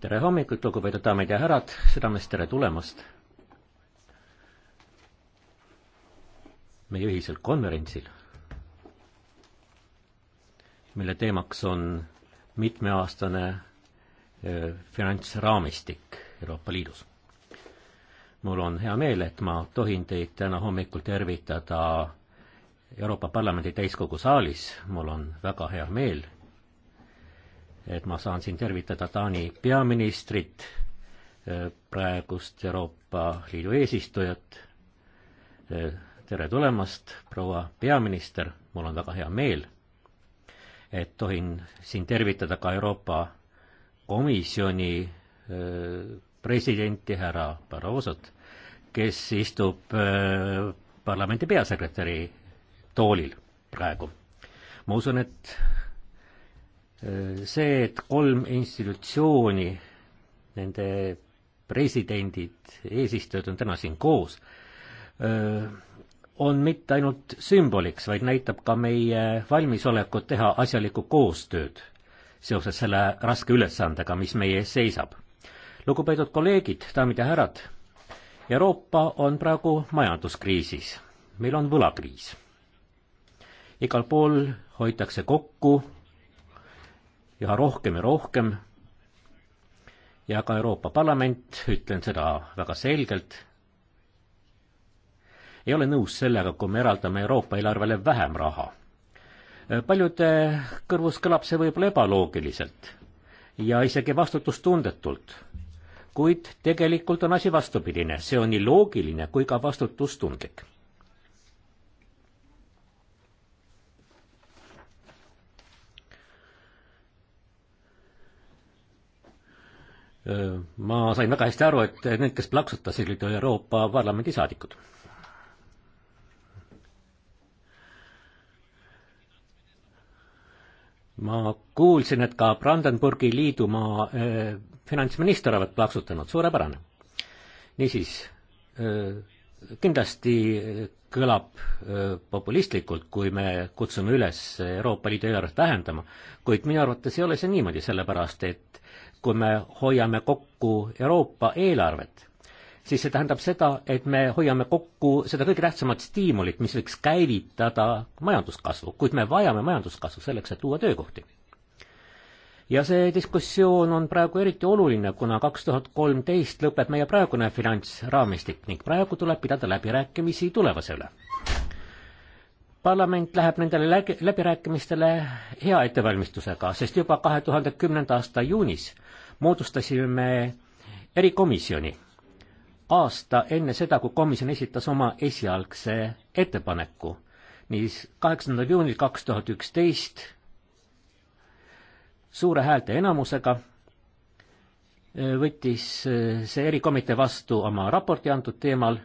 tere hommikut, lugupeetud daamid ja härrad, südamest tere tulemast meie ühisel konverentsil, mille teemaks on mitmeaastane äh, finantsraamistik Euroopa Liidus. mul on hea meel, et ma tohin teid täna hommikul tervitada Euroopa Parlamendi täiskogu saalis, mul on väga hea meel et ma saan siin tervitada Taani peaministrit, praegust Euroopa Liidu eesistujat. tere tulemast, proua peaminister, mul on väga hea meel, et tohin siin tervitada ka Euroopa Komisjoni presidenti härra Barrosot, kes istub parlamendi peasekretäri toolil praegu. ma usun, et Äh, see, et kolm institutsiooni, nende presidendid, eesistujad on täna siin koos, äh, on mitte ainult sümboliks, vaid näitab ka meie valmisolekut teha asjalikku koostööd seoses selle raske ülesandega, mis meie ees seisab. lugupeetud kolleegid, daamid ja härrad, Euroopa on praegu majanduskriisis, meil on võlakriis. igal pool hoitakse kokku üha rohkem ja rohkem ja ka Euroopa Parlament, ütlen seda väga selgelt, ei ole nõus sellega, kui me eraldame Euroopa eelarvele vähem raha. paljude kõrvus kõlab see võib-olla ebaloogiliselt ja isegi vastutustundetult, kuid tegelikult on asi vastupidine, see on nii loogiline kui ka vastutustundlik ma sain väga hästi aru, et need, kes plaksutasid, olid Euroopa Parlamendi saadikud. ma kuulsin, et ka Brandenburgi liidumaa eh, finantsminister olevat plaksutanud, suurepärane. niisiis, eh, kindlasti eh, kõlab populistlikult, kui me kutsume üles Euroopa Liidu eelarvet vähendama, kuid minu arvates ei ole see niimoodi, sellepärast et kui me hoiame kokku Euroopa eelarvet, siis see tähendab seda, et me hoiame kokku seda kõige tähtsamat stiimulit, mis võiks käivitada majanduskasvu, kuid me vajame majanduskasvu selleks, et luua töökohti. ja see diskussioon on praegu eriti oluline, kuna kaks tuhat kolmteist lõpeb meie praegune finantsraamistik ning praegu tuleb pidada läbirääkimisi tulevase üle. parlament läheb nendele läbi, läbirääkimistele hea ettevalmistusega, sest juba kahe tuhande kümnenda aasta juunis moodustasime me erikomisjoni aasta enne seda, kui komisjon esitas oma esialgse ettepaneku. niisiis, kaheksandal juunil kaks tuhat üksteist suure häälte enamusega e, võttis e, see erikomitee vastu oma raporti antud teemal,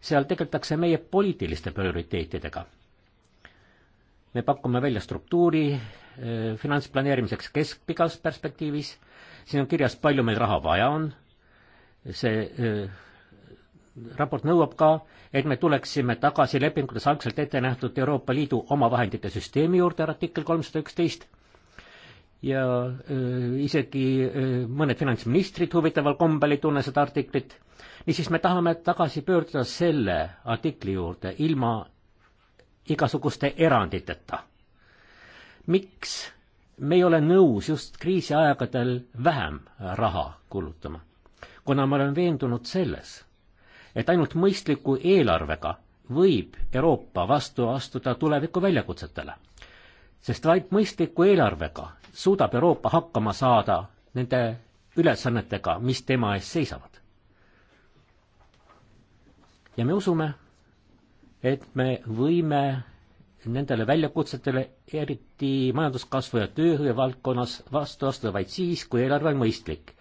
seal tegeldakse meie poliitiliste prioriteetidega. me pakume välja struktuuri e, finantsplaneerimiseks keskpikas perspektiivis siin on kirjas, palju meil raha vaja on, see raport nõuab ka, et me tuleksime tagasi lepingutes algselt ette nähtud Euroopa Liidu omavahendite süsteemi juurde, artikkel kolmsada üksteist, ja öö, isegi öö, mõned finantsministrid huvitaval kombel ei tunne seda artiklit, niisiis me tahame tagasi pöörduda selle artikli juurde ilma igasuguste eranditeta. miks me ei ole nõus just kriisiaegadel vähem raha kulutama, kuna ma olen veendunud selles, et ainult mõistliku eelarvega võib Euroopa vastu astuda tuleviku väljakutsetele. sest vaid mõistliku eelarvega suudab Euroopa hakkama saada nende ülesannetega, mis tema ees seisavad. ja me usume, et me võime nendele väljakutsetele, eriti majanduskasvu ja tööhõive valdkonnas, vastu astuda vaid siis, kui eelarve on mõistlik.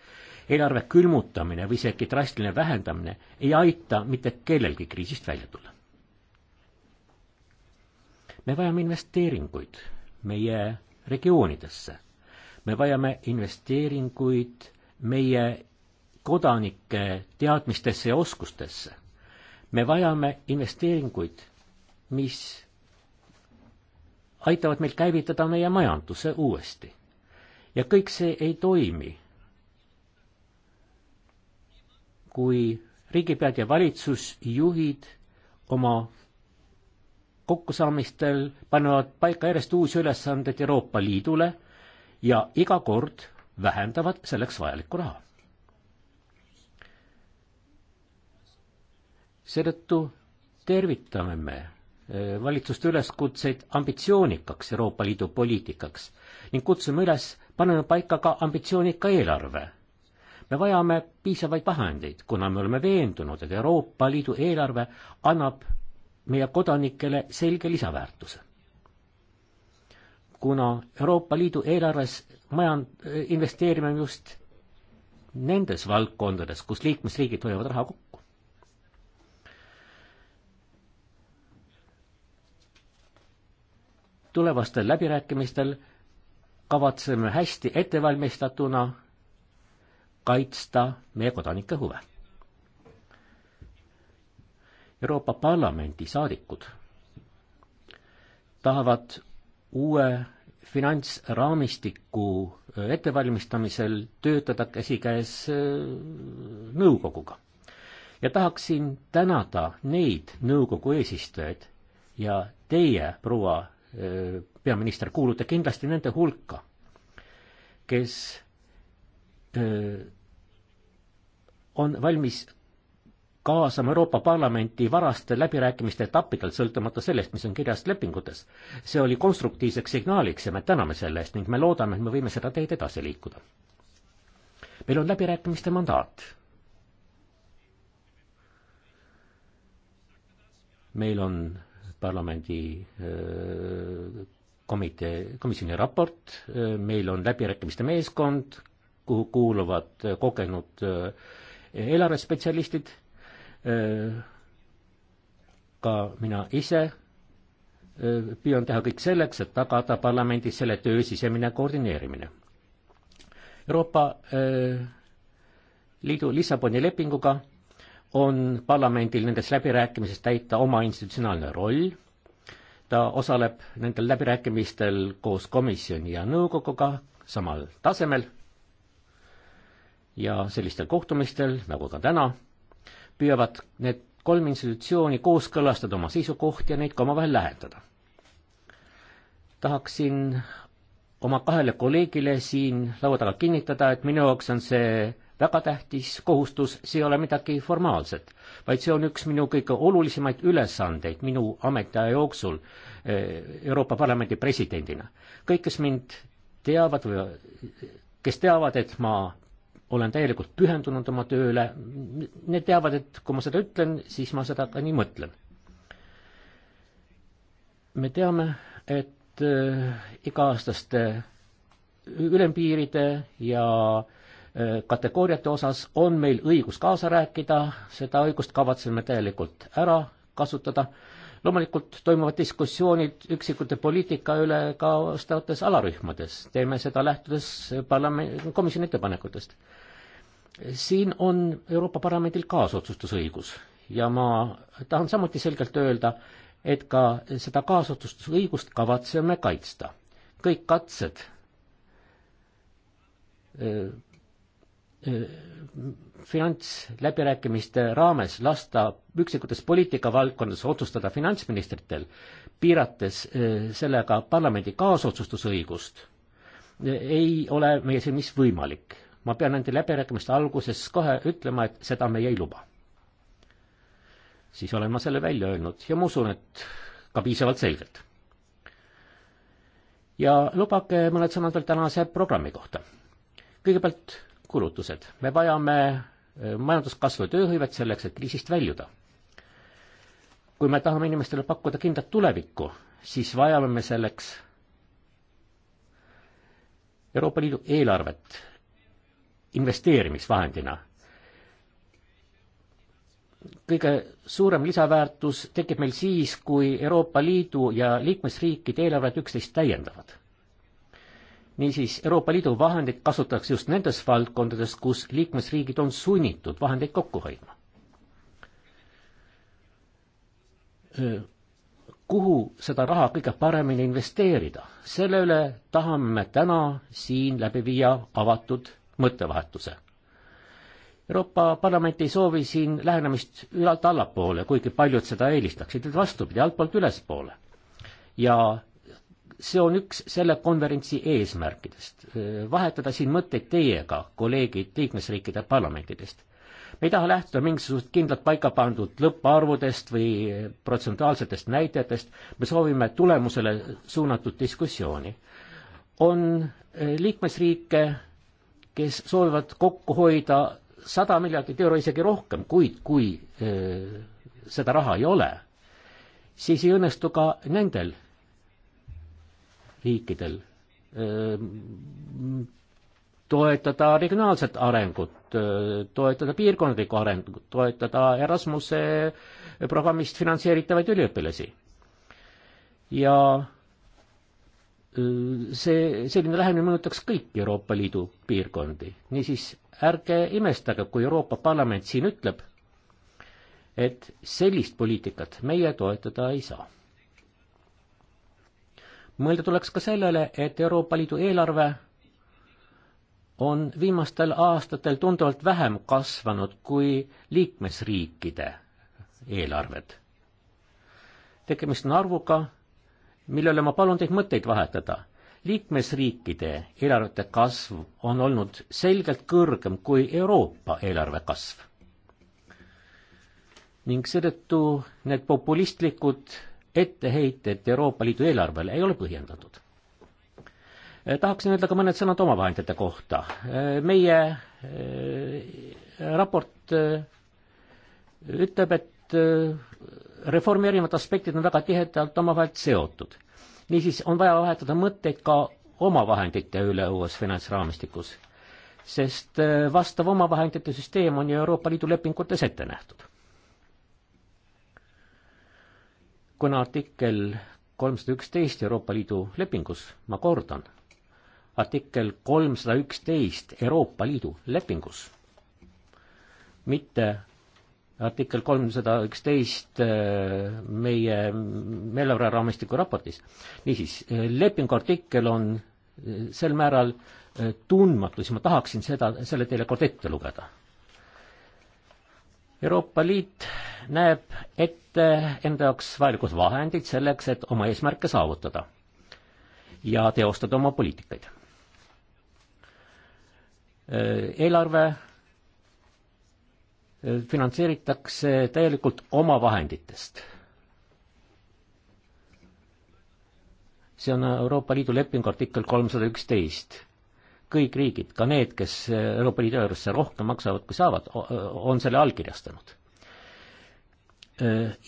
eelarve külmutamine või isegi drastiline vähendamine ei aita mitte kellelgi kriisist välja tulla. me vajame investeeringuid meie regioonidesse. me vajame investeeringuid meie kodanike teadmistesse ja oskustesse. me vajame investeeringuid, mis aitavad meil käivitada meie majanduse uuesti. ja kõik see ei toimi, kui riigipead ja valitsusjuhid oma kokkusaamistel panevad paika järjest uusi ülesandeid Euroopa Liidule ja iga kord vähendavad selleks vajalikku raha. seetõttu tervitame me Eh, valitsuste üleskutseid ambitsioonikaks Euroopa Liidu poliitikaks ning kutsume üles panema paika ka ambitsioonika eelarve. me vajame piisavaid vahendeid, kuna me oleme veendunud, et Euroopa Liidu eelarve annab meie kodanikele selge lisaväärtuse. kuna Euroopa Liidu eelarves majand-, eh, investeerime just nendes valdkondades, kus liikmesriigid hoiavad raha kokku, tulevastel läbirääkimistel kavatseme hästi ettevalmistatuna kaitsta meie kodanike huve. Euroopa Parlamendi saadikud tahavad uue finantsraamistiku äh, ettevalmistamisel töötada käsikäes äh, nõukoguga. ja tahaksin tänada neid nõukogu eesistujaid ja teie, proua peaminister, kuulute kindlasti nende hulka, kes on valmis kaasama Euroopa Parlamenti varaste läbirääkimiste etappidel, sõltumata sellest, mis on kirjas lepingutes. see oli konstruktiivseks signaaliks ja me täname selle eest ning me loodame, et me võime seda teed edasi liikuda. meil on läbirääkimiste mandaat. meil on parlamendi komitee, komisjoni raport, meil on läbirääkimiste meeskond, kuhu kuuluvad kogenud eelarvespetsialistid, ka mina ise püüan teha kõik selleks, et tagada parlamendis selle töö sisemine koordineerimine. Euroopa Liidu Lissaboni lepinguga on parlamendil nendes läbirääkimises täita oma institutsionaalne roll, ta osaleb nendel läbirääkimistel koos komisjoni ja nõukoguga samal tasemel ja sellistel kohtumistel, nagu ka täna, püüavad need kolm institutsiooni kooskõlastada oma seisukohti ja neid ka omavahel lähendada. tahaksin oma kahele kolleegile siin laua taga kinnitada, et minu jaoks on see väga tähtis kohustus, see ei ole midagi formaalset, vaid see on üks minu kõige olulisemaid ülesandeid minu ametiaja jooksul eh, Euroopa Parlamendi presidendina. kõik, kes mind teavad või kes teavad, et ma olen täielikult pühendunud oma tööle, need teavad, et kui ma seda ütlen, siis ma seda ka nii mõtlen. me teame, et äh, iga-aastaste ülempiiride ja äh, kategooriate osas on meil õigus kaasa rääkida, seda õigust kavatseme täielikult ära kasutada. loomulikult toimuvad diskussioonid üksikute poliitika üle ka vastavates alarühmades, teeme seda lähtudes parlamendi, komisjoni ettepanekutest. siin on Euroopa Parlamendil kaasotsustusõigus ja ma tahan samuti selgelt öelda, et ka seda kaasotsustusõigust kavatseme kaitsta. kõik katsed Äh, finantsläbirääkimiste raames lasta üksikutes poliitikavaldkondades otsustada finantsministritel, piirates äh, sellega parlamendi kaasotsustusõigust, äh, ei ole meie silmis võimalik. ma pean nende läbirääkimiste alguses kohe ütlema, et seda meie ei luba. siis olen ma selle välja öelnud ja ma usun, et ka piisavalt selgelt. ja lubage mõned sõnad veel tänase programmi kohta. kõigepealt kulutused. me vajame e, majanduskasvu ja tööhõivet selleks, et kriisist väljuda. kui me tahame inimestele pakkuda kindlat tulevikku, siis vajame me selleks Euroopa Liidu eelarvet investeerimisvahendina. kõige suurem lisaväärtus tekib meil siis, kui Euroopa Liidu ja liikmesriikide eelarved üksteist täiendavad niisiis, Euroopa Liidu vahendeid kasutatakse just nendes valdkondades, kus liikmesriigid on sunnitud vahendeid kokku hoidma. kuhu seda raha kõige paremini investeerida, selle üle tahame täna siin läbi viia avatud mõttevahetuse. Euroopa Parlament ei soovi siin lähenemist ülalt allapoole, kuigi paljud seda eelistaksid, et vastupidi, altpoolt ülespoole. ja see on üks selle konverentsi eesmärkidest, eh, vahetada siin mõtteid teiega, kolleegid liikmesriikide parlamentidest. me ei taha lähtuda mingisugust kindlalt paika pandud lõpparvudest või eh, protsentuaalsetest näitajatest, me soovime tulemusele suunatud diskussiooni. on eh, liikmesriike, kes soovivad kokku hoida sada miljardit euro, isegi rohkem, kuid kui, kui öö, seda raha ei ole, siis ei õnnestu ka nendel riikidel toetada regionaalset arengut, toetada piirkondlikku arengut, toetada Erasmuse programmist finantseeritavaid üliõpilasi. ja see, selline lähenemine mõjutaks kõiki Euroopa Liidu piirkondi. niisiis, ärge imestage, kui Euroopa Parlament siin ütleb, et sellist poliitikat meie toetada ei saa mõelda tuleks ka sellele, et Euroopa Liidu eelarve on viimastel aastatel tunduvalt vähem kasvanud kui liikmesriikide eelarved. tegemist on arvuga, millele ma palun teid mõtteid vahetada. liikmesriikide eelarvete kasv on olnud selgelt kõrgem kui Euroopa eelarve kasv. ning seetõttu need populistlikud etteheited Euroopa Liidu eelarvele ei ole põhjendatud. Eh, tahaksin öelda ka mõned sõnad omavahendite kohta. Eh, meie eh, raport ütleb, et reformi erinevad aspektid on väga tihedalt omavahel seotud. niisiis on vaja vahetada mõtteid ka omavahendite üle uues finantsraamistikus, sest vastav omavahendite süsteem on ju Euroopa Liidu lepingutes ette nähtud kuna artikkel kolmsada üksteist Euroopa Liidu lepingus, ma kordan, artikkel kolmsada üksteist Euroopa Liidu lepingus, mitte artikkel kolmsada üksteist äh, meie meeleväraraamistiku raportis. niisiis, äh, lepingu artikkel on äh, sel määral tundmatu, siis ma tahaksin seda, selle teile kord ette lugeda Euroopa Liit näeb ette enda jaoks vajalikud vahendid selleks, et oma eesmärke saavutada ja teostada oma poliitikaid. eelarve eh, finantseeritakse täielikult oma vahenditest. see on Euroopa Liidu lepingu artikkel kolmsada üksteist kõik riigid, ka need, kes Euroopa Liidu eurosse rohkem maksavad, kui saavad, on selle allkirjastanud.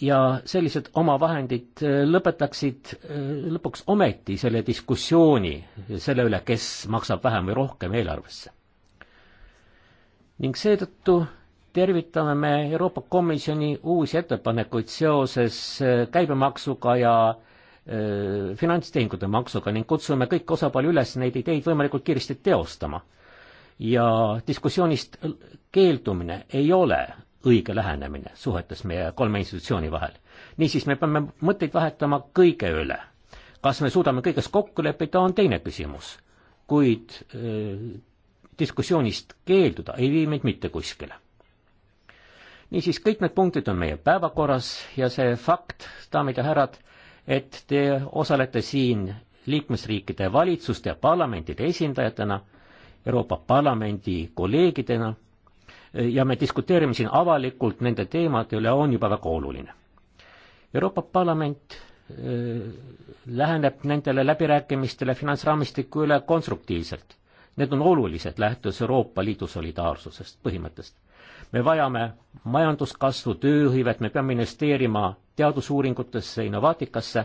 Ja sellised omavahendid lõpetaksid lõpuks ometi selle diskussiooni selle üle, kes maksab vähem või rohkem eelarvesse. ning seetõttu tervitame me Euroopa Komisjoni uusi ettepanekuid seoses käibemaksuga ja äh, Äh, finantstehingute maksuga ning kutsume kõiki osapooli üles neid ideid võimalikult kiiresti teostama. ja diskussioonist keeldumine ei ole õige lähenemine suhetes meie kolme institutsiooni vahel. niisiis, me peame mõtteid vahetama kõige üle. kas me suudame kõiges kokku leppida, on teine küsimus, kuid öö, äh, diskussioonist keelduda ei vii meid mitte kuskile. niisiis, kõik need punktid on meie päevakorras ja see fakt, daamid ja härrad, et te osalete siin liikmesriikide valitsuste ja parlamentide esindajatena, Euroopa Parlamendi kolleegidena ja me diskuteerime siin avalikult nende teemade üle, on juba väga oluline. Euroopa Parlament äh, läheneb nendele läbirääkimistele finantsraamistiku üle konstruktiivselt. Need on olulised, lähtudes Euroopa Liidu solidaarsusest, põhimõttest me vajame majanduskasvu, tööhõivet, me peame investeerima teadusuuringutesse, innovaatikasse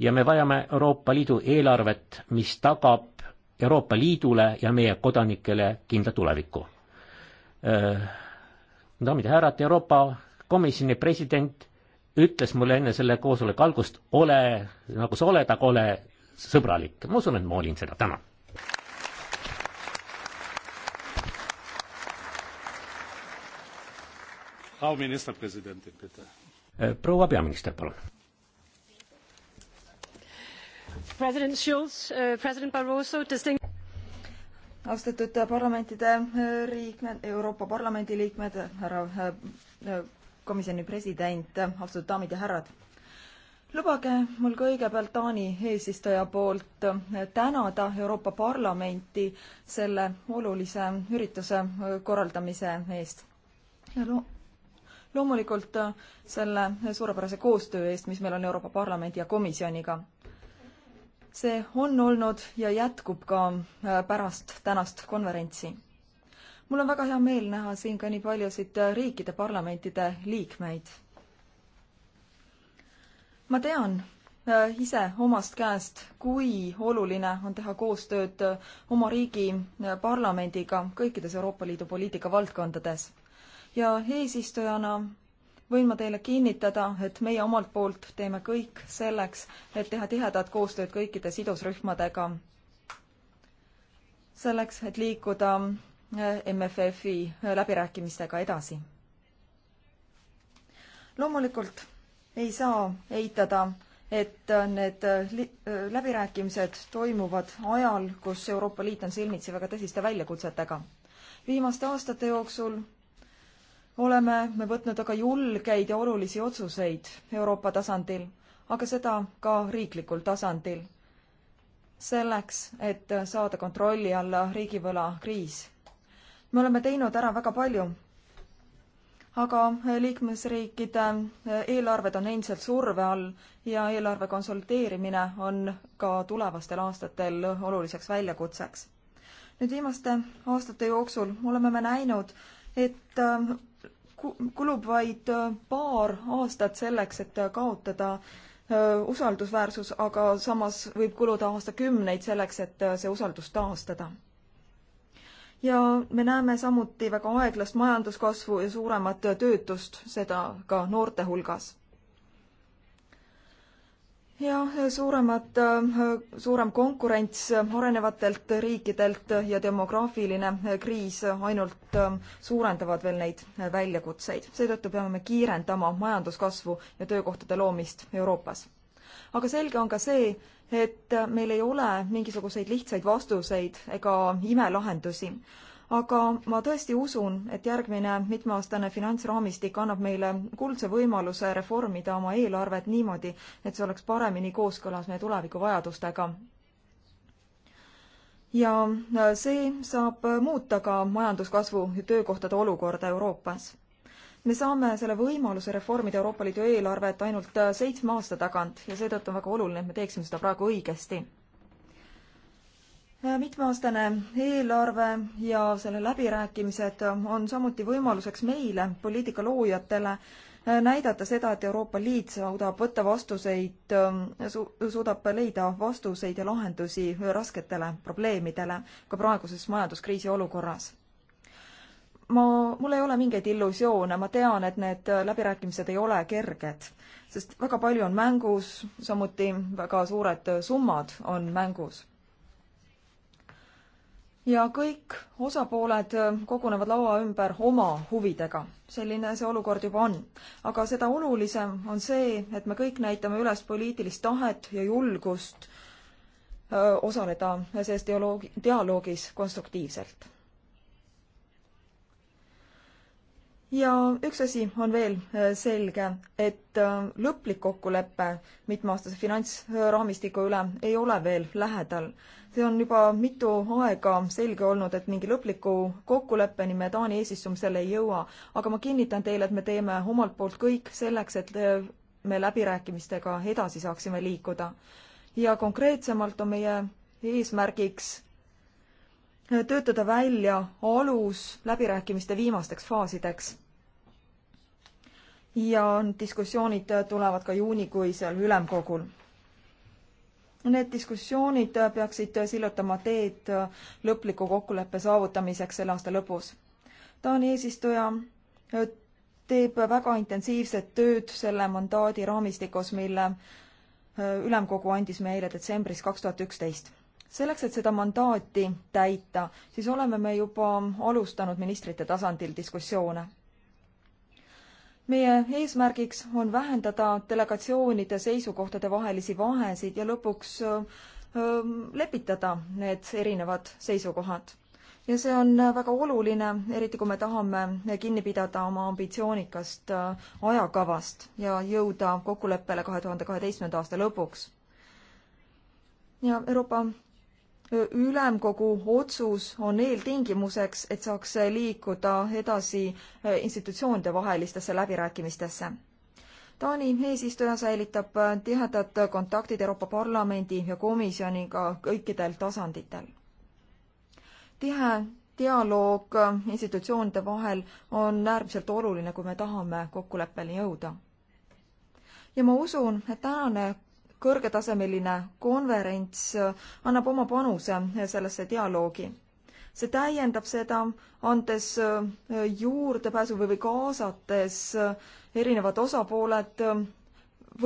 ja me vajame Euroopa Liidu eelarvet, mis tagab Euroopa Liidule ja meie kodanikele kindla tuleviku. Äh, daamid ja härrad, Euroopa Komisjoni president ütles mulle enne selle koosoleku algust, ole nagu sa oled, aga ole sõbralik. ma usun, et ma olin seda, tänan. Frau Ministerpräsidentin, bitte. Äh, proua peaminister, palun. president Schulz, äh, president Barroso, distinct austatud parlamentide äh, liikmed, Euroopa Parlamendi liikmed, härra komisjoni president, austatud daamid ja härrad. lubage mul kõigepealt Taani eesistuja poolt tänada Euroopa Parlamenti selle olulise ürituse korraldamise eest. ja lo-, loomulikult äh, selle suurepärase koostöö eest, mis meil on Euroopa Parlamendi ja komisjoniga. see on olnud ja jätkub ka äh, pärast tänast konverentsi. mul on väga hea meel näha siin ka nii paljusid äh, riikide parlamentide liikmeid. ma tean, ise omast käest, kui oluline on teha koostööd oma riigi parlamendiga kõikides Euroopa Liidu poliitika valdkondades ja eesistujana võin ma teile kinnitada, et meie omalt poolt teeme kõik selleks, et teha tihedat koostööd kõikide sidusrühmadega. selleks, et liikuda eh, MFF-i eh, läbirääkimistega edasi. loomulikult ei saa eitada, et eh, need läbirääkimised toimuvad ajal, kus Euroopa Liit on silmitsi väga tõsiste väljakutsetega. viimaste aastate jooksul oleme me võtnud aga julgeid ja olulisi otsuseid Euroopa tasandil, aga seda ka riiklikul tasandil. selleks, et saada kontrolli alla riigivõlakriis. me oleme teinud ära väga palju, aga liikmesriikide eelarved on endiselt surve all ja eelarve konsolideerimine on ka tulevastel aastatel oluliseks väljakutseks. nüüd viimaste aastate jooksul oleme me näinud, et kulub vaid äh, paar aastat selleks, et äh, kaotada äh, usaldusväärsus, aga samas võib kuluda aastakümneid selleks, et see usaldus taastada. ja me näeme samuti väga aeglast majanduskasvu ja suuremat töötust, seda ka noorte hulgas ja suuremad, äh, suurem konkurents arenevatelt riikidelt ja demograafiline kriis ainult äh, suurendavad veel neid väljakutseid. seetõttu peame me kiirendama majanduskasvu ja töökohtade loomist Euroopas. aga selge on ka see, et meil ei ole mingisuguseid lihtsaid vastuseid ega imelahendusi aga ma tõesti usun, et järgmine mitmeaastane finantsraamistik annab meile kuldse võimaluse reformida oma eelarvet niimoodi, et see oleks paremini kooskõlas meie tuleviku vajadustega. ja see saab muuta ka majanduskasvu ja töökohtade olukorda Euroopas me saame selle võimaluse reformida Euroopa Liidu eelarvet ainult seitsme aasta tagant ja seetõttu on väga oluline, et me teeksime seda praegu õigesti mitmeaastane eelarve ja selle läbirääkimised on samuti võimaluseks meile, poliitika loojatele, näidata seda, et Euroopa Liit suudab võtta vastuseid su, suudab leida vastuseid ja lahendusi rasketele probleemidele ka praeguses majanduskriisi olukorras. ma, mul ei ole mingeid illusioone, ma tean, et need läbirääkimised ei ole kerged, sest väga palju on mängus, samuti väga suured summad on mängus ja kõik osapooled äh, kogunevad laua ümber oma huvidega. selline see olukord juba on. aga seda olulisem on see, et me kõik näitame üles poliitilist tahet ja julgust öö, äh, osaleda selles dialoog, dialoogis konstruktiivselt. ja üks asi on veel äh, selge, et äh, lõplik kokkulepe mitmeaastase finantsraamistiku üle ei ole veel lähedal. see on juba mitu aega selge olnud, et mingi lõpliku kokkuleppeni me Taani eesistumisel ei jõua, aga ma kinnitan teile, et me teeme omalt poolt kõik selleks, et äh, me läbirääkimistega edasi saaksime liikuda. ja konkreetsemalt on meie eesmärgiks töötada välja alus läbirääkimiste viimasteks faasideks. ja diskussioonid tulevad ka juunikuisel ülemkogul. Need diskussioonid peaksid sillutama teed lõpliku kokkuleppe saavutamiseks selle aasta lõpus. Taani eesistuja teeb väga intensiivset tööd selle mandaadi raamistikus, mille ülemkogu andis meile detsembris kaks tuhat üksteist selleks, et seda mandaati täita, siis oleme me juba alustanud ministrite tasandil diskussioone. meie eesmärgiks on vähendada delegatsioonide seisukohtade vahelisi vahesid ja lõpuks öö, lepitada need erinevad seisukohad. ja see on väga oluline, eriti kui me tahame kinni pidada oma ambitsioonikast ajakavast ja jõuda kokkuleppele kahe tuhande kaheteistkümnenda aasta lõpuks. ja Euroopa ülemkogu otsus on eeltingimuseks, et saaks liikuda edasi institutsioonide vahelistesse läbirääkimistesse. Taani eesistuja säilitab tihedad kontaktid Euroopa Parlamendi ja komisjoniga kõikidel tasanditel. tihe dialoog institutsioonide vahel on äärmiselt oluline, kui me tahame kokkuleppeni jõuda. ja ma usun, et tänane kõrgetasemeline konverents annab oma panuse sellesse dialoogi. see täiendab seda, andes juurdepääsu või, või kaasates erinevad osapooled,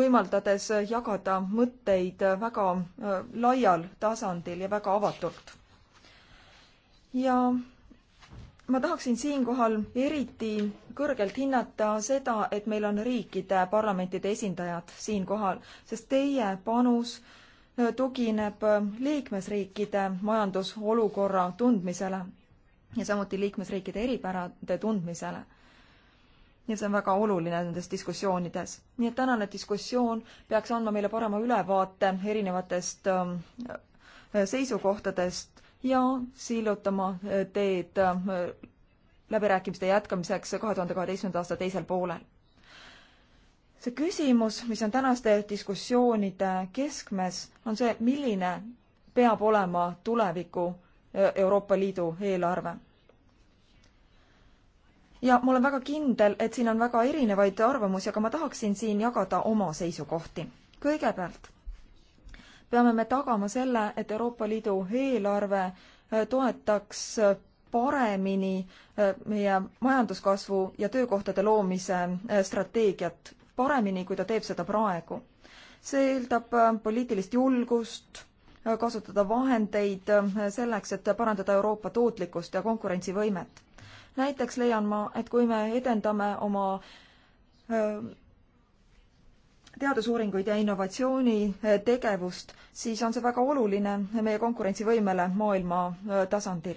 võimaldades jagada mõtteid väga äh, laial tasandil ja väga avatult. ja ma tahaksin siinkohal eriti kõrgelt hinnata seda, et meil on riikide parlamentide esindajad siinkohal, sest teie panus äh, tugineb äh, liikmesriikide majandusolukorra tundmisele ja samuti liikmesriikide eripärade tundmisele. ja see on väga oluline nendes diskussioonides. nii et tänane diskussioon peaks andma meile parema ülevaate erinevatest ähm, äh, seisukohtadest ja sillutama äh, teed äh, läbirääkimiste jätkamiseks kahe tuhande kaheteistkümnenda aasta teisel poolel. see küsimus, mis on tänaste diskussioonide keskmes, on see, milline peab olema tuleviku äh, Euroopa Liidu eelarve. ja ma olen väga kindel, et siin on väga erinevaid arvamusi, aga ma tahaksin siin jagada oma seisukohti. kõigepealt peame me tagama selle, et Euroopa Liidu eelarve äh, toetaks äh, paremini äh, meie majanduskasvu ja töökohtade loomise strateegiat, paremini, kui ta teeb seda praegu. see eeldab poliitilist julgust, kasutada vahendeid selleks, et parandada Euroopa tootlikkust ja konkurentsivõimet. näiteks leian ma, et kui me edendame oma teadusuuringuid ja innovatsioonitegevust, eh, siis on see väga oluline meie konkurentsivõimele maailma eh, tasandil.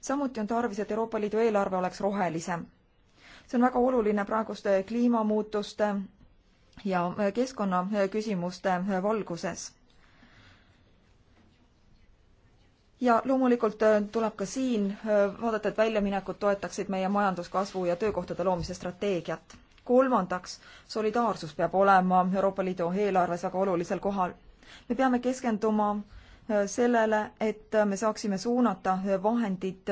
samuti on tarvis, et Euroopa Liidu eelarve oleks rohelisem. see on väga oluline praeguste kliimamuutuste ja eh, keskkonnaküsimuste valguses. ja loomulikult tuleb ka siin vaadata, et väljaminekut toetaksid meie majanduskasvu ja töökohtade loomise strateegiat kolmandaks, solidaarsus peab olema Euroopa Liidu eelarves väga olulisel kohal. me peame keskenduma äh, sellele, et äh, me saaksime suunata äh, vahendid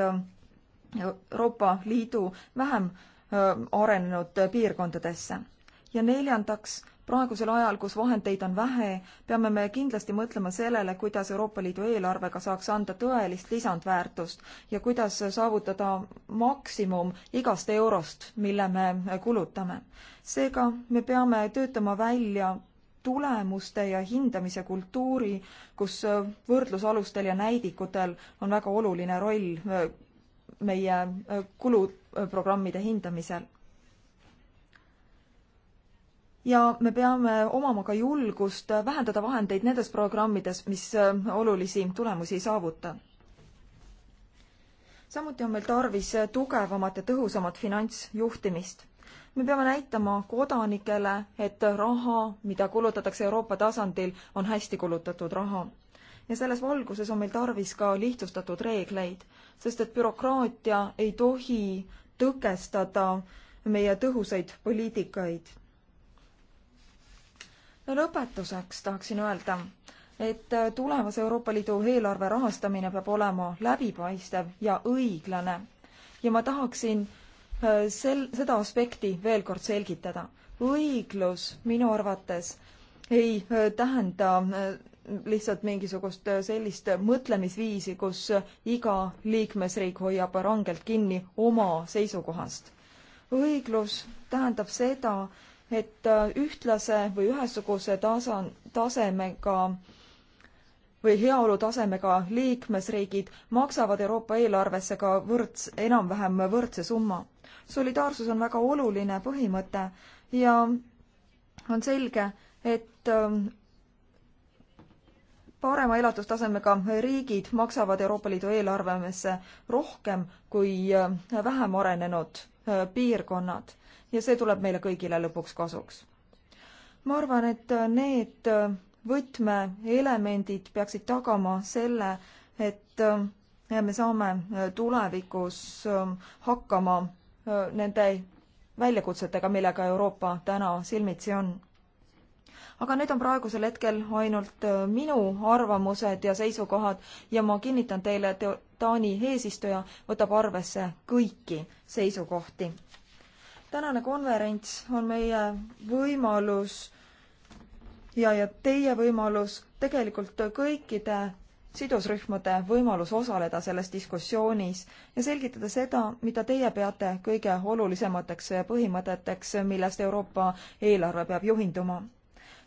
Euroopa Liidu vähem arenenud piirkondadesse. ja neljandaks, praegusel ajal, kus vahendeid on vähe, peame me kindlasti mõtlema sellele, kuidas Euroopa Liidu eelarvega saaks anda tõelist lisandväärtust ja kuidas saavutada maksimum igast eurost, mille me kulutame. seega me peame töötama välja tulemuste ja hindamise kultuuri, kus võrdlusalustel ja näidikutel on väga oluline roll meie kuluprogrammide hindamisel ja me peame omama ka julgust vähendada vahendeid nendes programmides, mis äh, olulisi tulemusi ei saavuta. samuti on meil tarvis tugevamat ja tõhusamat finantsjuhtimist. me peame näitama kodanikele, et raha, mida kulutatakse Euroopa tasandil, on hästi kulutatud raha ja selles valguses on meil tarvis ka lihtsustatud reegleid, sest et bürokraatia ei tohi tõkestada meie tõhusaid poliitikaid lõpetuseks tahaksin öelda, et tulevase Euroopa Liidu eelarve rahastamine peab olema läbipaistev ja õiglane ja ma tahaksin äh, sel, seda aspekti veel kord selgitada. õiglus minu arvates ei äh, tähenda äh, lihtsalt mingisugust sellist mõtlemisviisi, kus iga liikmesriik hoiab rangelt kinni oma seisukohast. õiglus tähendab seda, et äh, ühtlase või ühesuguse tasa, tasemega või heaolu tasemega liikmesriigid maksavad Euroopa eelarvesse ka võrds, enam-vähem võrdse summa. solidaarsus on väga oluline põhimõte ja on selge, et ähm, parema elatustasemega riigid maksavad Euroopa Liidu eelarvesse rohkem kui äh, vähem arenenud äh, piirkonnad ja see tuleb meile kõigile lõpuks kasuks. ma arvan, et need võtmeelemendid peaksid tagama selle, et äh, me saame äh, tulevikus äh, hakkama nende väljakutsetega, millega Euroopa täna silmitsi on. aga need on praegusel hetkel ainult minu arvamused ja seisukohad ja ma kinnitan teile, et Taani eesistuja võtab arvesse kõiki seisukohti tänane konverents on meie võimalus ja, ja teie võimalus, tegelikult kõikide sidusrühmade võimalus osaleda selles diskussioonis ja selgitada seda, mida teie peate kõige olulisemateks põhimõteteks, millest Euroopa eelarve peab juhinduma.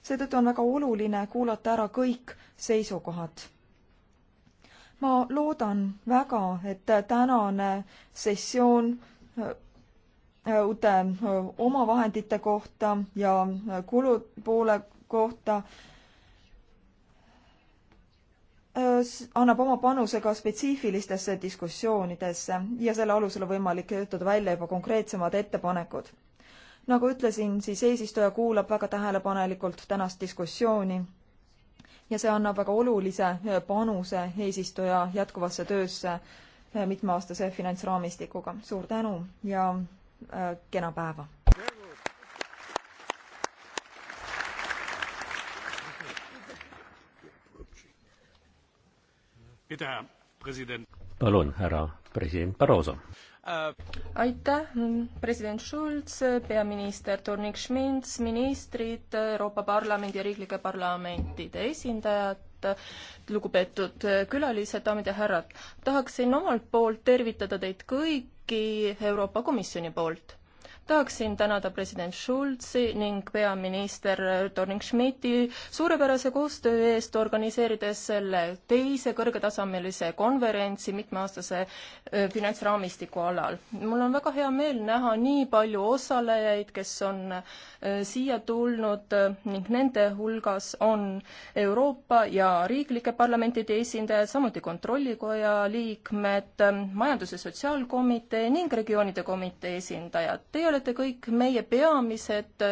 seetõttu on väga oluline kuulata ära kõik seisukohad. ma loodan väga, et tänane sessioon Äh, uute äh, omavahendite kohta ja äh, kulupoole kohta annab oma panuse ka spetsiifilistesse diskussioonidesse ja selle alusel on võimalik töötada välja juba konkreetsemad ettepanekud. nagu ütlesin, siis eesistuja kuulab väga tähelepanelikult tänast diskussiooni ja see annab väga olulise panuse eesistuja jätkuvasse töösse mitmeaastase finantsraamistikuga. suur tänu ja Äh, kena päeva! palun, härra president Barroso! aitäh, president Schulz, peaminister Tornik Schmints, ministrid, Euroopa Parlamendi ja riiklike parlamentide esindajad, lugupeetud külalised, daamid ja härrad. tahaksin omalt poolt tervitada teid kõiki Euroopa Komisjoni poolt tahaksin tänada president Schulzi ning peaminister Torning-Schmidti suurepärase koostöö eest, organiseerides selle teise kõrgetasemelise konverentsi mitmeaastase finantsraamistiku alal. mul on väga hea meel näha nii palju osalejaid, kes on Äh, siia tulnud äh, ning nende hulgas on Euroopa ja riiklike parlamentide esindajad, samuti Kontrollikoja liikmed, äh, Majandus- ja Sotsiaalkomitee ning Regioonide Komitee esindajad. Teie olete kõik meie peamised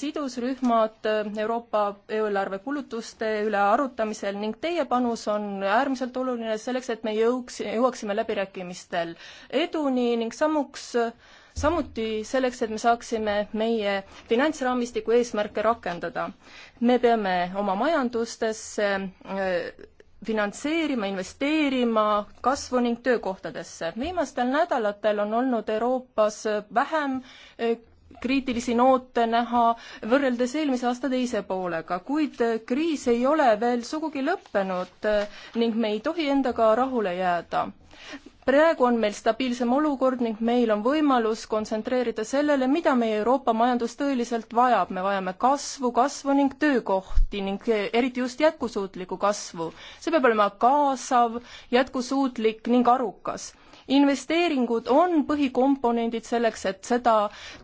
sidusrühmad Euroopa eelarve kulutuste üle arutamisel ning teie panus on äärmiselt oluline selleks, et me jõuaks, jõuaksime läbirääkimistel eduni ning samuks samuti selleks, et me saaksime meie finantsraamistiku eesmärke rakendada. me peame oma majandustesse äh, finantseerima, investeerima kasvu ning töökohtadesse. viimastel nädalatel on olnud Euroopas äh, vähem äh, kriitilisi noote näha võrreldes eelmise aasta teise poolega, kuid kriis ei ole veel sugugi lõppenud ning me ei tohi endaga rahule jääda praegu on meil stabiilsem olukord ning meil on võimalus kontsentreerida sellele, mida meie Euroopa majandus tõeliselt vajab. me vajame kasvu, kasvu ning töökohti ning eriti just jätkusuutlikku kasvu. see peab olema kaasav, jätkusuutlik ning arukas investeeringud on põhikomponendid selleks, et seda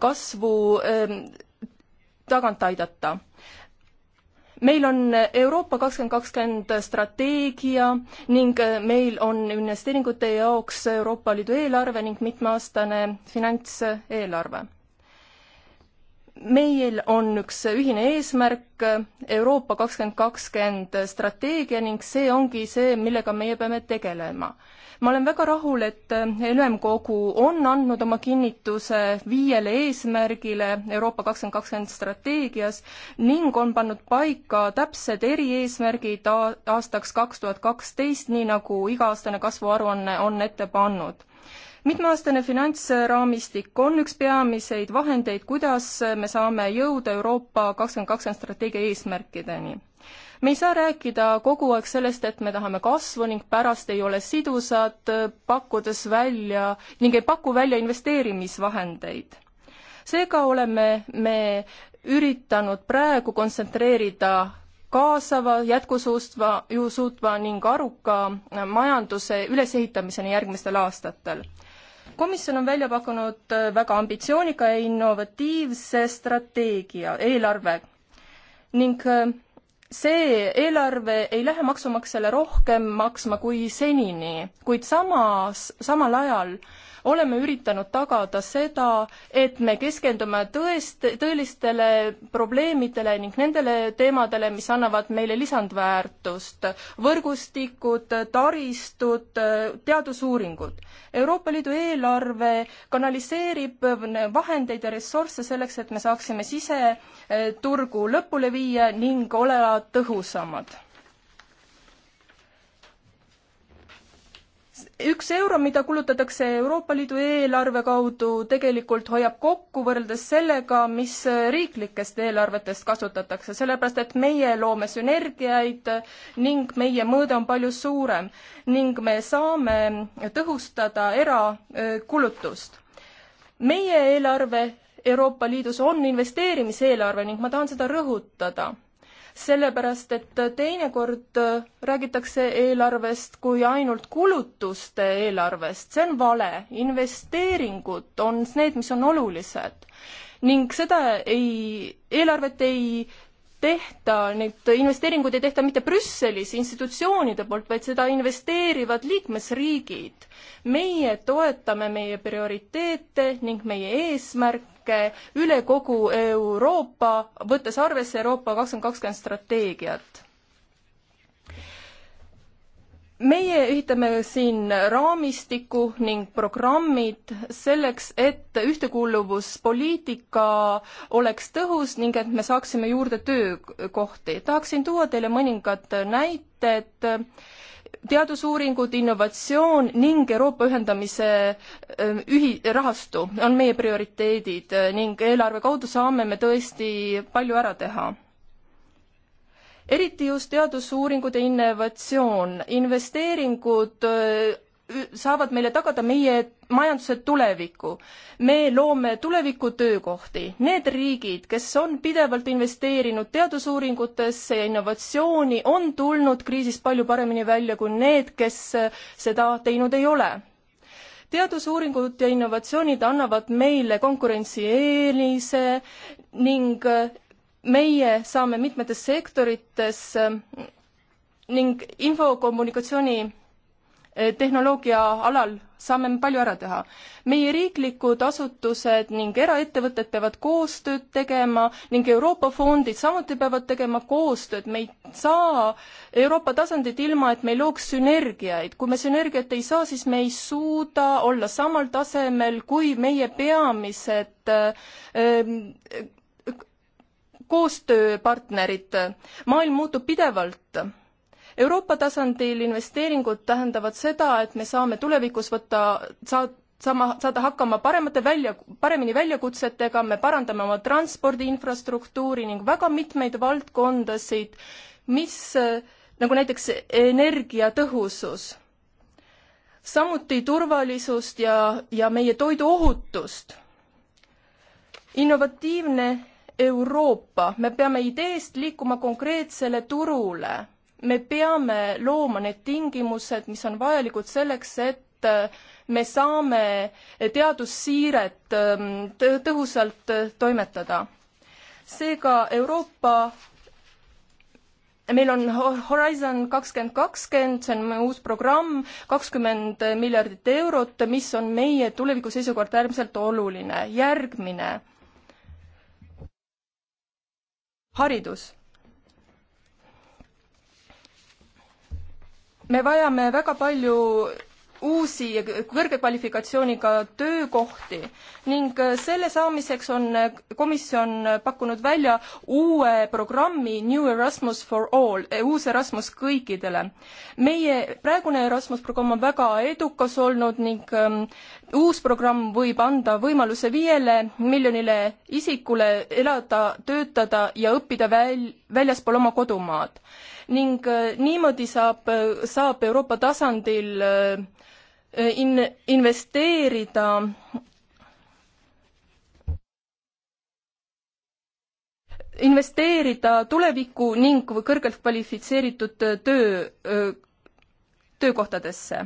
kasvu ähm, tagant aidata meil on Euroopa kakskümmend kakskümmend strateegia ning meil on investeeringute jaoks Euroopa Liidu eelarve ning mitmeaastane finantseelarve. meil on üks ühine eesmärk, Euroopa kakskümmend kakskümmend strateegia ning see ongi see, millega meie peame tegelema ma olen väga rahul, et eh, Ülemkogu on andnud oma kinnituse viiele eesmärgile Euroopa kakskümmend kakskümmend strateegias ning on pannud paika täpsed erieesmärgid aastaks kaks tuhat kaksteist, nii nagu iga-aastane kasvuaruanne on ette pannud mitmeaastane finantsraamistik on üks peamiseid vahendeid, kuidas me saame jõuda Euroopa kakskümmend kakskümmend strateegia eesmärkideni me ei saa rääkida kogu aeg sellest, et me tahame kasvu ning pärast ei ole sidusad, äh, pakkudes välja ning ei paku välja investeerimisvahendeid. seega oleme me üritanud praegu kontsentreerida kaasava, jätkusuutva, suutva ning aruka äh, majanduse ülesehitamiseni järgmistel aastatel komisjon on välja pakkunud äh, väga ambitsioonika ja innovatiivse strateegia, eelarve ning see eelarve ei lähe maksumaksjale rohkem maksma kui senini, kuid samas, samal ajal äh, oleme üritanud tagada seda, et me keskendume tõest, tõelistele probleemidele ning nendele teemadele, mis annavad meile lisandväärtust. võrgustikud, taristud, teadusuuringud. Euroopa Liidu eelarve kanaliseerib vahendeid ja ressursse selleks, et me saaksime siseturgu lõpule viia ning olla tõhusamad üks euro, mida kulutatakse Euroopa Liidu eelarve kaudu, tegelikult hoiab kokku võrreldes sellega, mis riiklikest eelarvetest kasutatakse, sellepärast et meie loome sünergiaid ning meie mõõde on palju suurem ning me saame tõhustada erakulutust. meie eelarve Euroopa Liidus on investeerimiseelarve ning ma tahan seda rõhutada sellepärast et teinekord äh, räägitakse eelarvest kui ainult kulutuste eelarvest, see on vale, investeeringud on need, mis on olulised ning seda ei, eelarvet ei tehta, neid investeeringuid ei tehta mitte Brüsselis institutsioonide poolt, vaid seda investeerivad liikmesriigid. meie toetame meie prioriteete ning meie eesmärke üle kogu Euroopa, võttes arvesse Euroopa kakskümmend kakskümmend strateegiat meie ühitame siin raamistiku ning programmid selleks, et ühtekuuluvuspoliitika oleks tõhus ning et me saaksime juurde töökohti. tahaksin tuua teile mõningad näited, teadusuuringud, innovatsioon ning Euroopa ühendamise äh, ühi-, rahastu on meie prioriteedid ning eelarve kaudu saame me tõesti palju ära teha eriti just teadusuuringud ja innovatsioon, investeeringud äh, saavad meile tagada meie majanduse tuleviku. me loome tuleviku töökohti. Need riigid, kes on pidevalt investeerinud teadusuuringutesse ja innovatsiooni, on tulnud kriisist palju paremini välja kui need, kes äh, seda teinud ei ole teadusuuringud ja innovatsioonid annavad meile konkurentsieelise ning äh, meie saame mitmetes sektorites äh, ning infokommunikatsiooni äh, tehnoloogia alal saame me palju ära teha. meie riiklikud asutused ning eraettevõtted peavad koostööd tegema ning Euroopa fondid samuti peavad tegema koostööd, me ei saa Euroopa tasandit ilma, et me ei looks sünergiaid. kui me sünergiat ei saa, siis me ei suuda olla samal tasemel kui meie peamised äh, äh, koostööpartnerid. maailm muutub pidevalt. Euroopa tasandil investeeringud tähendavad seda, et me saame tulevikus võtta, saa-, saama, saada hakkama paremate välja, paremini väljakutsetega, me parandame oma transpordi infrastruktuuri ning väga mitmeid valdkondasid, mis nagu näiteks energiatõhusus samuti turvalisust ja, ja meie toiduohutust. innovatiivne Euroopa, me peame ideest liikuma konkreetsele turule. me peame looma need tingimused, mis on vajalikud selleks, et äh, me saame teadussiiret ähm, tõhusalt äh, toimetada. seega Euroopa meil on Horizon kakskümmend kakskümmend, see on uus programm, kakskümmend miljardit eurot, mis on meie tuleviku seisukohalt äärmiselt oluline. järgmine haridus. me vajame väga palju uusi kõrge kvalifikatsiooniga töökohti ning äh, selle saamiseks on äh, komisjon äh, pakkunud välja uue programmi New Erasmus for All, uus Erasmus kõikidele. meie praegune Erasmus programm on väga edukas olnud ning um, uus programm võib anda võimaluse viiele miljonile isikule elada, töötada ja õppida väl-, väljaspool oma kodumaad ning niimoodi saab, saab Euroopa tasandil Äh, in-, investeerida investeerida tulevikku ning kõrgelt kvalifitseeritud äh, töö, äh, töökohtadesse.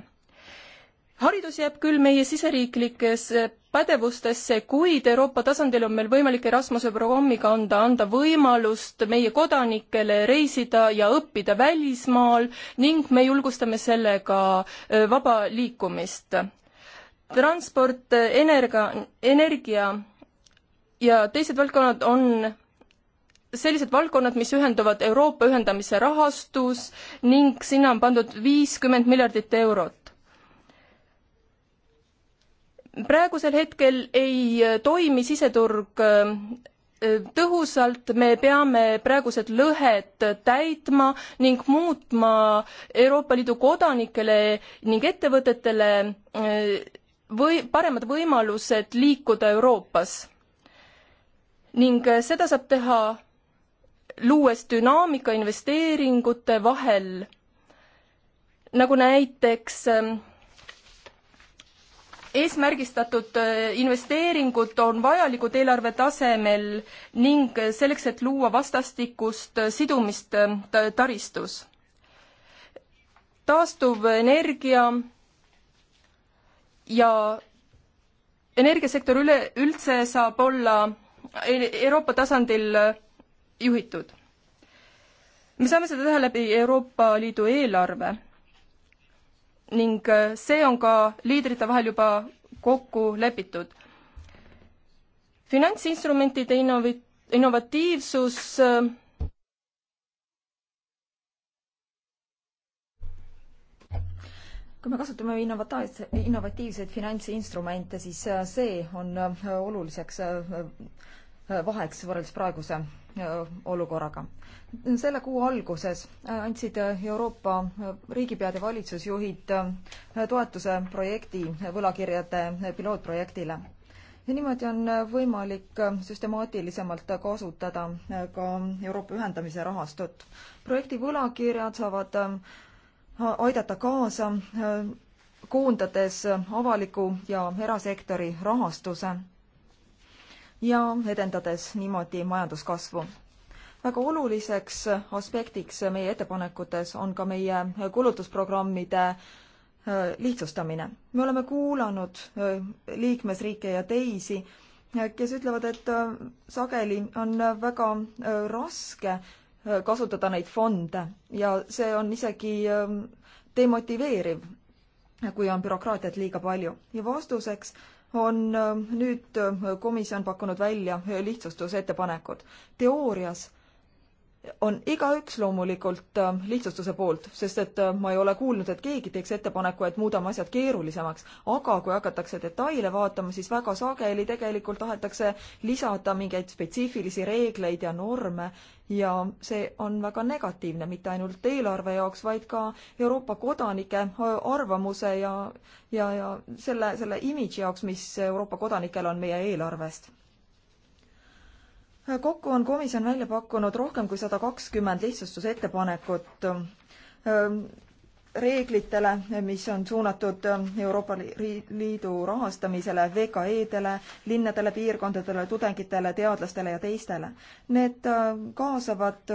haridus jääb küll meie siseriiklikesse pädevustesse, kuid Euroopa tasandil on meil võimalik Erasmuse programmiga anda, anda võimalust meie kodanikele reisida ja õppida välismaal ning me julgustame sellega vaba liikumist. transport, energia, energia ja teised valdkonnad on sellised valdkonnad, mis ühenduvad Euroopa ühendamise rahastus ning sinna on pandud viiskümmend miljardit eurot praegusel hetkel ei äh, toimi siseturg äh, äh, tõhusalt me peame praegused lõhed täitma ning muutma Euroopa Liidu kodanikele ning ettevõtetele või paremad võimalused liikuda Euroopas. ning seda saab teha luues dünaamika investeeringute vahel, nagu näiteks äh, eesmärgistatud äh, investeeringud on vajalikud eelarve tasemel ning äh, selleks, et luua vastastikust äh, sidumist taristus. taastuvenergia ja energiasektor üle, üldse saab olla Euroopa tasandil juhitud. me saame seda teha läbi Euroopa Liidu eelarve ning äh, see on ka liidrite vahel juba kokku lepitud. finantsinstrumentide innovi-, innovatiivsus äh, kui me kasutame innovataavse, innovatiivseid finantsinstrumente, siis äh, see on oluliseks vaheks võrreldes praeguse olukorraga. selle kuu alguses äh, andsid äh, Euroopa äh, riigipead ja valitsusjuhid toetuse projekti, võlakirjade pilootprojektile. ja niimoodi on võimalik süstemaatilisemalt kasutada ka Euroopa ühendamise rahastut. projekti võlakirjad saavad aidata kaasa koondades avaliku ja erasektori rahastuse ja edendades niimoodi majanduskasvu. väga oluliseks aspektiks meie ettepanekutes on ka meie kulutusprogrammide äh, lihtsustamine. me oleme kuulanud äh, liikmesriike ja teisi, äh, kes ütlevad, et sageli on väga raske kasutada neid fonde ja see on isegi demotiveeriv, kui on bürokraatiat liiga palju. ja vastuseks on äh, nüüd äh, komisjon pakkunud välja äh, lihtsustusettepanekud. teoorias on igaüks loomulikult lihtsustuse poolt, sest et ma ei ole kuulnud, et keegi teeks ettepaneku, et muudame asjad keerulisemaks. aga kui hakatakse detaile vaatama, siis väga sageli tegelikult tahetakse lisada mingeid spetsiifilisi reegleid ja norme ja see on väga negatiivne mitte ainult eelarve jaoks, vaid ka Euroopa kodanike arvamuse ja, ja, ja selle, selle imidži jaoks, mis Euroopa kodanikel on meie eelarvest kokku on komisjon välja pakkunud rohkem kui sada kakskümmend lihtsustusettepanekut reeglitele, mis on suunatud Euroopa Liidu rahastamisele, VKE-dele, linnadele, piirkondadele, tudengitele, teadlastele ja teistele. Need äh, kaasavad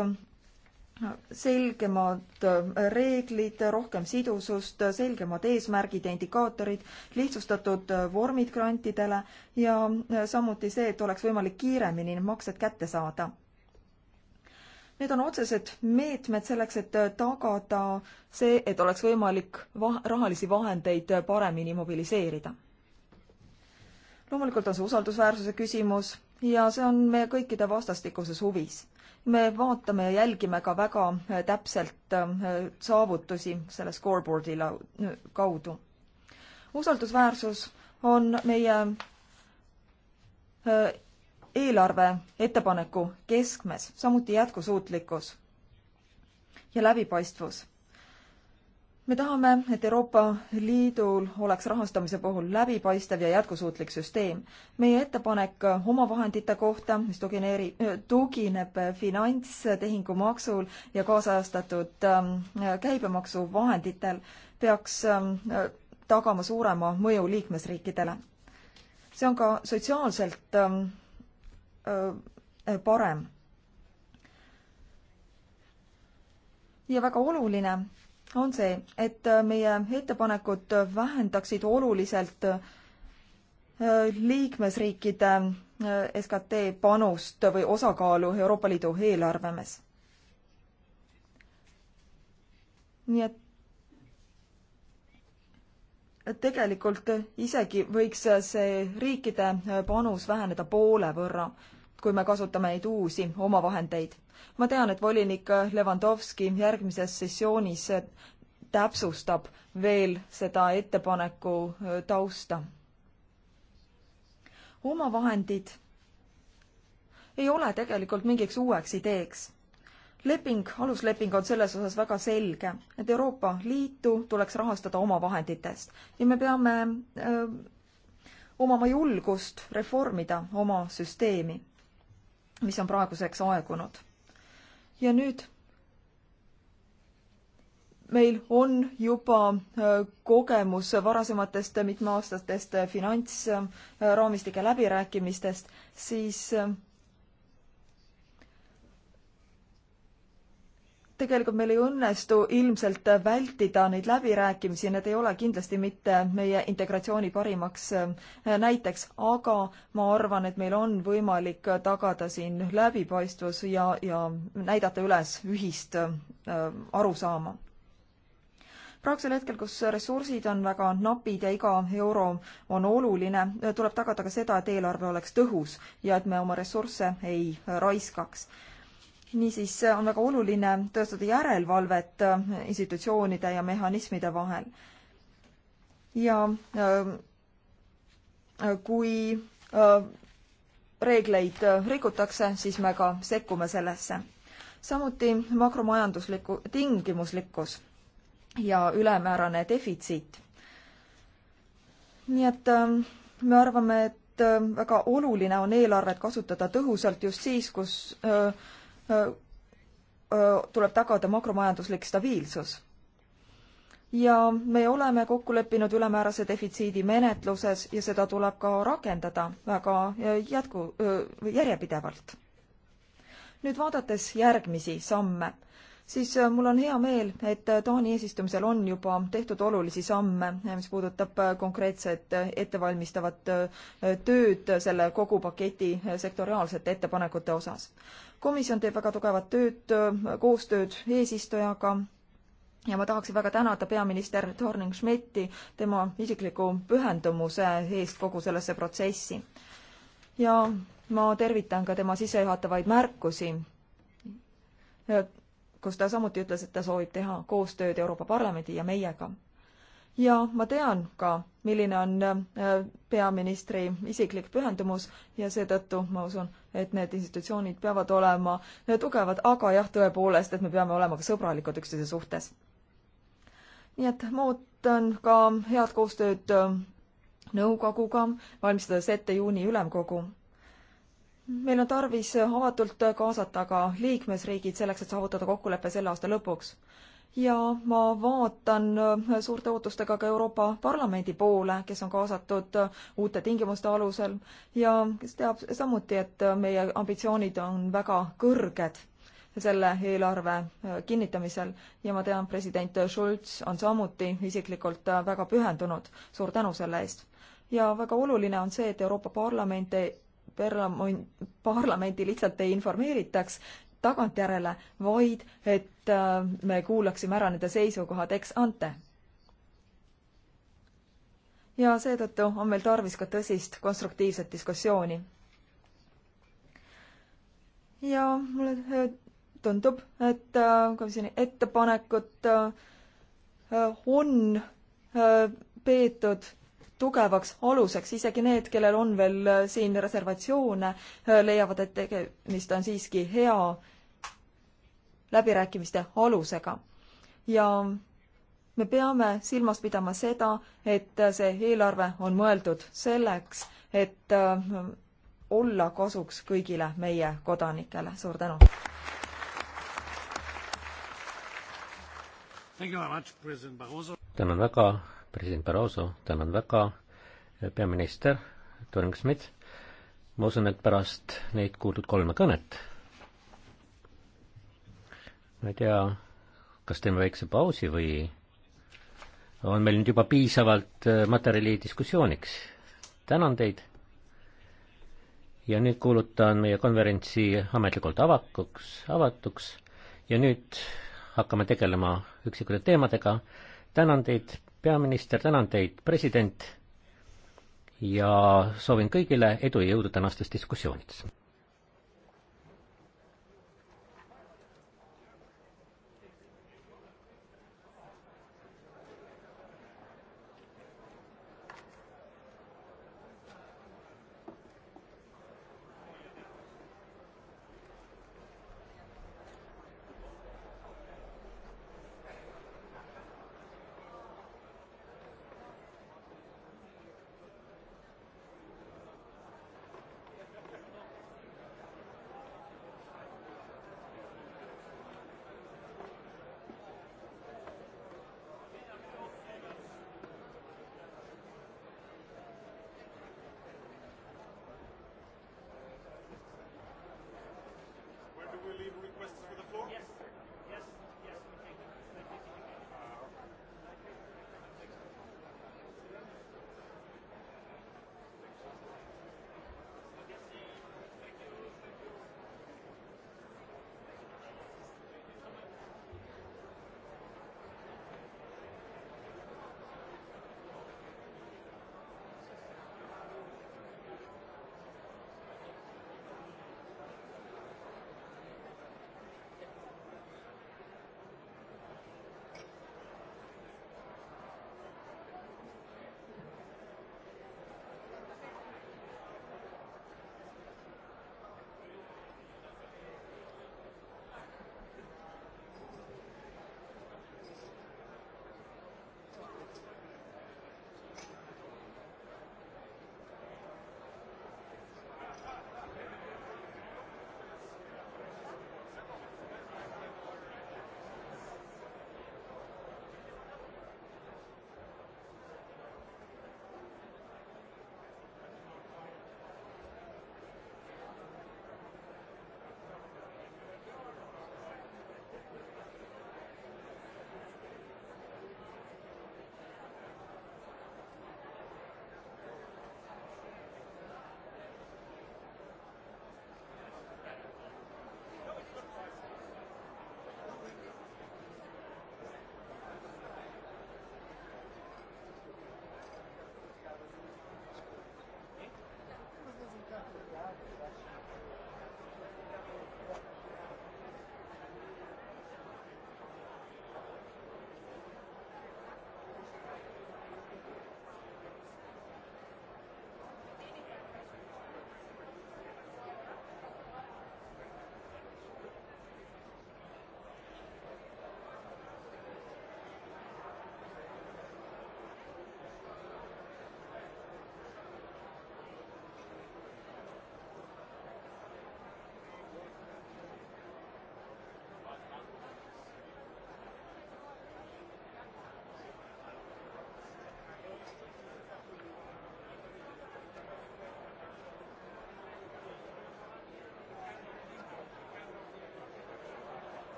selgemad äh, reeglid, rohkem sidusust, selgemad eesmärgid ja indikaatorid, lihtsustatud äh, vormid grantidele ja samuti see, et oleks võimalik kiiremini need maksed kätte saada Need on otsesed meetmed selleks, et äh, tagada see, et oleks võimalik va rahalisi vahendeid äh, paremini mobiliseerida. loomulikult on see usaldusväärsuse küsimus ja see on meie kõikide vastastikuses huvis. me vaatame ja jälgime ka väga äh, täpselt saavutusi selle scoreboard'i kaudu. usaldusväärsus on meie eelarve ettepaneku keskmes, samuti jätkusuutlikkus ja läbipaistvus. me tahame, et Euroopa Liidul oleks rahastamise puhul läbipaistev ja jätkusuutlik süsteem. meie ettepanek omavahendite kohta, mis tugineeri-, tugineb finantstehingumaksul ja kaasajastatud ähm, käibemaksuvahenditel, peaks ähm, tagama suurema mõju liikmesriikidele. see on ka sotsiaalselt ähm, parem. ja väga oluline on see, et meie ettepanekud vähendaksid oluliselt liikmesriikide SKT panust või osakaalu Euroopa Liidu eelarvemes. nii et tegelikult isegi võiks see riikide panus väheneda poole võrra, kui me kasutame neid uusi omavahendeid. ma tean, et volinik Levandovski järgmises sessioonis täpsustab veel seda ettepaneku tausta. omavahendid ei ole tegelikult mingiks uueks ideeks leping, alusleping on selles osas väga selge, et Euroopa Liitu tuleks rahastada omavahenditest ja me peame öö, äh, omama julgust reformida oma süsteemi, mis on praeguseks aegunud. ja nüüd meil on juba äh, kogemus varasematest mitmeaastastest finantsraamistike läbirääkimistest, siis äh, tegelikult meil ei õnnestu ilmselt vältida neid läbirääkimisi, need ei ole kindlasti mitte meie integratsiooni parimaks äh, näiteks, aga ma arvan, et meil on võimalik tagada siin läbipaistvus ja, ja näidata üles ühist äh, arusaama praegusel hetkel, kus ressursid on väga napid ja iga euro on oluline, tuleb tagada ka seda, et eelarve oleks tõhus ja et me oma ressursse ei raiskaks niisiis äh, on väga oluline tõestada järelevalvet äh, institutsioonide ja mehhanismide vahel. ja ähm, äh, kui reegleid rikutakse, siis me ka sekkume sellesse. samuti makromajandusliku tingimuslikkus ja ülemäärane defitsiit. nii et ähm, me arvame, et väga oluline on eelarvet kasutada tõhusalt just siis, kus tuleb tagada makromajanduslik stabiilsus. ja me oleme kokku leppinud ülemäärase defitsiidi menetluses ja seda tuleb ka rakendada väga jätku, järjepidevalt. nüüd vaadates järgmisi samme, siis mul on hea meel, et Taani eesistumisel on juba tehtud olulisi samme, mis puudutab konkreetset ettevalmistavat tööd selle kogu paketi sektoriaalsete ettepanekute osas komisjon teeb väga tugevat tööd, äh, koostööd eesistujaga ja ma tahaksin väga tänada peaminister Thorning-Schmidti tema isikliku pühendumuse eest kogu sellesse protsessi. ja ma tervitan ka tema sissejuhatavaid märkusi, äh, kus ta samuti ütles, et ta soovib teha koostööd Euroopa Parlamendi ja meiega ja ma tean ka, milline on äh, peaministri isiklik pühendumus ja seetõttu ma usun, et need institutsioonid peavad olema äh, tugevad, aga jah, tõepoolest, et me peame olema ka sõbralikud üksteise suhtes. nii et ma ootan ka head koostööd äh, nõukoguga, valmistades ette juuni ülemkogu. meil on tarvis avatult kaasata ka liikmesriigid selleks, et saavutada kokkulepe selle aasta lõpuks ja ma vaatan äh, suurte ootustega ka Euroopa Parlamendi poole, kes on kaasatud äh, uute tingimuste alusel ja kes teab samuti, et äh, meie ambitsioonid on väga kõrged selle eelarve kinnitamisel ja ma tean, president Schulz on samuti isiklikult väga pühendunud. suur tänu selle eest. ja väga oluline on see, et Euroopa Parlament parlamendi lihtsalt ei informeeritaks tagantjärele, vaid et äh, me kuulaksime ära nende seisukohad ex ante. ja seetõttu on meil tarvis ka tõsist konstruktiivset diskussiooni. ja mulle äh, tundub, et äh, komisjoni ettepanekut on peetud tugevaks aluseks, isegi need, kellel on veel siin reservatsioone, leiavad, et tegemist on siiski hea läbirääkimiste alusega. ja me peame silmas pidama seda, et see eelarve on mõeldud selleks, et äh, olla kasuks kõigile meie kodanikele. suur tänu! tänan väga, president Barroso, tänan väga, äh, peaminister Turing Schmidt. ma usun, et pärast neid kuuldud kolme kõnet ma ei tea, kas teeme väikse pausi või on meil nüüd juba piisavalt äh, materjali diskussiooniks. tänan teid ja nüüd kuulutan meie konverentsi ametlikult avatuks, avatuks ja nüüd hakkame tegelema üksikute teemadega. tänan teid, peaminister, tänan teid, president ja soovin kõigile edu ja jõudu tänastes diskussioonides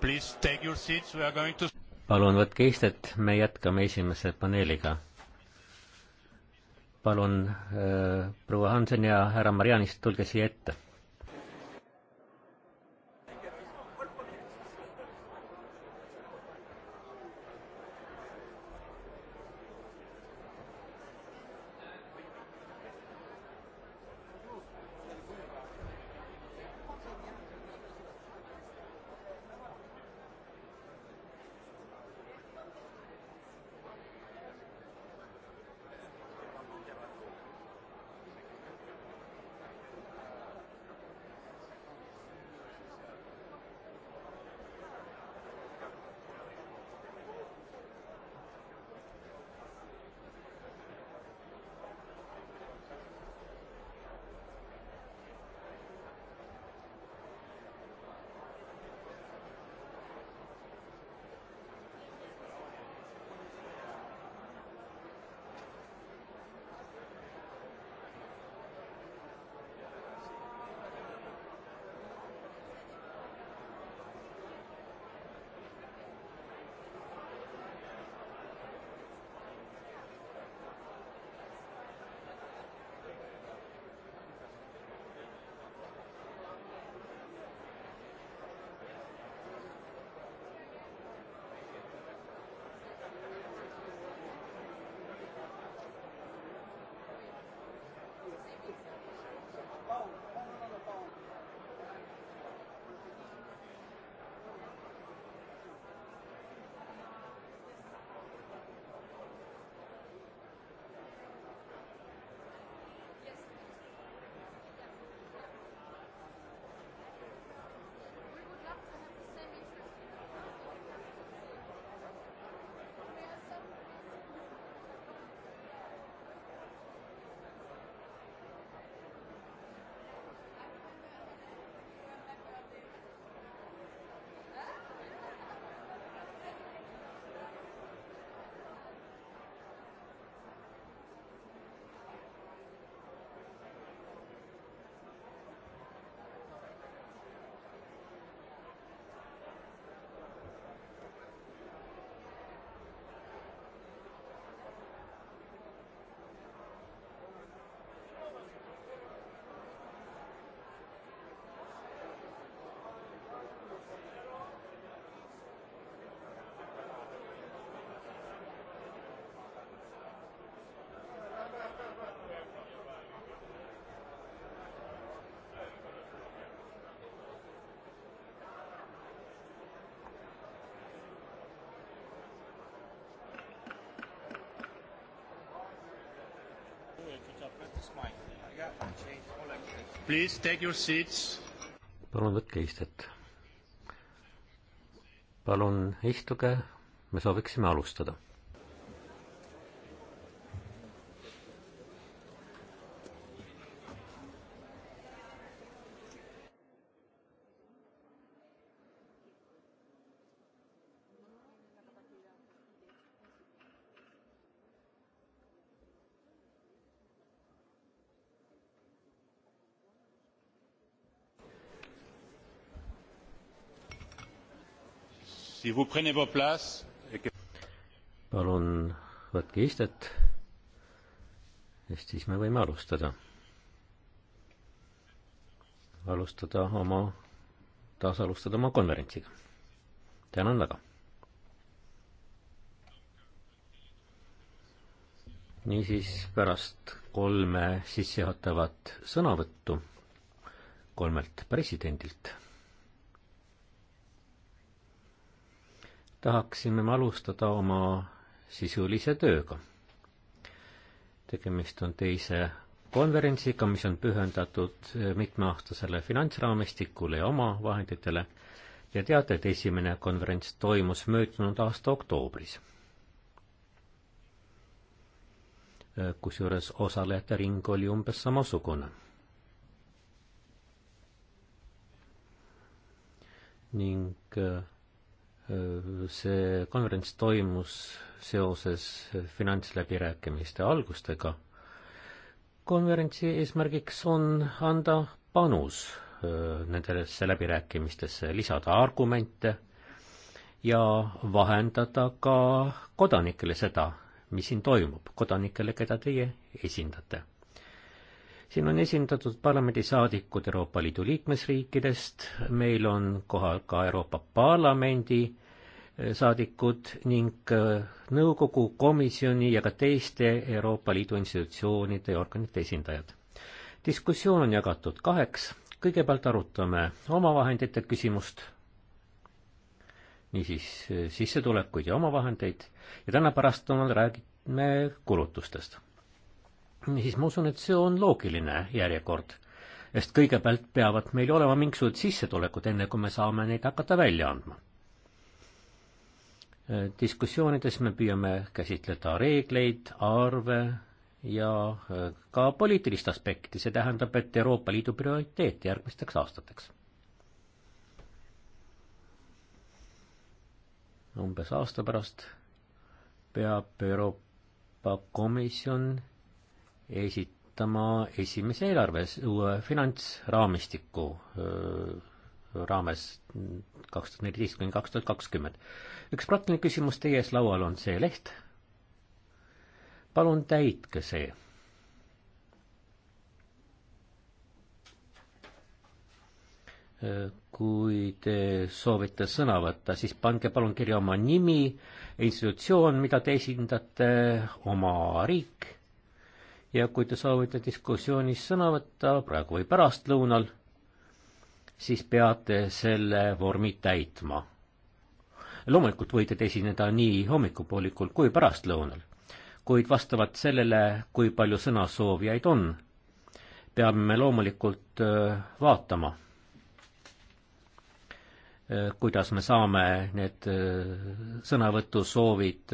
Please take your seats, we are going to palun võtke istet, me jätkame esimese paneeliga. palun äh, proua Hansen ja härra Marianist, tulge siia ette. palun võtke istet. palun istuge, me sooviksime alustada palun võtke istet, sest siis me võime alustada. alustada oma, taas alustada oma konverentsiga. tänan väga. niisiis, pärast kolme sissejuhatavat sõnavõttu kolmelt presidendilt tahaksime me alustada oma sisulise tööga. tegemist on teise konverentsiga, mis on pühendatud mitmeaastasele finantsraamistikule ja omavahenditele ja teate, et esimene konverents toimus möödunud aasta oktoobris. kusjuures osalejate ring oli umbes samasugune. ning see konverents toimus seoses finantsläbirääkimiste algustega. konverentsi eesmärgiks on anda panus äh, nendesse läbirääkimistesse, lisada argumente ja vahendada ka kodanikele seda, mis siin toimub, kodanikele, keda teie esindate. siin on esindatud parlamendisaadikud Euroopa Liidu liikmesriikidest, meil on kohal ka Euroopa Parlamendi saadikud ning äh, nõukogu, komisjoni ja ka teiste Euroopa Liidu institutsioonide ja organite esindajad. diskussioon on jagatud kaheks, kõigepealt arutame omavahendite küsimust, niisiis äh, sissetulekuid ja omavahendeid, ja täna pärastlõunal räägime kulutustest. niisiis, ma usun, et see on loogiline järjekord, sest kõigepealt peavad meil olema mingisugused sissetulekud, enne kui me saame neid hakata välja andma diskussioonides me püüame käsitleda reegleid, arve ja äh, ka poliitilist aspekti, see tähendab, et Euroopa Liidu prioriteet järgmisteks aastateks. umbes aasta pärast peab Euroopa Komisjon esitama esimese eelarves uue finantsraamistiku äh, raames kaks tuhat neliteist kuni kaks tuhat kakskümmend. üks praktiline küsimus teie ees laual on see leht. palun täitke see. kui te soovite sõna võtta, siis pange palun kirja oma nimi, institutsioon, mida te esindate, oma riik ja kui te soovite diskussioonis sõna võtta praegu või pärastlõunal siis peate selle vormi täitma. loomulikult võite te esineda nii hommikupoolikul kui pärastlõunal, kuid vastavalt sellele, kui palju sõnasoovijaid on, peame me loomulikult äh, vaatama, äh, kuidas me saame need äh, sõnavõtusoovid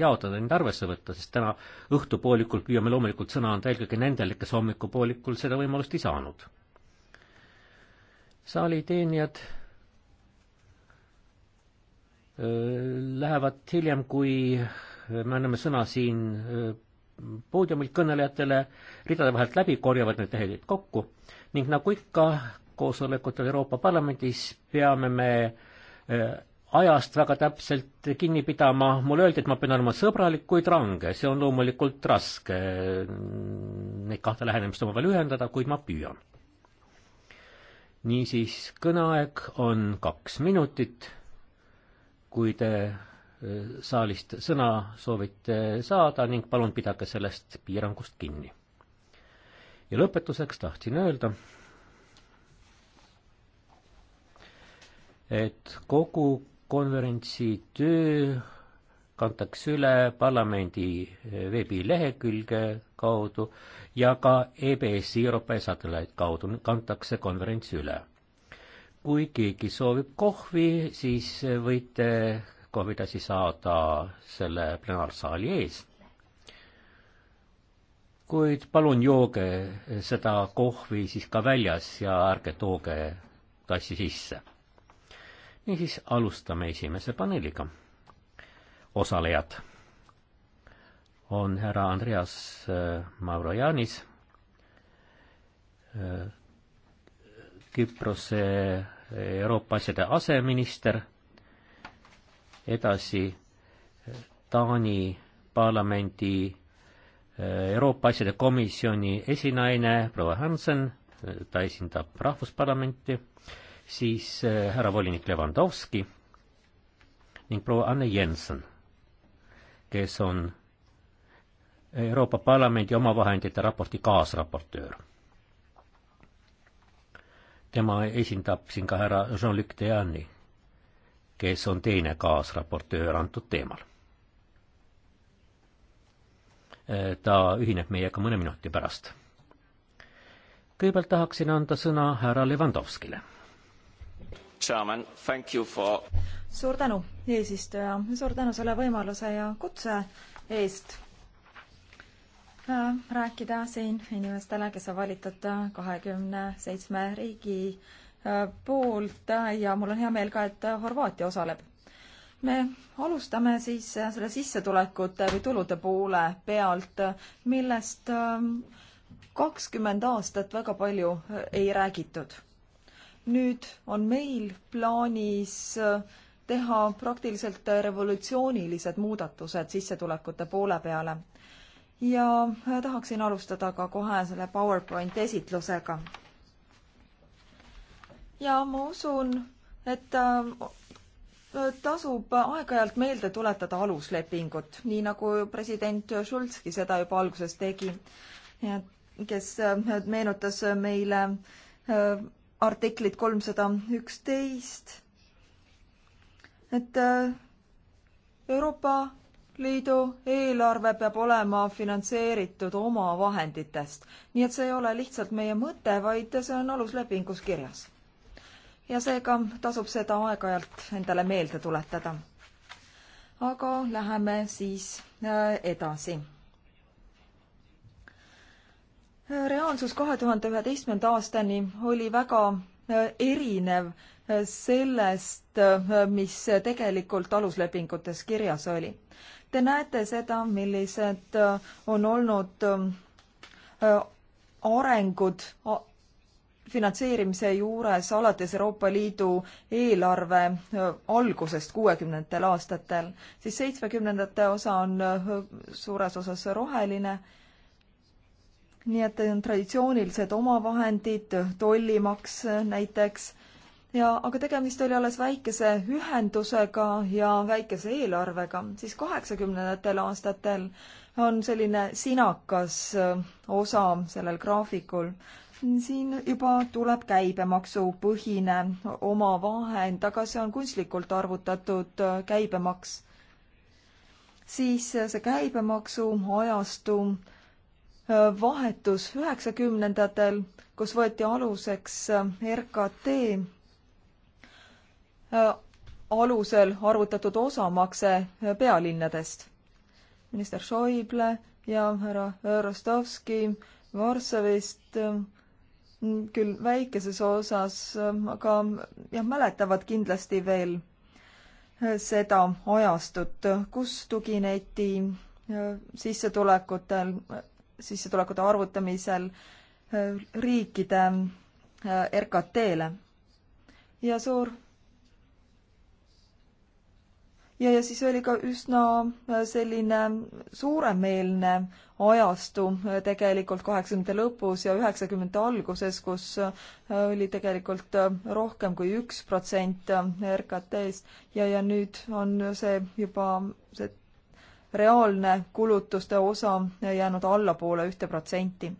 jaotada, neid arvesse võtta, sest täna õhtupoolikul püüame loomulikult sõna anda eelkõige nendele, kes hommikupoolikul seda võimalust ei saanud saali teenijad lähevad hiljem, kui me anname sõna siin poodiumil kõnelejatele, ridade vahelt läbi, korjavad need leheküljed kokku ning nagu ikka koosolekutel Euroopa Parlamendis peame me ajast väga täpselt kinni pidama, mulle öeldi, et ma pean olema sõbralik, kuid range, see on loomulikult raske, neid kahte lähenemist omavahel ühendada, kuid ma püüan niisiis, kõneaeg on kaks minutit. kui te eh, saalist sõna soovite saada ning palun pidage sellest piirangust kinni. ja lõpetuseks tahtsin öelda, et kogu konverentsi töö kantakse üle parlamendi veebilehekülge kaudu ja ka EBS-i Euroopa satelliit kaudu kantakse konverents üle. kui keegi soovib kohvi, siis võite kohvitasi saada selle plenaarsaali ees. kuid palun jooge seda kohvi siis ka väljas ja ärge tooge tassi sisse. niisiis alustame esimese paneeliga osalejad on härra Andreas eh, Mavrojanis, eh, Küprose Euroopa asjade aseminister, edasi eh, Taani parlamendi Euroopa asjade komisjoni esinaine proua Hansen, ta esindab Rahvusparlamenti, siis härra volinik Levandovski ning proua Anne Jensen kes on Euroopa Parlamendi omavahendite raporti kaasraportöör. tema esindab siin ka härra Jean-Luc Deani, kes on teine kaasraportöör antud teemal. ta ühineb meiega mõne minuti pärast. kõigepealt tahaksin anda sõna härra Levandovskile Chairman, thank you for suur tänu, eesistuja, suur tänu selle võimaluse ja kutse eest äh, rääkida siin inimestele, kes on valitud kahekümne seitsme riigi äh, poolt ja mul on hea meel ka, et Horvaatia osaleb. me alustame siis selle sissetulekute või tulude poole pealt, millest äh, kakskümmend aastat väga palju ei räägitud nüüd on meil plaanis äh, teha praktiliselt revolutsioonilised muudatused sissetulekute poole peale. ja äh, tahaksin alustada ka kohe selle PowerPoint esitlusega. ja ma usun, et äh, tasub aeg-ajalt meelde tuletada aluslepingut, nii nagu president Schulzki seda juba alguses tegi, kes meenutas meile artiklit kolmsada üksteist. et äh, Euroopa Liidu eelarve peab olema finantseeritud omavahenditest, nii et see ei ole lihtsalt meie mõte, vaid see on aluslepingus kirjas. ja seega tasub seda aeg-ajalt endale meelde tuletada. aga läheme siis äh, edasi reaalsus kahe tuhande üheteistkümnenda aastani oli väga äh, erinev äh, sellest, äh, mis tegelikult aluslepingutes kirjas oli. Te näete seda, millised on olnud arengud finantseerimise juures alates Euroopa Liidu eelarve algusest kuuekümnendatel aastatel, siis seitsmekümnendate osa on suures osas roheline nii et eh, traditsioonilised omavahendid, eh, tollimaks eh, näiteks ja, aga tegemist oli alles väikese ühendusega ja väikese eelarvega, siis kaheksakümnendatel aastatel on selline sinakas osa sellel graafikul. siin juba tuleb käibemaksupõhine omavahend, aga see on kunstlikult arvutatud käibemaks. siis see käibemaksu ajastu vahetus üheksakümnendatel, kus võeti aluseks äh, RKT äh, alusel arvutatud osamakse äh, pealinnadest. minister Schäuble ja härra Rostovski Varssavist küll väikeses osas, aga jah, mäletavad kindlasti veel seda ajastut, kus tugineti sissetulekutel sissetulekute arvutamisel äh, riikide äh, RKT-le. ja suur ja, ja siis oli ka üsna äh, selline suuremeelne ajastu tegelikult kaheksakümnendate lõpus ja üheksakümnendate alguses, kus oli tegelikult rohkem kui üks protsent RKT-st ja, ja nüüd on see juba, see reaalne kulutuste osa jäänud allapoole ühte protsenti.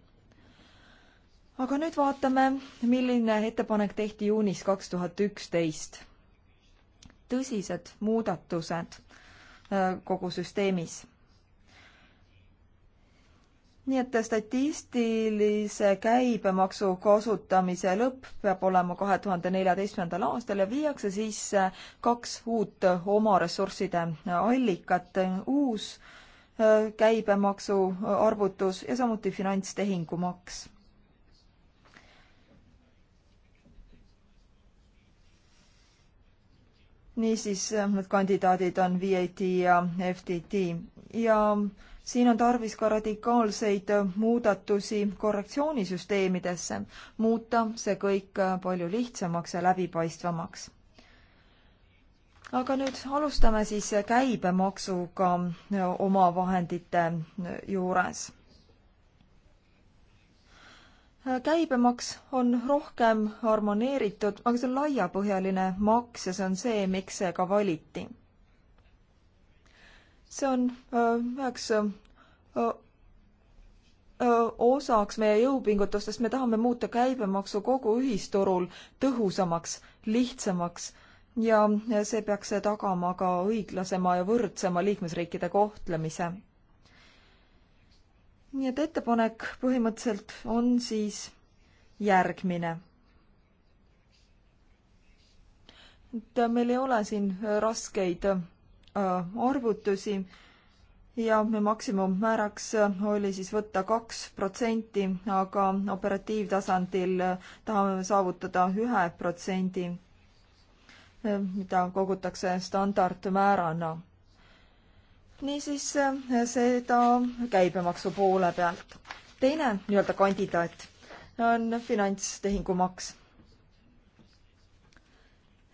aga nüüd vaatame, milline ettepanek tehti juunis kaks tuhat üksteist. tõsised muudatused äh, kogu süsteemis nii et statistilise käibemaksu kasutamise lõpp peab olema kahe tuhande neljateistkümnendal aastal ja viiakse sisse kaks uut oma ressursside allikat, uus äh, käibemaksu arvutus ja samuti finantstehingumaks niisiis äh, need kandidaadid on VAT ja FTT ja siin on tarvis ka radikaalseid äh, muudatusi korrektsioonisüsteemidesse, muuta see kõik äh, palju lihtsamaks ja läbipaistvamaks. aga nüüd alustame siis äh, käibemaksuga omavahendite juures käibemaks on rohkem harmoneeritud, aga see on laiapõhjaline maks ja see on see, miks see ka valiti see on äh, üheks äh, äh, osaks meie jõupingutustest, me tahame muuta käibemaksu kogu ühisturul tõhusamaks, lihtsamaks ja see peaks tagama ka õiglasema ja võrdsema liikmesriikide kohtlemise. nii et ettepanek põhimõtteliselt on siis järgmine. et meil ei ole siin raskeid Äh, arvutusi ja maksimummääraks äh, oli siis võtta kaks protsenti, aga operatiivtasandil äh, tahame saavutada ühe protsendi, mida kogutakse standardmäärana. niisiis seda käibemaksu poole pealt. teine nii-öelda kandidaat on finantstehingumaks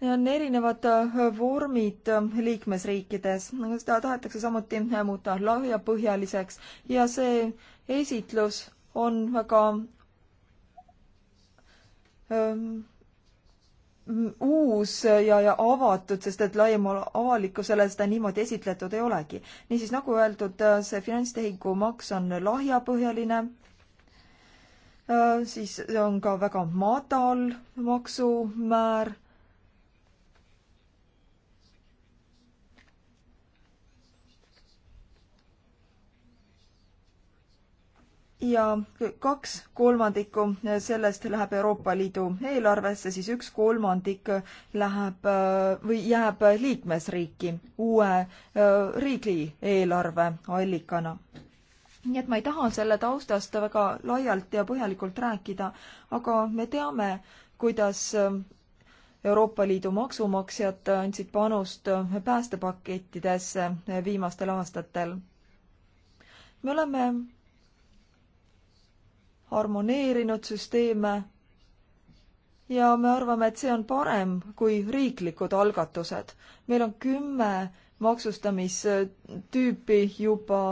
on erinevad äh, vormid äh, liikmesriikides, seda tahetakse samuti äh, muuta laiapõhjaliseks ja see esitlus on väga um, uus ja, ja avatud, sest et laiemale avalikkusele seda niimoodi esitletud ei olegi. niisiis, nagu öeldud, see finantstehingu maks on lahjapõhjaline, siis on ka väga madal maksumäär ja kaks kolmandikku sellest läheb Euroopa Liidu eelarvesse, siis üks kolmandik läheb või jääb liikmesriiki uue äh, riigi eelarve allikana. nii et ma ei taha selle taustast väga laialt ja põhjalikult rääkida, aga me teame, kuidas äh, Euroopa Liidu maksumaksjad andsid panust äh, päästepakettidesse viimastel aastatel. me oleme harmoneerinud süsteeme ja me arvame, et see on parem kui riiklikud algatused. meil on kümme maksustamistüüpi juba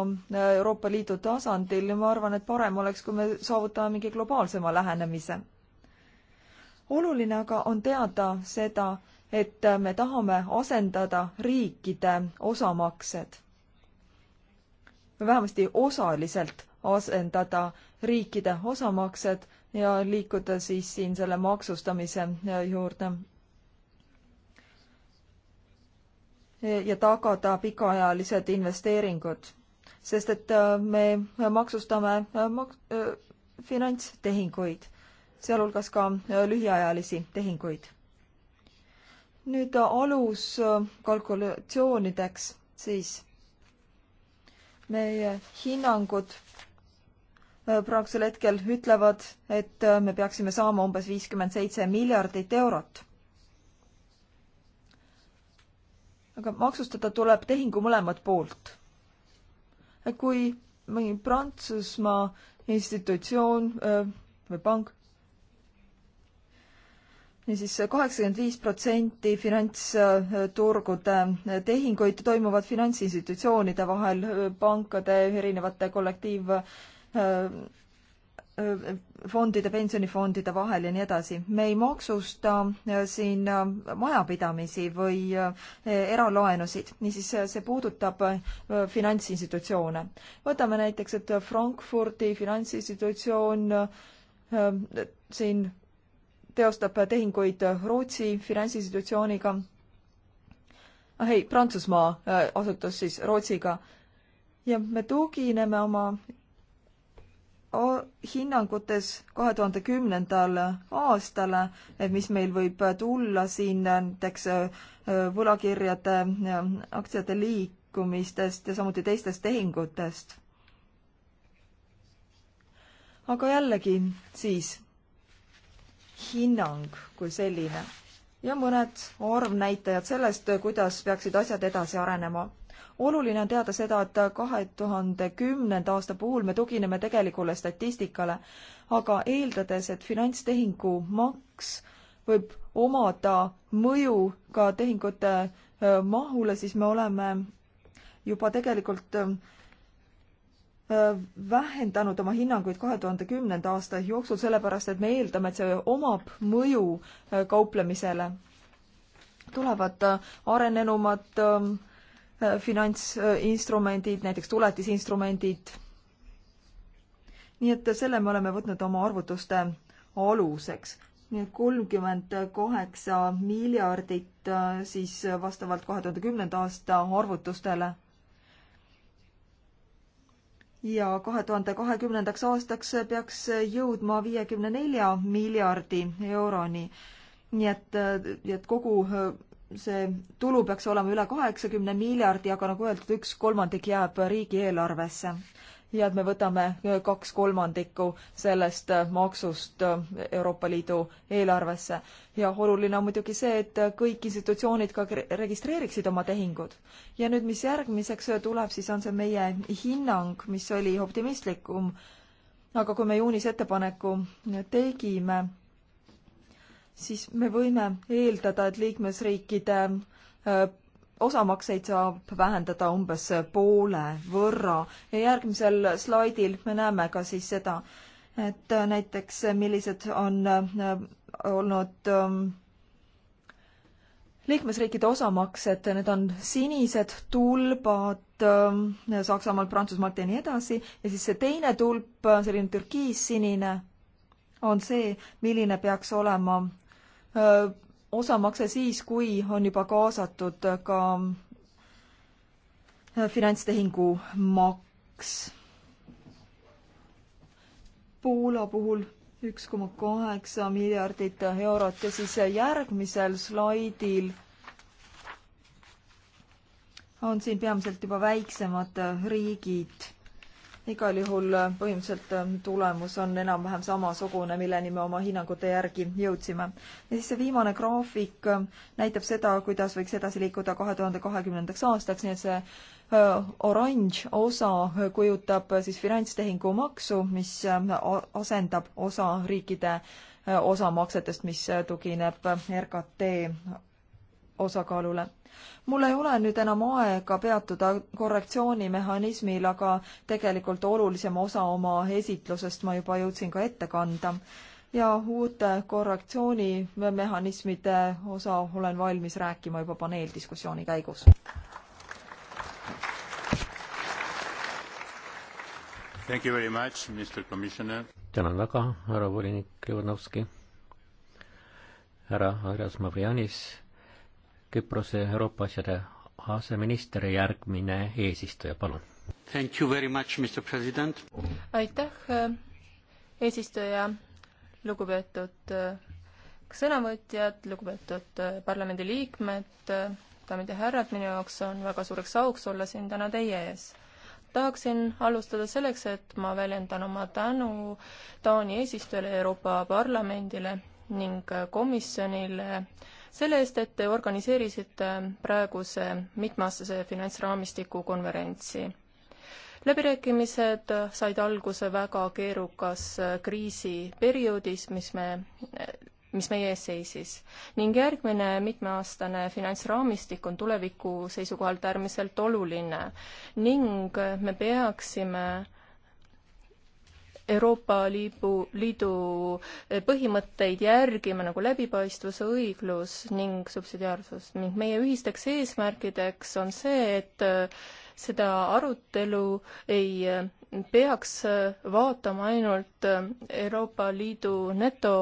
Euroopa Liidu tasandil ja ma arvan, et parem oleks, kui me saavutame mingi globaalsema lähenemise. oluline aga on teada seda, et me tahame asendada riikide osamaksed. vähemasti osaliselt asendada riikide osamaksed ja liikuda siis siin selle maksustamise äh, juurde. ja tagada pikaajalised investeeringud, sest et äh, me maksustame äh, mak-, finantstehinguid, sealhulgas ka lühiajalisi tehinguid. nüüd alus kalkulatsioonideks siis meie hinnangud Äh, praegusel hetkel ütlevad, et äh, me peaksime saama umbes viiskümmend seitse miljardit eurot. aga maksustada tuleb tehingu mõlemat poolt. kui mõni Prantsusmaa institutsioon äh, või pank niisiis kaheksakümmend viis protsenti finantsturgude tehinguid toimuvad finantsinstitutsioonide vahel, pankade, erinevate kollektiiv- Äh, fondide, pensionifondide vahel ja nii edasi. me ei maksusta äh, siin äh, majapidamisi või eralaenusid, niisiis see puudutab finantsinstitutsioone. võtame näiteks, et Frankfurdi finantsinstitutsioon siin teostab tehinguid Rootsi finantsinstitutsiooniga. ah ei, Prantsusmaa asutus siis Rootsiga. ja me tugineme oma hinnangutes kahe tuhande kümnendal aastal, mis meil võib tulla siin näiteks võlakirjade, aktsiate liikumistest ja samuti teistest tehingutest. aga jällegi siis hinnang kui selline ja mõned arvnäitajad sellest, kuidas peaksid asjad edasi arenema oluline on teada seda, et kahe tuhande kümnenda aasta puhul me tugineme tegelikule statistikale, aga eeldades, et finantstehingu maks võib omada mõju ka tehingute mahule, siis me oleme juba tegelikult vähendanud oma hinnanguid kahe tuhande kümnenda aasta jooksul, sellepärast et me eeldame, et see omab mõju kauplemisele. tulevad arenenumad Äh, finantsinstrumendid, näiteks tuletisinstrumendid. nii et selle me oleme võtnud oma arvutuste aluseks. nii et kolmkümmend kaheksa miljardit äh, siis vastavalt kahe tuhande kümnenda aasta arvutustele. ja kahe tuhande kahekümnendaks aastaks peaks jõudma viiekümne nelja miljardi euroni nii et, äh, et kogu see tulu peaks olema üle kaheksakümne miljardi, aga nagu öeldud, üks kolmandik jääb riigieelarvesse. ja et me võtame kaks kolmandikku sellest maksust Euroopa Liidu eelarvesse. ja oluline on muidugi see, et kõik institutsioonid ka registreeriksid oma tehingud. ja nüüd, mis järgmiseks tuleb, siis on see meie hinnang, mis oli optimistlikum. aga kui me juunis ettepaneku tegime siis me võime eeldada, et liikmesriikide äh, osamakseid saab vähendada umbes poole võrra ja järgmisel slaidil me näeme ka siis seda, et äh, näiteks äh, millised on olnud ähm, liikmesriikide osamaksed, need on sinised tulbad ähm, Saksamaalt, Prantsusmaalt ja nii edasi ja siis see teine tulp, selline türkiissinine, on see, milline peaks olema osamakse siis, kui on juba kaasatud ka finantstehingu maks. Poola puhul üks koma kaheksa miljardit eurot ja siis järgmisel slaidil on siin peamiselt juba väiksemad riigid igal juhul äh, põhimõtteliselt ähm, tulemus on enam-vähem samasugune, milleni me oma hinnangute järgi jõudsime. ja siis see viimane graafik ähm, näitab seda, kuidas võiks edasi liikuda kahe tuhande kahekümnendaks aastaks, nii et see äh, oranž osa äh, kujutab siis finantstehingumaksu, mis ähm, asendab osa riikide osamaksetest, mis tugineb RKT osakaalule mul ei ole nüüd enam aega peatuda korrektsioonimehhanismil, aga tegelikult olulisema osa oma esitlusest ma juba jõudsin ka ette kanda ja uute korrektsioonimehhanismide osa olen valmis rääkima juba paneeldiskussiooni käigus. tänan väga, härra volinik Levanovski, härra Andreas Mavrianis Küprose Euroopa asjade aseminister ja järgmine eesistuja, palun. Thank you very much, Mr President. aitäh, eh, eesistuja, lugupeetud eh, sõnavõtjad, lugupeetud eh, parlamendiliikmed, daamid ja härrad, minu jaoks on väga suureks auks olla siin täna teie ees tahaksin alustada selleks, et ma väljendan oma tänu Taani eesistujale Euroopa Parlamendile ning komisjonile selle eest, et te organiseerisite praeguse mitmeaastase finantsraamistiku konverentsi. läbirääkimised said alguse väga keerukas kriisiperioodis, mis me mis meie ees seisis ning järgmine mitmeaastane finantsraamistik on tuleviku seisukohalt äärmiselt oluline ning me peaksime Euroopa Liidu, Liidu eh, põhimõtteid järgima, nagu läbipaistvus, õiglus ning subsidiaarsus ning meie ühisteks eesmärkideks on see, et eh, seda arutelu ei eh, peaks vaatama ainult Euroopa Liidu neto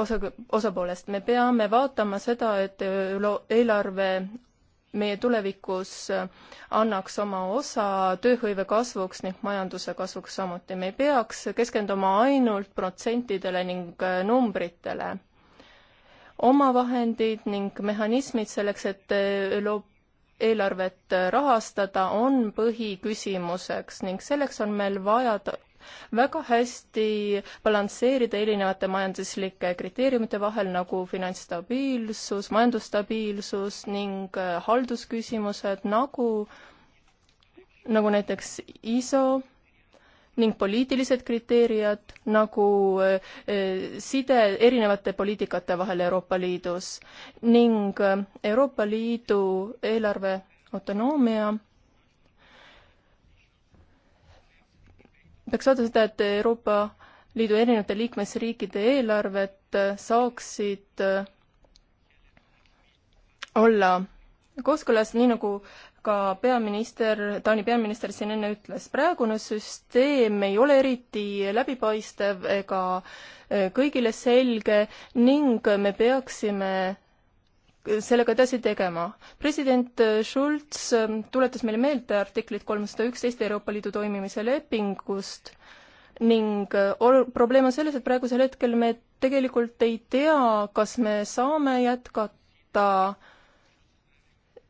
osa, osapoolest, me peame vaatama seda, et eelarve meie tulevikus äh, annaks oma osa tööhõive kasvuks ning majanduse kasvuks samuti. me ei peaks keskenduma ainult protsentidele ning äh, numbritele. omavahendid ning mehhanismid selleks, et äh, eelarvet rahastada, on põhiküsimuseks ning selleks on meil vaja väga hästi balansseerida erinevate majanduslike kriteeriumite vahel, nagu finantsstabiilsus, majandusstabiilsus ning äh, haldusküsimused, nagu, nagu näiteks ISO ning poliitilised kriteeriad nagu äh, äh, side erinevate poliitikate vahel Euroopa Liidus ning Euroopa Liidu eelarve autonoomia peaks vaatama seda, et Euroopa Liidu erinevate liikmesriikide eelarved äh, saaksid äh, olla kooskõlas, nii nagu ka peaminister, Taani peaminister siin enne ütles, praegune süsteem ei ole eriti läbipaistev ega äh, kõigile selge ning me peaksime sellega edasi tegema. president äh, Schulz ähm, tuletas meile meelde artiklit kolmsada üksteist Euroopa Liidu toimimise lepingust ning äh, ol-, probleem on selles, et praegusel hetkel me tegelikult ei tea, kas me saame jätkata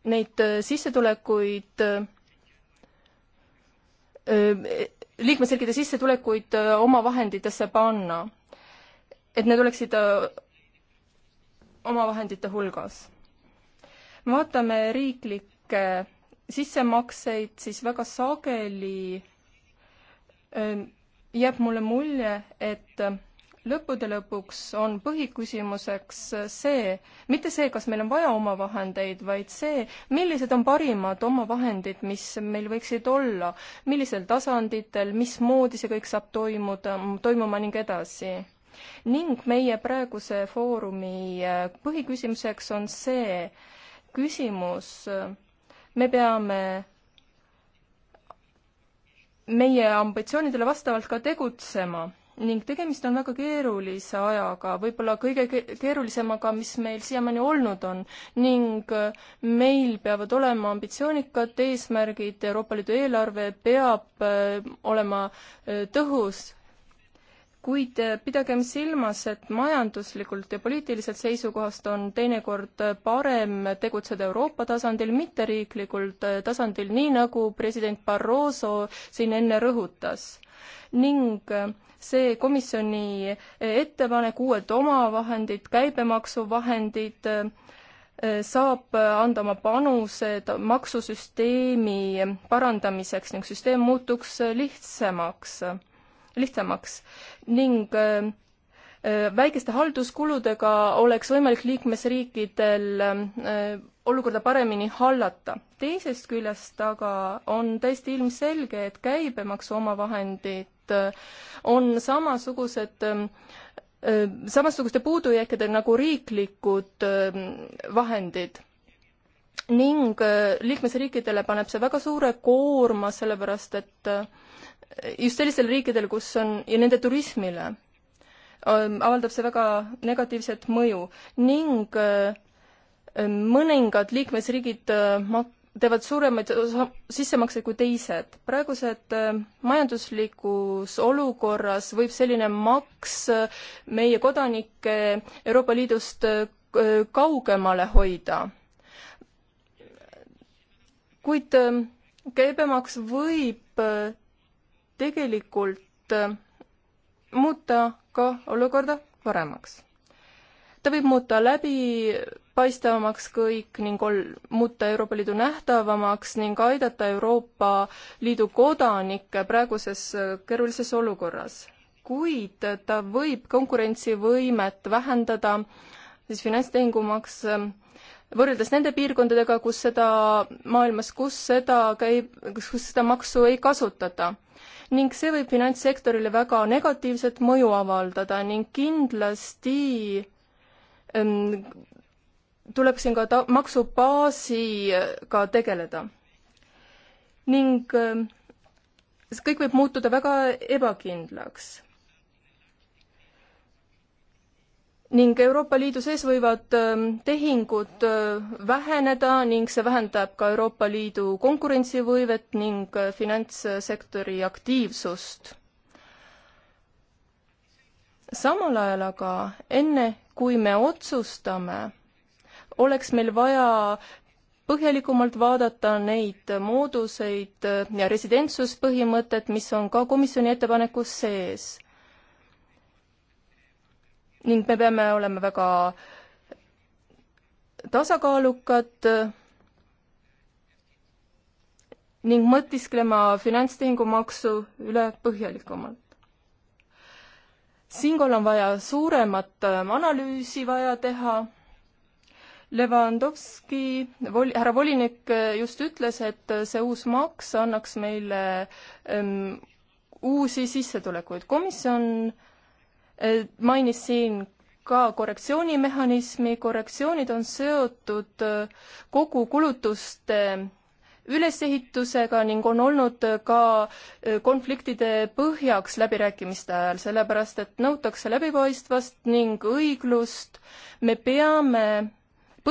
neid äh, sissetulekuid, liikmesriikide sissetulekuid oma vahenditesse panna. et need oleksid omavahendite hulgas. vaatame riiklikke sissemakseid, siis väga sageli ähm, jääb mulle mulje, et lõppude lõpuks on põhiküsimuseks see, mitte see, kas meil on vaja omavahendeid, vaid see, millised on parimad omavahendid, mis meil võiksid olla, millisel tasanditel, mismoodi see kõik saab toimuda, toimuma ning edasi ning meie praeguse foorumi äh, põhiküsimuseks on see küsimus, äh, me peame meie ambitsioonidele vastavalt ka tegutsema ning tegemist on väga keerulise ajaga, võib-olla kõige keerulisemaga, mis meil siiamaani olnud on. ning äh, meil peavad olema ambitsioonikad eesmärgid, Euroopa Liidu eelarve peab olema tõhus kuid eh, pidagem silmas, et majanduslikult ja poliitiliselt seisukohast on teinekord eh, parem tegutseda Euroopa tasandil, mitte riiklikul eh, tasandil, nii nagu president Barroso siin enne rõhutas. ning see komisjoni ettepanek, uued omavahendid, käibemaksuvahendid, saab anda oma panuse maksusüsteemi parandamiseks ning süsteem muutuks lihtsamaks lihtsamaks ning äh, äh, väikeste halduskuludega oleks võimalik liikmesriikidel äh, olukorda paremini hallata. teisest küljest aga on täiesti ilmselge, et käibemaksu omavahendid on samasugused samasuguste puudujääkidega nagu riiklikud vahendid ning liikmesriikidele paneb see väga suure koorma, sellepärast et äh, just sellistel riikidel, kus on, ja nende turismile ähm, avaldab see väga negatiivset mõju ning äh, mõningad liikmesriigid äh, mak-, teevad suuremaid sissemakseid kui teised. praegused äh, majanduslikus olukorras võib selline maks meie kodanikke Euroopa Liidust kaugemale hoida. kuid ähm, käibemaks võib tegelikult äh, muuta ka olukorda paremaks. ta võib muuta läbipaistvamaks kõik ning ol-, muuta Euroopa Liidu nähtavamaks ning aidata Euroopa Liidu kodanikke praeguses äh, keerulises olukorras. kuid ta võib konkurentsivõimet vähendada siis finantstehingumaks äh, võrreldes nende piirkondadega, kus seda maailmas, kus seda käib, kus seda maksu ei kasutata ning see võib finantssektorile väga negatiivset mõju avaldada ning kindlasti ähm, tuleb siin ka ta-, maksubaasiga tegeleda. ning äh, see kõik võib muutuda väga ebakindlaks ning Euroopa Liidu sees võivad ähm, tehingud äh, väheneda ning see vähendab ka Euroopa Liidu konkurentsivõivet ning äh, finantssektori aktiivsust. samal ajal aga enne, kui me otsustame, oleks meil vaja põhjalikumalt vaadata neid mooduseid äh, ja residentsuspõhimõtet, mis on ka komisjoni ettepanekus sees ning me peame olema väga tasakaalukad ning mõtisklema finantstehingumaksu üle põhjalikumalt. siinkohal on vaja suuremat ähm, analüüsi vaja teha. Levandovski, vol-, härra volinik äh, just ütles, et äh, see uus maks annaks meile um, uusi sissetulekuid. komisjon äh, Äh, mainis siin ka korrektsioonimehhanismi, korrektsioonid on seotud äh, kogu kulutuste ülesehitusega ning on olnud äh, ka konfliktide põhjaks läbirääkimiste ajal, sellepärast et nõutakse läbipaistvast ning õiglust. me peame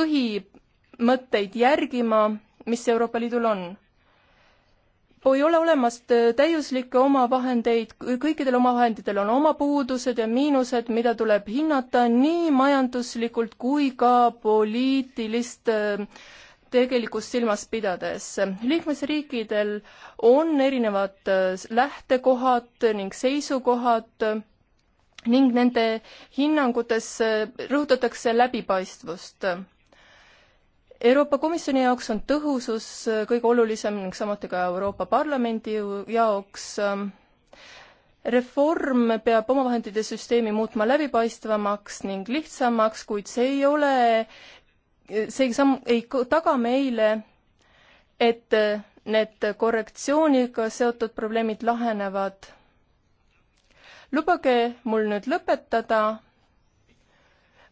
põhimõtteid järgima, mis Euroopa Liidul on ei ole olemas täiuslikke omavahendeid, kõikidel omavahenditel on oma puudused ja miinused, mida tuleb hinnata nii majanduslikult kui ka poliitilist tegelikkust silmas pidades. liikmesriikidel on erinevad lähtekohad ning seisukohad ning nende hinnangutes rõhutatakse läbipaistvust Euroopa Komisjoni jaoks on tõhusus äh, kõige olulisem ning samuti ka Euroopa Parlamendi jaoks. Ähm, reform peab omavahendite süsteemi muutma läbipaistvamaks ning lihtsamaks, kuid see ei ole, äh, see samm ei taga meile, et äh, need korrektsiooniga seotud probleemid lahenevad. lubage mul nüüd lõpetada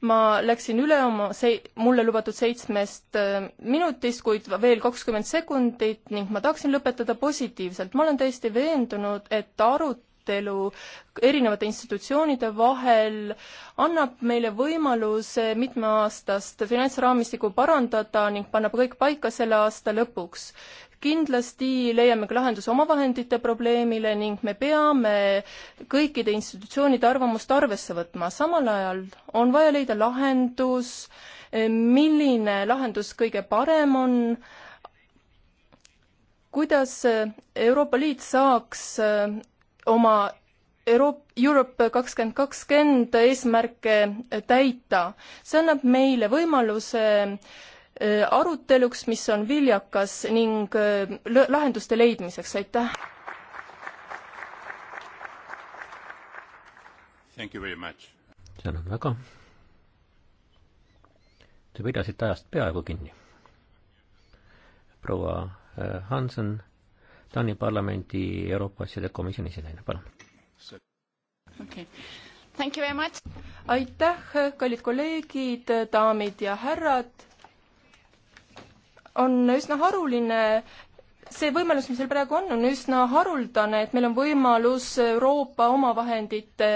ma läksin üle oma se-, mulle lubatud seitsmest äh, minutist, kuid veel kakskümmend sekundit ning ma tahaksin lõpetada positiivselt. ma olen täiesti veendunud, et arutelu erinevate institutsioonide vahel annab meile võimaluse mitmeaastast finantsraamistikku parandada ning panna kõik paika selle aasta lõpuks kindlasti leiame ka lahenduse omavahendite probleemile ning me peame kõikide institutsioonide arvamust arvesse võtma. samal ajal on vaja leida lahendus, milline lahendus kõige parem on, kuidas Euroopa Liit saaks oma Euroop-, Europe kakskümmend kakskümmend eesmärke täita. see annab meile võimaluse äh, aruteluks, mis on viljakas ning lahenduste leidmiseks, aitäh! tänan väga. Te pidasite ajast peaaegu kinni. proua Hansen, Taani parlamendi Euroopa asjade komisjoni esinaine, palun okay.. aitäh, kallid kolleegid, daamid ja härrad on üsna haruline, see võimalus, mis meil praegu on, on üsna haruldane, et meil on võimalus Euroopa omavahendite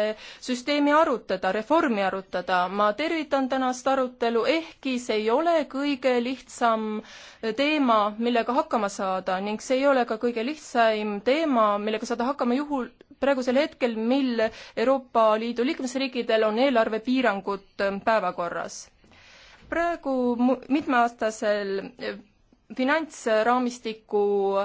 süsteemi arutada, reformi arutada. ma tervitan tänast arutelu, ehkki see ei ole kõige lihtsam teema, millega hakkama saada ning see ei ole ka kõige lihtsam teema, millega saada hakkama juhul, praegusel hetkel, mil Euroopa Liidu liikmesriikidel on eelarvepiirangud päevakorras praegu mitmeaastasel finantsraamistiku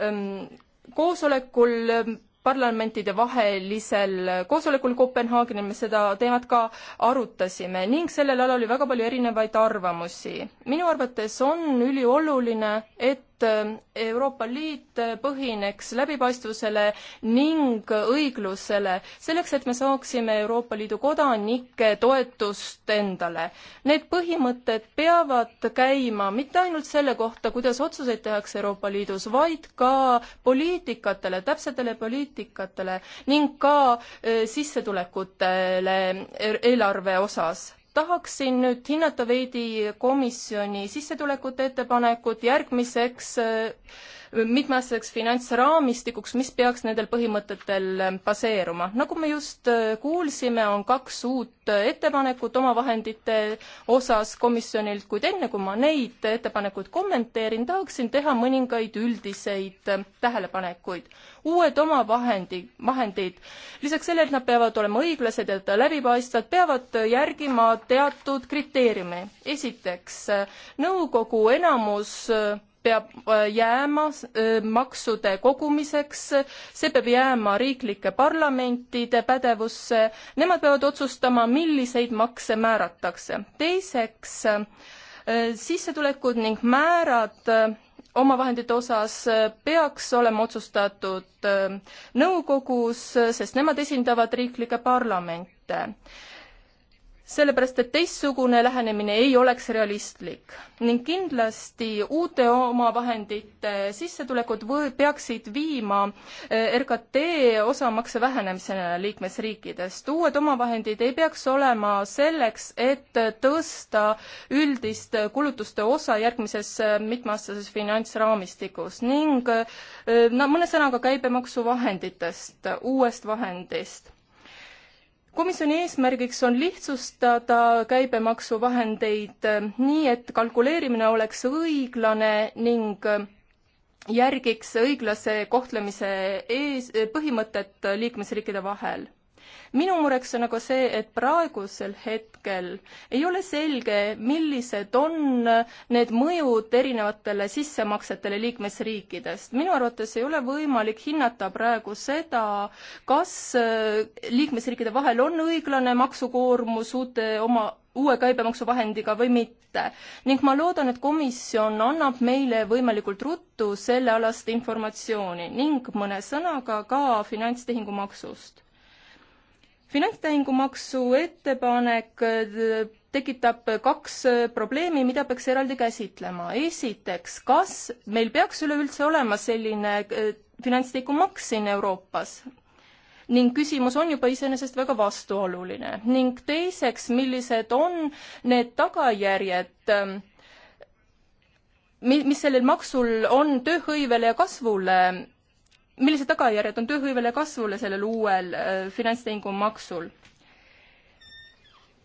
ähm, koosolekul ähm, parlamentide vahelisel koosolekul Kopenhaagenis me seda teemat ka arutasime ning sellel alal oli väga palju erinevaid arvamusi. minu arvates on ülioluline, et et äh, Euroopa Liit äh, põhineks läbipaistvusele ning õiglusele, selleks et me saaksime Euroopa Liidu kodanike toetust endale. Need põhimõtted peavad käima mitte ainult selle kohta, kuidas otsuseid tehakse Euroopa Liidus, vaid ka poliitikatele, täpsetele poliitikatele ning ka äh, sissetulekutele e-, eelarve osas tahaksin nüüd hinnata veidi komisjoni sissetulekute ettepanekut järgmiseks äh, mitmeaastaseks finantsraamistikuks, mis peaks nendel põhimõtetel baseeruma. nagu me just äh, kuulsime, on kaks uut ettepanekut omavahendite osas komisjonilt, kuid enne kui ma neid ettepanekuid kommenteerin, tahaksin teha mõningaid üldiseid äh, tähelepanekuid. uued omavahendi, vahendid, lisaks sellele, et nad peavad olema õiglased ja läbipaistvad, peavad järgima teatud kriteeriume. esiteks, äh, nõukogu enamus peab äh, jääma äh, maksude kogumiseks, see peab jääma riiklike parlamentide pädevusse, nemad peavad otsustama, milliseid makse määratakse. teiseks, äh, sissetulekud ning määrad omavahendite osas peaks olema otsustatud nõukogus, sest nemad esindavad riiklikke parlamente sellepärast, et teistsugune lähenemine ei oleks realistlik ning kindlasti uute omavahendite sissetulekud või peaksid viima eh, RKT osamakse vähenemisele liikmesriikidest. uued omavahendid ei peaks olema selleks, et tõsta üldist kulutuste osa järgmises eh, mitmeaastases finantsraamistikus ning eh, no mõne sõnaga käibemaksuvahenditest, uuest vahendist komisjoni eesmärgiks on lihtsustada käibemaksuvahendeid nii, et kalkuleerimine oleks õiglane ning järgiks õiglase kohtlemise ees, põhimõtet liikmesriikide vahel minu mureks on aga see, et praegusel hetkel ei ole selge, millised on need mõjud erinevatele sissemaksetele liikmesriikidest. minu arvates ei ole võimalik hinnata praegu seda, kas äh, liikmesriikide vahel on õiglane maksukoormus uute oma uue käibemaksuvahendiga või mitte. ning ma loodan, et komisjon annab meile võimalikult ruttu sellealast informatsiooni ning mõne sõnaga ka finantstehingumaksust finantstehingumaksu ettepanek äh, tekitab kaks äh, probleemi, mida peaks eraldi käsitlema. esiteks, kas meil peaks üleüldse olema selline äh, finantstehingumaks siin Euroopas? ning küsimus on juba iseenesest väga vastuoluline. ning teiseks, millised on need tagajärjed, ähm, mis sellel maksul on tööhõivele ja kasvule millised tagajärjed on tööhõivele kasvule sellel uuel äh, finantstehingu maksul?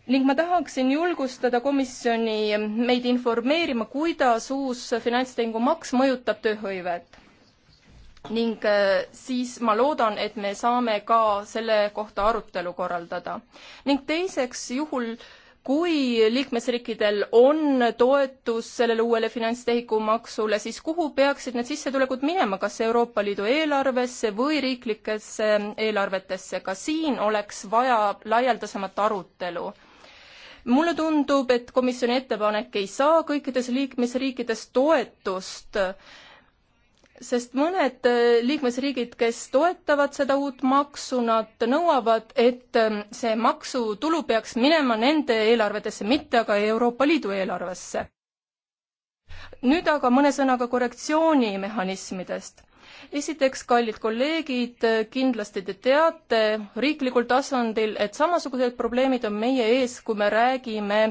ning ma tahaksin julgustada komisjoni meid informeerima, kuidas uus finantstehingu maks mõjutab tööhõivet. ning äh, siis ma loodan, et me saame ka selle kohta arutelu korraldada. ning teiseks, juhul äh, kui liikmesriikidel on toetus sellele uuele finantstehingumaksule, siis kuhu peaksid need sissetulekud minema, kas Euroopa Liidu eelarvesse või riiklikesse eelarvetesse, ka siin oleks vaja laialdasemat arutelu mulle tundub, et komisjoni ettepanek ei saa kõikides liikmesriikides toetust äh, sest mõned äh, liikmesriigid, kes toetavad seda uut maksu, nad nõuavad, et ähm, see maksutulu peaks minema nende eelarvedesse, mitte aga Euroopa Liidu eelarvesse. nüüd aga mõne sõnaga korrektsioonimehhanismidest. esiteks, kallid kolleegid, äh, kindlasti te teate riiklikul tasandil, et samasugused probleemid on meie ees, kui me räägime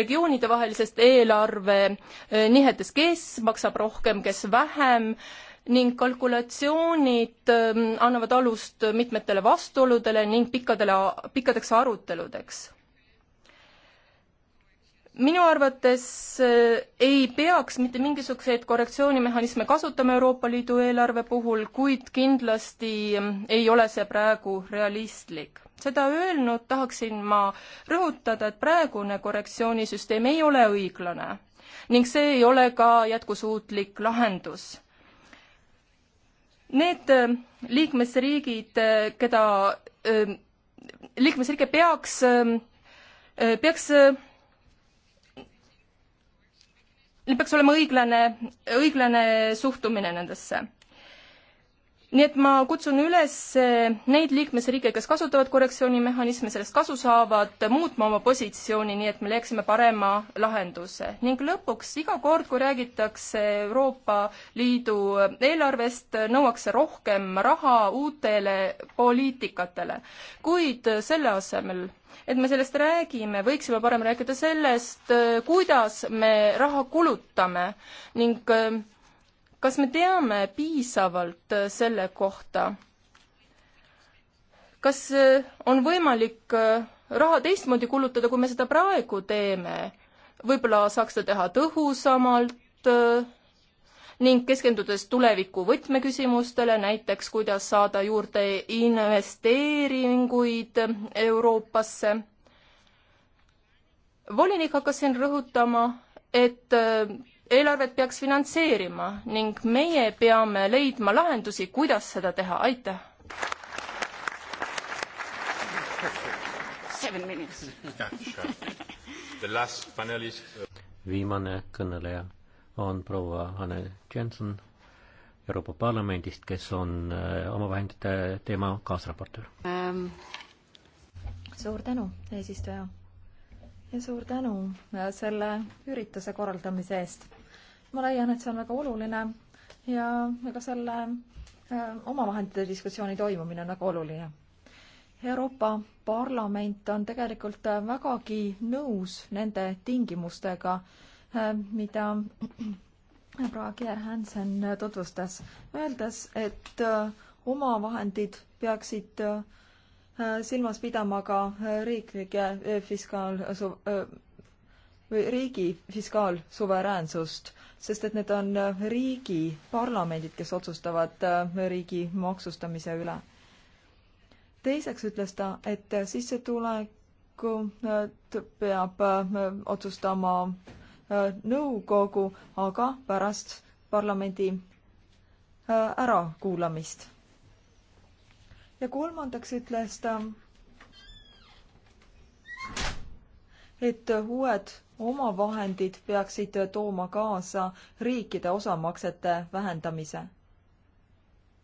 regioonidevahelisest eelarve äh, nihetest, kes maksab rohkem, kes vähem ning kalkulatsioonid ähm, annavad alust mitmetele vastuoludele ning pikkadele, pikkadeks aruteludeks. minu arvates äh, ei peaks mitte mingisuguseid korrektsioonimehhanisme kasutama Euroopa Liidu eelarve puhul, kuid kindlasti ähm, ei ole see praegu realistlik. seda öelnud tahaksin ma rõhutada, et praegune korrektsioonisüsteem ei ole õiglane ning see ei ole ka jätkusuutlik lahendus Need äh, liikmesriigid, äh, keda, äh, liikmesriike peaks, ähm, peaks, neil peaks olema õiglane, õiglane suhtumine nendesse nii et ma kutsun üles eh, neid liikmesriike, kes kasutavad korrektsioonimehhanisme, sellest kasu saavad, muutma oma positsiooni, nii et me leiaksime parema lahenduse. ning lõpuks, iga kord, kui räägitakse Euroopa Liidu eelarvest, nõuakse rohkem raha uutele poliitikatele. kuid selle asemel, et me sellest räägime, võiksime parem rääkida sellest, eh, kuidas me raha kulutame ning eh, kas me teame piisavalt äh, selle kohta? kas äh, on võimalik äh, raha teistmoodi kulutada, kui me seda praegu teeme? võib-olla saaks seda teha tõhusamalt ning keskendudes tuleviku võtmeküsimustele, näiteks kuidas saada juurde investeeringuid Euroopasse. volinik hakkas siin rõhutama, et eelarvet peaks finantseerima ning meie peame leidma lahendusi, kuidas seda teha, aitäh! Uh, viimane kõneleja on proua Anne Jensen Euroopa Parlamendist, kes on uh, omavahendite teema kaasraportöör ähm.. suur tänu, eesistuja. ja suur tänu uh, selle ürituse korraldamise eest ma leian, et see on väga oluline ja ega selle äh, omavahendite diskussiooni toimumine on väga oluline. Euroopa Parlament on tegelikult äh, vägagi nõus nende tingimustega, äh, mida proua Kier Hansen tutvustas, öeldes, et omavahendid peaksid silmas pidama ka riiklike fiskaalsu-, või riigi fiskaalsuveräänsust, sest et need on äh, riigi parlamendid, kes otsustavad äh, riigi maksustamise üle. teiseks ütles ta, et äh, sissetuleku peab otsustama nõukogu, aga pärast parlamendi ärakuulamist. ja kolmandaks ütles ta, et uued omavahendid peaksid tooma kaasa riikide osamaksete vähendamise.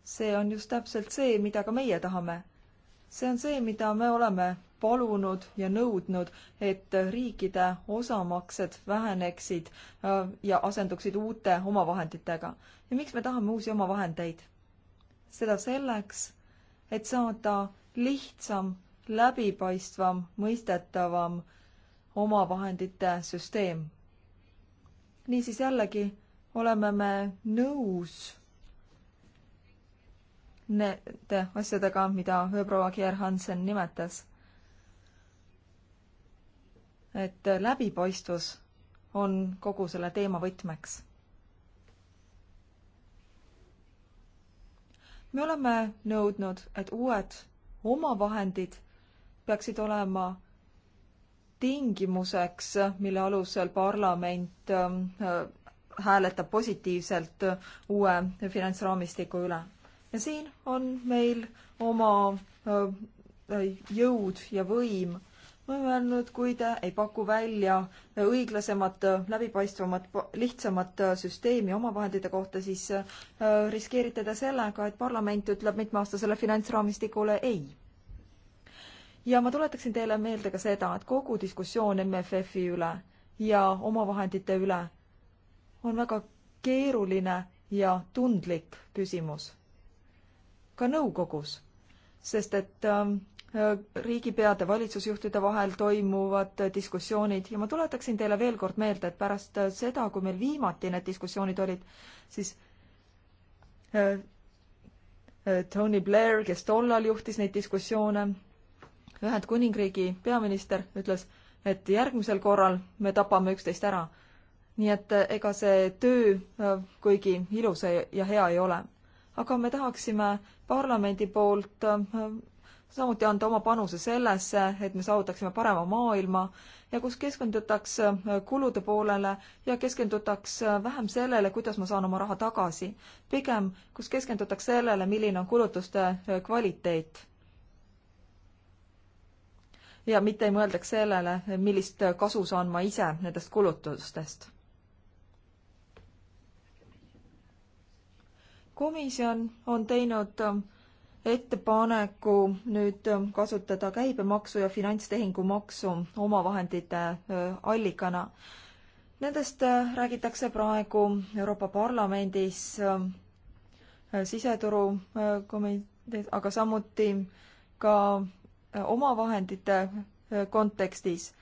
see on just täpselt see, mida ka meie tahame. see on see, mida me oleme palunud ja nõudnud, et riikide osamaksed väheneksid äh, ja asenduksid uute omavahenditega. ja miks me tahame uusi omavahendeid? seda selleks, et saada lihtsam, läbipaistvam, mõistetavam omavahendite süsteem. niisiis jällegi oleme me nõus nende asjadega, mida ööproua Kier Hansen nimetas. et läbipaistvus on kogu selle teema võtmeks. me oleme nõudnud, et uued omavahendid peaksid olema tingimuseks, mille alusel parlament ähm, äh, hääletab positiivselt äh, uue finantsraamistiku üle. ja siin on meil oma äh, jõud ja võim. ma olen öelnud, kui te ei paku välja õiglasemat, läbipaistvamat, lihtsamat süsteemi omavahendite kohta, siis riskeerite te sellega, et parlament ütleb mitmeaastasele finantsraamistikule ei ja ma tuletaksin teile meelde ka seda, et kogu diskussioon MFF-i üle ja omavahendite üle on väga keeruline ja tundlik küsimus. ka nõukogus, sest et äh, riigipeade, valitsusjuhtide vahel toimuvad diskussioonid ja ma tuletaksin teile veel kord meelde, et pärast seda, kui meil viimati need diskussioonid olid, siis äh, äh Tony Blair, kes tollal juhtis neid diskussioone, Ühendkuningriigi peaminister ütles, et järgmisel korral me tapame üksteist ära. nii et eh, ega see töö eh, kuigi ilus ja hea ei ole. aga me tahaksime parlamendi poolt eh, samuti anda oma panuse sellesse, et me saavutaksime parema maailma ja kus keskendutaks kulude poolele ja keskendutaks vähem sellele, kuidas ma saan oma raha tagasi. pigem, kus keskendutaks sellele, milline on kulutuste kvaliteet ja mitte ei mõeldaks sellele, millist kasu saan ma ise nendest kulutustest. komisjon on teinud ähm, ettepaneku nüüd ähm, kasutada käibemaksu ja finantstehingumaksu omavahendite äh, allikana. Nendest äh, räägitakse praegu Euroopa Parlamendis ähm, äh, siseturu komitees, aga samuti ka omavahendite äh, kontekstis.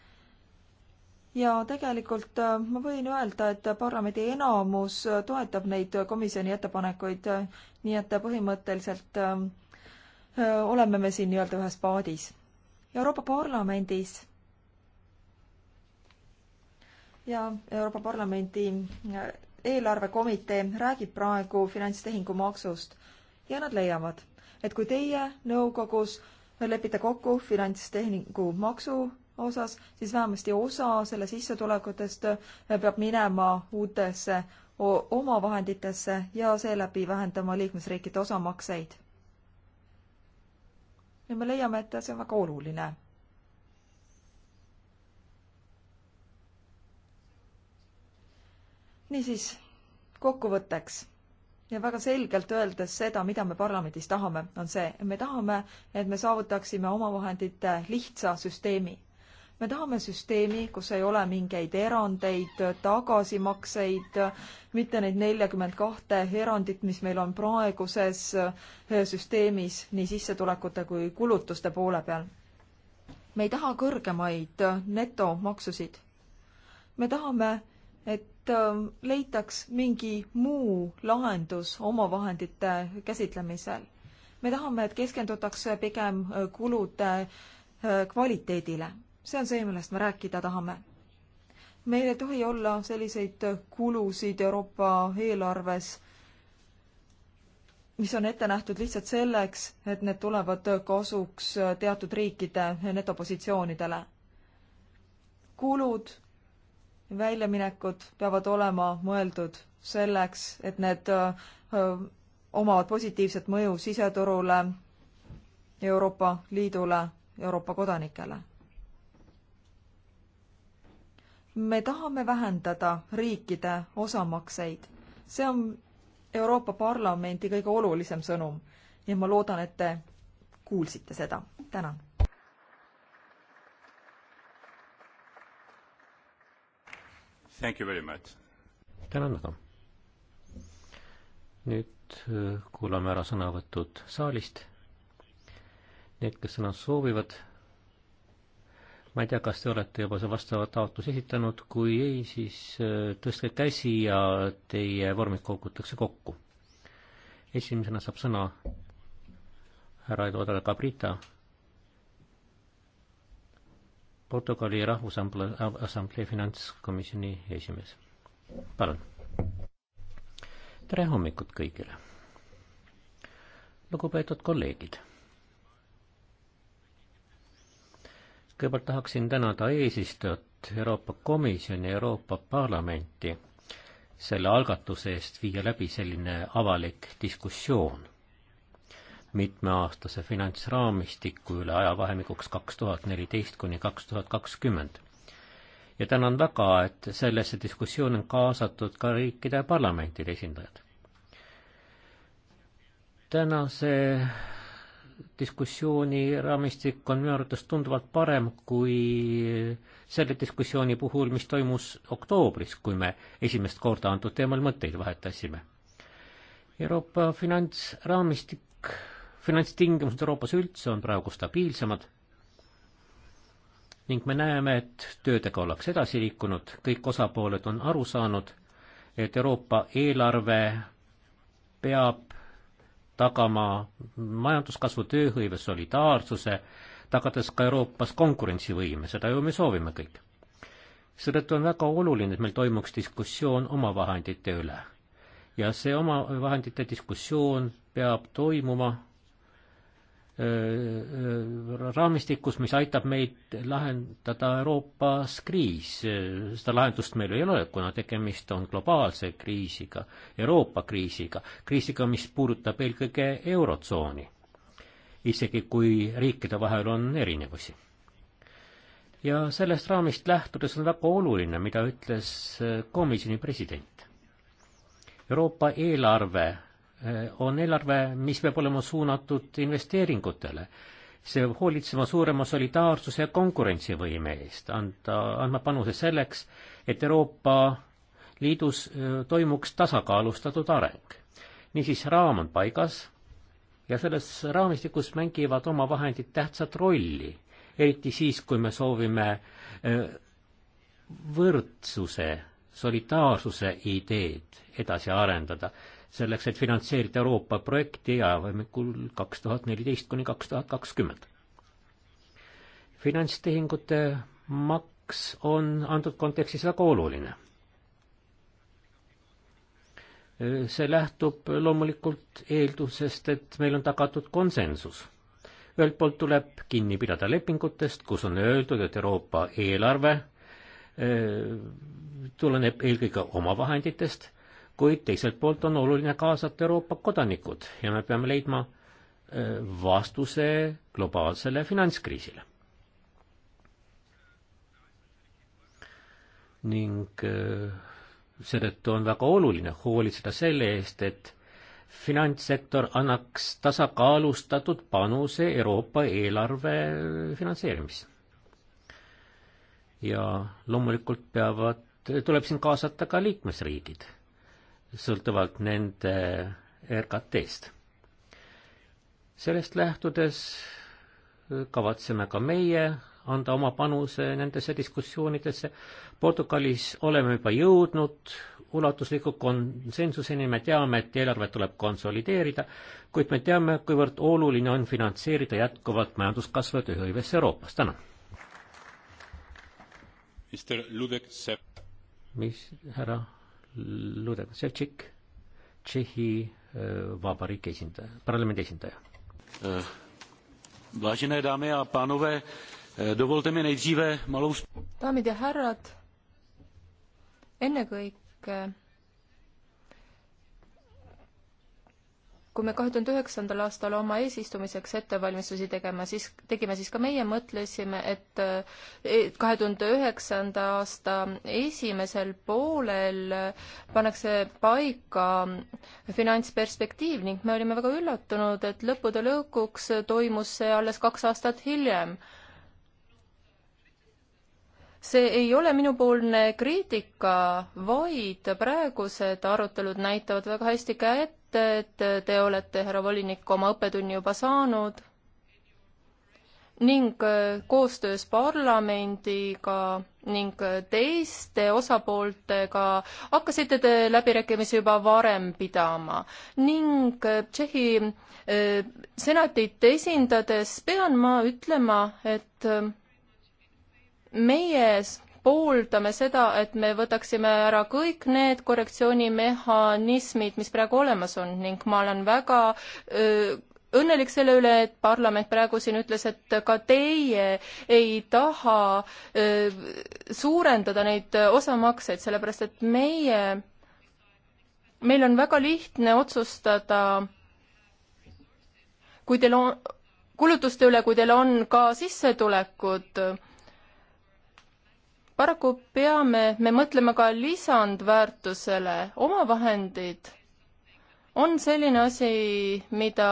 ja tegelikult äh, ma võin öelda, et parlamendi enamus äh, toetab neid komisjoni ettepanekuid, nii et põhimõtteliselt oleme me siin nii-öelda ühes paadis. Euroopa Parlamendis ja Euroopa Parlamendi eelarvekomitee räägib praegu finantstehingumaksust ja nad leiavad, et kui teie nõukogus leppida kokku finantstehingu maksu osas, siis vähemasti osa selle sissetulekutest peab minema uutesse omavahenditesse ja seeläbi vähendama liikmesriikide osamakseid. ja me leiame, et see on väga oluline. niisiis, kokkuvõtteks ja väga selgelt öeldes seda, mida me parlamendis tahame, on see, me tahame, et me saavutaksime omavahendite lihtsa süsteemi. me tahame süsteemi, kus ei ole mingeid erandeid, tagasimakseid, mitte neid neljakümmend kahte erandit, mis meil on praeguses eh, süsteemis nii sissetulekute kui kulutuste poole peal. me ei taha kõrgemaid eh, netomaksusid. me tahame, et et ähm, leitaks mingi muu lahendus omavahendite käsitlemisel. me tahame, et keskendutakse pigem äh, kulude äh, kvaliteedile. see on see, millest me rääkida tahame. meil ei tohi olla selliseid äh, kulusid Euroopa eelarves, mis on ette nähtud lihtsalt selleks, et need tulevad kasuks teatud riikide netopositsioonidele. kulud väljaminekud peavad olema mõeldud selleks, et need äh, äh, omavad positiivset mõju siseturule, Euroopa Liidule, Euroopa kodanikele. me tahame vähendada riikide osamakseid. see on Euroopa Parlamendi kõige olulisem sõnum ja ma loodan, et te kuulsite seda. tänan tänan väga. nüüd äh, kuulame ära sõnavõtud saalist. Need, kes sõna soovivad, ma ei tea, kas te olete juba see vastava taotluse esitanud, kui ei, siis äh, tõstke käsi ja teie vormid kogutakse kokku. esimesena saab sõna härra Eduard Gabrita Portugali Rahvusassamblee finantskomisjoni esimees. palun. tere hommikut kõigile. lugupeetud kolleegid. kõigepealt tahaksin tänada eesistujat Euroopa Komisjoni, Euroopa Parlamenti selle algatuse eest viia läbi selline avalik diskussioon mitmeaastase finantsraamistiku üle ajavahemikuks kaks tuhat neliteist kuni kaks tuhat kakskümmend. ja tänan väga, et sellesse diskussiooni on kaasatud ka riikide parlamentide esindajad. tänase diskussiooni raamistik on minu arvates tunduvalt parem kui selle diskussiooni puhul, mis toimus oktoobris, kui me esimest korda antud teemal mõtteid vahetasime. Euroopa finantsraamistik finantstingimused Euroopas üldse on praegu stabiilsemad ning me näeme, et töödega ollakse edasi liikunud, kõik osapooled on aru saanud, et Euroopa eelarve peab tagama majanduskasvu, tööhõive, solidaarsuse, tagades ka Euroopas konkurentsivõime, seda ju me soovime kõik. seetõttu on väga oluline, et meil toimuks diskussioon omavahendite üle. ja see omavahendite diskussioon peab toimuma Äh, äh, raamistikus, mis aitab meid lahendada Euroopas kriis. seda lahendust meil ei ole, kuna tegemist on globaalse kriisiga, Euroopa kriisiga, kriisiga, mis puudutab eelkõige Eurotsooni, isegi kui riikide vahel on erinevusi. ja sellest raamist lähtudes on väga oluline, mida ütles komisjoni president. Euroopa eelarve Eh, on eelarve, mis peab olema suunatud investeeringutele. see peab hoolitsema suurema solidaarsuse ja konkurentsivõime eest, anda, andma panuse selleks, et Euroopa Liidus eh, toimuks tasakaalustatud areng. niisiis, raam on paigas ja selles raamistikus mängivad omavahendid tähtsat rolli, eriti siis, kui me soovime eh, võrdsuse solidaarsuse ideed edasi arendada selleks, et finantseerida Euroopa projekti ajavõimikul kaks tuhat neliteist kuni kaks tuhat kakskümmend. finantstehingute maks on antud kontekstis väga oluline. see lähtub loomulikult eeldusest, et meil on tagatud konsensus. ühelt poolt tuleb kinni pidada lepingutest, kus on öeldud, et Euroopa eelarve eh, tuleneb eelkõige omavahenditest kuid teiselt poolt on oluline kaasata Euroopa kodanikud ja me peame leidma äh, vastuse globaalsele finantskriisile. ning äh, seetõttu on väga oluline hoolitseda selle eest, et finantssektor annaks tasakaalustatud panuse Euroopa eelarve finantseerimisse. ja loomulikult peavad, tuleb siin kaasata ka liikmesriigid sõltuvalt nende RKT-st. sellest lähtudes kavatseme ka meie anda oma panuse nendesse diskussioonidesse. Portugalis oleme juba jõudnud ulatusliku konsensuseni, me teame, et eelarvet tuleb konsolideerida, kuid me teame, kuivõrd oluline on finantseerida jätkuvalt majanduskasvu ja tööhõivesse Euroopas. tänan. mis härra Ludek Ševtšik, Tšehhi eh, Vabariigi esindaja, parlamendi esindaja. Eh, Vážené dámy a pánové, eh, dovolte mi nejdříve malou... daamid ja härrad, ennekõike kui me kahe tuhande üheksandal aastal oma eesistumiseks ettevalmistusi tegema, siis tegime, siis ka meie mõtlesime, et kahe tuhande üheksanda aasta esimesel poolel pannakse paika finantsperspektiiv ning me olime väga üllatunud, et lõppude lõpuks toimus see alles kaks aastat hiljem see ei ole minupoolne kriitika, vaid praegused arutelud näitavad väga hästi ka ette, ütlesite, et te olete, härra volinik, oma õppetunni juba saanud ning äh, koostöös parlamendiga ning teiste osapooltega hakkasite te läbirääkimisi juba varem pidama ning äh, Tšehhi äh, senatit esindades pean ma ütlema, et meie pooldame seda, et me võtaksime ära kõik need korrektsioonimehhanismid, mis praegu olemas on ning ma olen väga öö, õnnelik selle üle, et parlament praegu siin ütles, et ka teie ei taha öö, suurendada neid osamakseid, sellepärast et meie, meil on väga lihtne otsustada, kui teil on, kulutuste üle, kui teil on ka sissetulekud paraku peame me mõtlema ka lisandväärtusele, omavahendid on selline asi, mida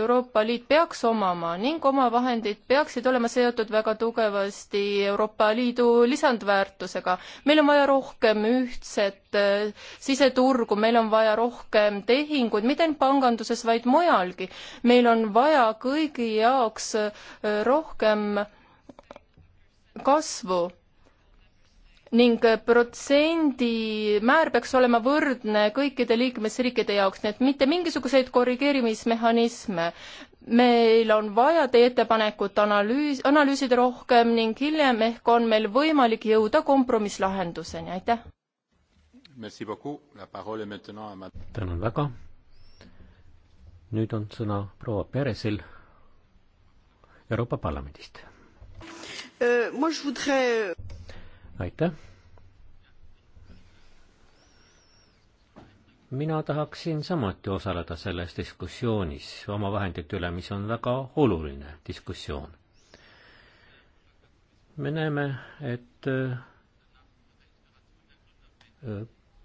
Euroopa Liit peaks omama ning omavahendid peaksid olema seotud väga tugevasti Euroopa Liidu lisandväärtusega. meil on vaja rohkem ühtset äh, siseturgu, meil on vaja rohkem tehinguid, mitte ainult panganduses, vaid mujalgi. meil on vaja kõigi jaoks äh, rohkem kasvu ning protsendi määr peaks olema võrdne kõikide liikmesriikide jaoks, nii et mitte mingisuguseid korrigeerimismehhanisme. meil on vaja teie ettepanekut analüüs, analüüsida rohkem ning hiljem ehk on meil võimalik jõuda kompromisslahenduseni, aitäh. tänan väga. nüüd on sõna proua Peresil Euroopa Parlamendist. Euh, moi je voudrais euh, aitäh. mina tahaksin samuti osaleda selles diskussioonis oma vahendite üle, mis on väga oluline diskussioon. me näeme, et äh,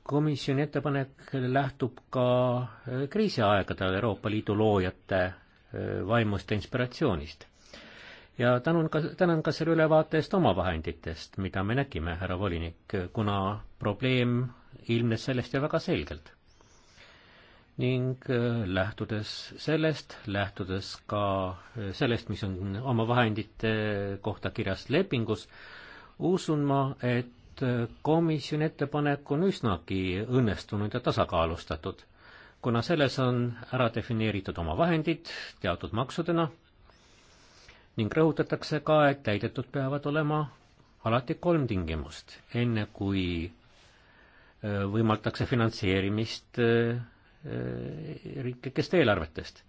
komisjoni ettepanek lähtub ka äh, kriisiaegadel Euroopa Liidu loojate äh, vaimust ja inspiratsioonist ja tänun ka, tänan ka selle ülevaate eest omavahenditest, mida me nägime, härra volinik, kuna probleem ilmnes sellest ju väga selgelt. ning äh, lähtudes sellest, lähtudes ka äh, sellest, mis on omavahendite kohta kirjas lepingus, usun ma, et äh, komisjoni ettepanek on üsnagi õnnestunud ja tasakaalustatud, kuna selles on ära defineeritud omavahendid teatud maksudena ning rõhutatakse ka, et täidetud peavad olema alati kolm tingimust, enne kui äh, võimaldatakse finantseerimist äh, äh, riiklikest eelarvetest.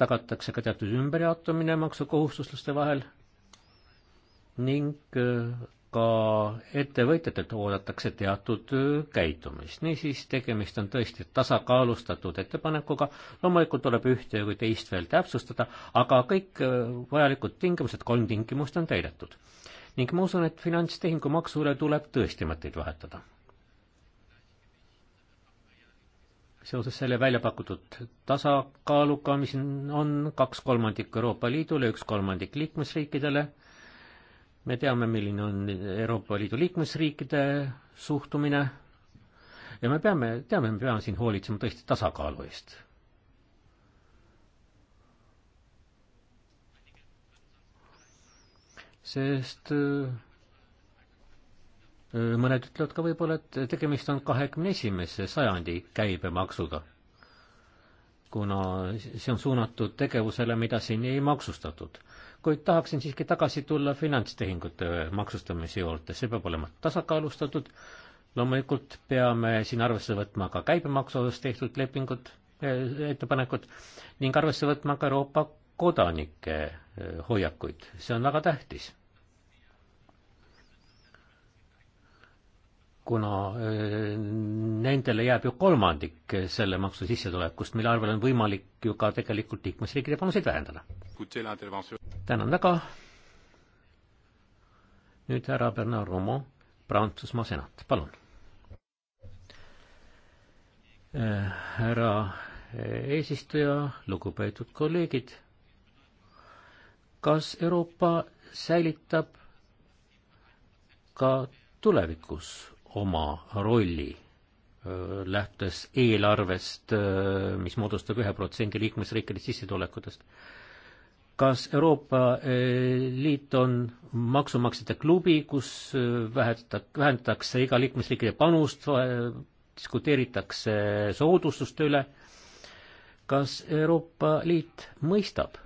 tagatakse ka teatud ümberjaotumine maksukohustuslaste vahel ning ka ettevõtjatelt oodatakse teatud käitumist. niisiis, tegemist on tõesti tasakaalustatud ettepanekuga, loomulikult tuleb ühte või teist veel täpsustada, aga kõik vajalikud tingimused, kolm tingimust on täidetud. ning ma usun, et finantstehingu maksule tuleb tõesti mõtteid vahetada. seoses selle välja pakutud tasakaaluga, mis on kaks kolmandikku Euroopa Liidule, üks kolmandik liikmesriikidele me teame, milline on Euroopa Liidu liikmesriikide suhtumine ja me peame, teame, me peame siin hoolitsema tõesti tasakaalu eest. sest äh, äh, mõned ütlevad ka võib-olla, et tegemist on kahekümne esimese sajandi käibemaksuga, kuna see on suunatud tegevusele, mida siin ei maksustatud kuid tahaksin siiski tagasi tulla finantstehingute maksustamise juurde, see peab olema tasakaalustatud. loomulikult peame siin arvesse võtma ka käibemaksu osas tehtud lepingud, eh, ettepanekud ning arvesse võtma ka Euroopa kodanike eh, hoiakuid, see on väga tähtis kuna eh, nendele jääb ju kolmandik eh, selle maksu sissetulekust, mille arvel on võimalik ju ka tegelikult liikmesriikide panuseid vähendada. tänan väga. nüüd härra Bernard Romo, Prantsusmaa senat, palun. Eh, härra eesistuja, lugupeetud kolleegid. kas Euroopa säilitab ka tulevikus oma rolli, lähtudes eelarvest, mis moodustab ühe protsendi liikmesriikide sissetulekutest. kas Euroopa Liit on maksumaksjate klubi, kus väheta-, vähendatakse iga liikmesriikide panust, diskuteeritakse soodustuste üle, kas Euroopa Liit mõistab,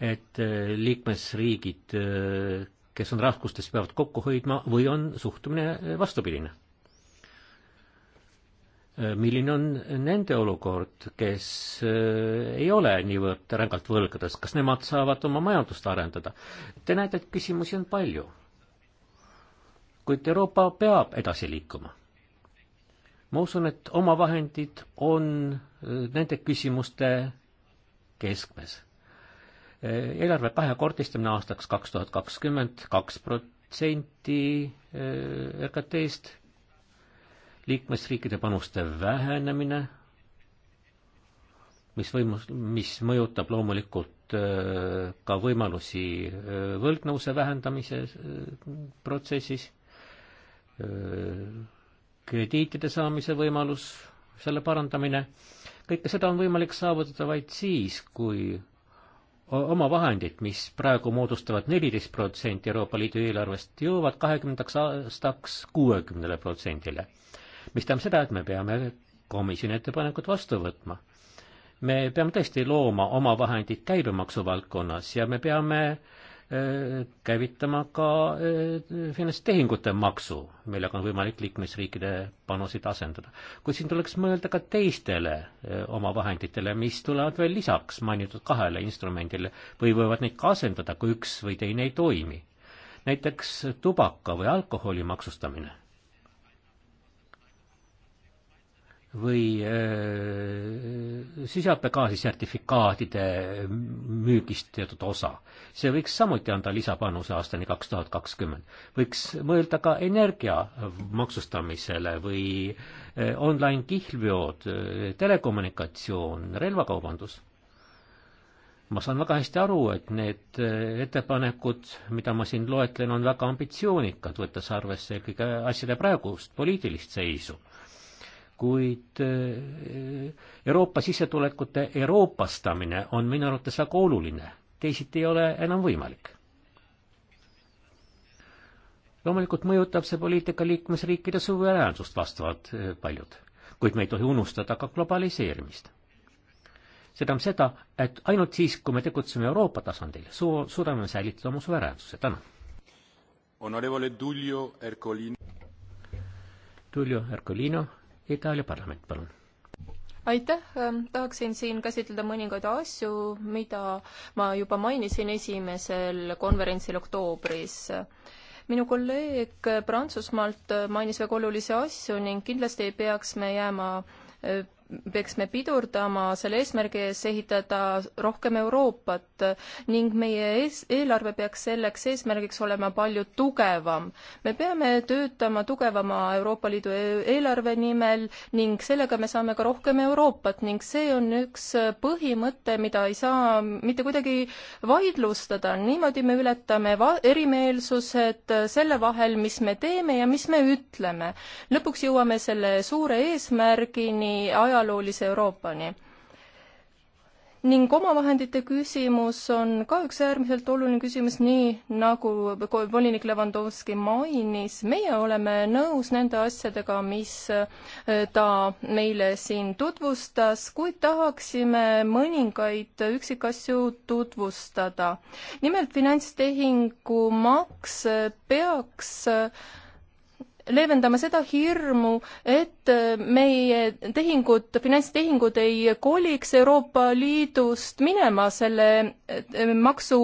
et liikmesriigid kes on raskustes, peavad kokku hoidma või on suhtumine eh, vastupidine? Eh, milline on nende olukord, kes eh, ei ole niivõrd rängalt võlgades, kas nemad saavad oma majandust arendada? Te näete, et küsimusi on palju. kuid Euroopa peab edasi liikuma. ma usun, et omavahendid on nende küsimuste keskmes eelarve kahekordistamine aastaks kaks tuhat kakskümmend, kaks protsenti äh, RKT-st, liikmesriikide panuste vähenemine, mis võimus, mis mõjutab loomulikult äh, ka võimalusi äh, võlgnõuse vähendamise protsessis, krediitide saamise võimalus, selle parandamine, kõike seda on võimalik saavutada vaid siis, kui oma vahendid, mis praegu moodustavad neliteist protsenti Euroopa Liidu eelarvest, jõuavad kahekümnendaks aastaks kuuekümnele protsendile. mis tähendab seda, et me peame komisjoni ettepanekut vastu võtma. me peame tõesti looma oma vahendid käibemaksu valdkonnas ja me peame äh, käivitama ka eh, finantstehingute maksu, millega on võimalik liikmesriikide panuseid asendada. kuid siin tuleks mõelda ka teistele eh, omavahenditele, mis tulevad veel lisaks mainitud kahele instrumendile või võivad neid ka asendada, kui üks või teine ei toimi. näiteks tubaka või alkoholi maksustamine või äh, sisehappegaasi sertifikaadide müügist teatud osa. see võiks samuti anda lisapanuse aastani kaks tuhat kakskümmend. võiks mõelda ka energia maksustamisele või äh, online kihlveod, äh, telekommunikatsioon, relvakaubandus. ma saan väga hästi aru, et need ettepanekud, mida ma siin loetlen, on väga ambitsioonikad, võttes arvesse kõige asjade praegust poliitilist seisu kuid eh, Euroopa sissetulekute euroopastamine on minu arvates väga oluline, teisiti ei ole enam võimalik. loomulikult mõjutab see poliitika liikmesriikide suveräänsust vastavalt eh, paljud, kuid me ei tohi unustada ka globaliseerimist. see tähendab seda, et ainult siis, kui me tegutseme Euroopa tasandil, su-, suudame säilitada oma suveräänsuse, tänan. Onorevole Tullio Ercolino. Tullio Ercolino Itaalia parlament, palun aitäh, ähm, tahaksin siin käsitleda mõningaid asju, mida ma juba mainisin esimesel konverentsil oktoobris. minu kolleeg Prantsusmaalt mainis väga olulisi asju ning kindlasti ei peaks me jääma äh, peaks me pidurdama selle eesmärgi ees ehitada rohkem Euroopat ning meie ees, eelarve peaks selleks eesmärgiks olema palju tugevam. me peame töötama tugevama Euroopa Liidu e-, eelarve nimel ning sellega me saame ka rohkem Euroopat ning see on üks põhimõte, mida ei saa mitte kuidagi vaidlustada, niimoodi me ületame va-, erimeelsused selle vahel, mis me teeme ja mis me ütleme. lõpuks jõuame selle suure eesmärgini aja ajaloolise Euroopani ning omavahendite küsimus on ka üks äärmiselt oluline küsimus, nii nagu volinik Levandovski mainis, meie oleme nõus nende asjadega, mis äh, ta meile siin tutvustas, kuid tahaksime mõningaid üksikasju tutvustada. nimelt finantstehingu maks äh, peaks äh, leevendama seda hirmu, et äh, meie tehingud, finantstehingud ei koliks Euroopa Liidust minema selle äh, äh, maksu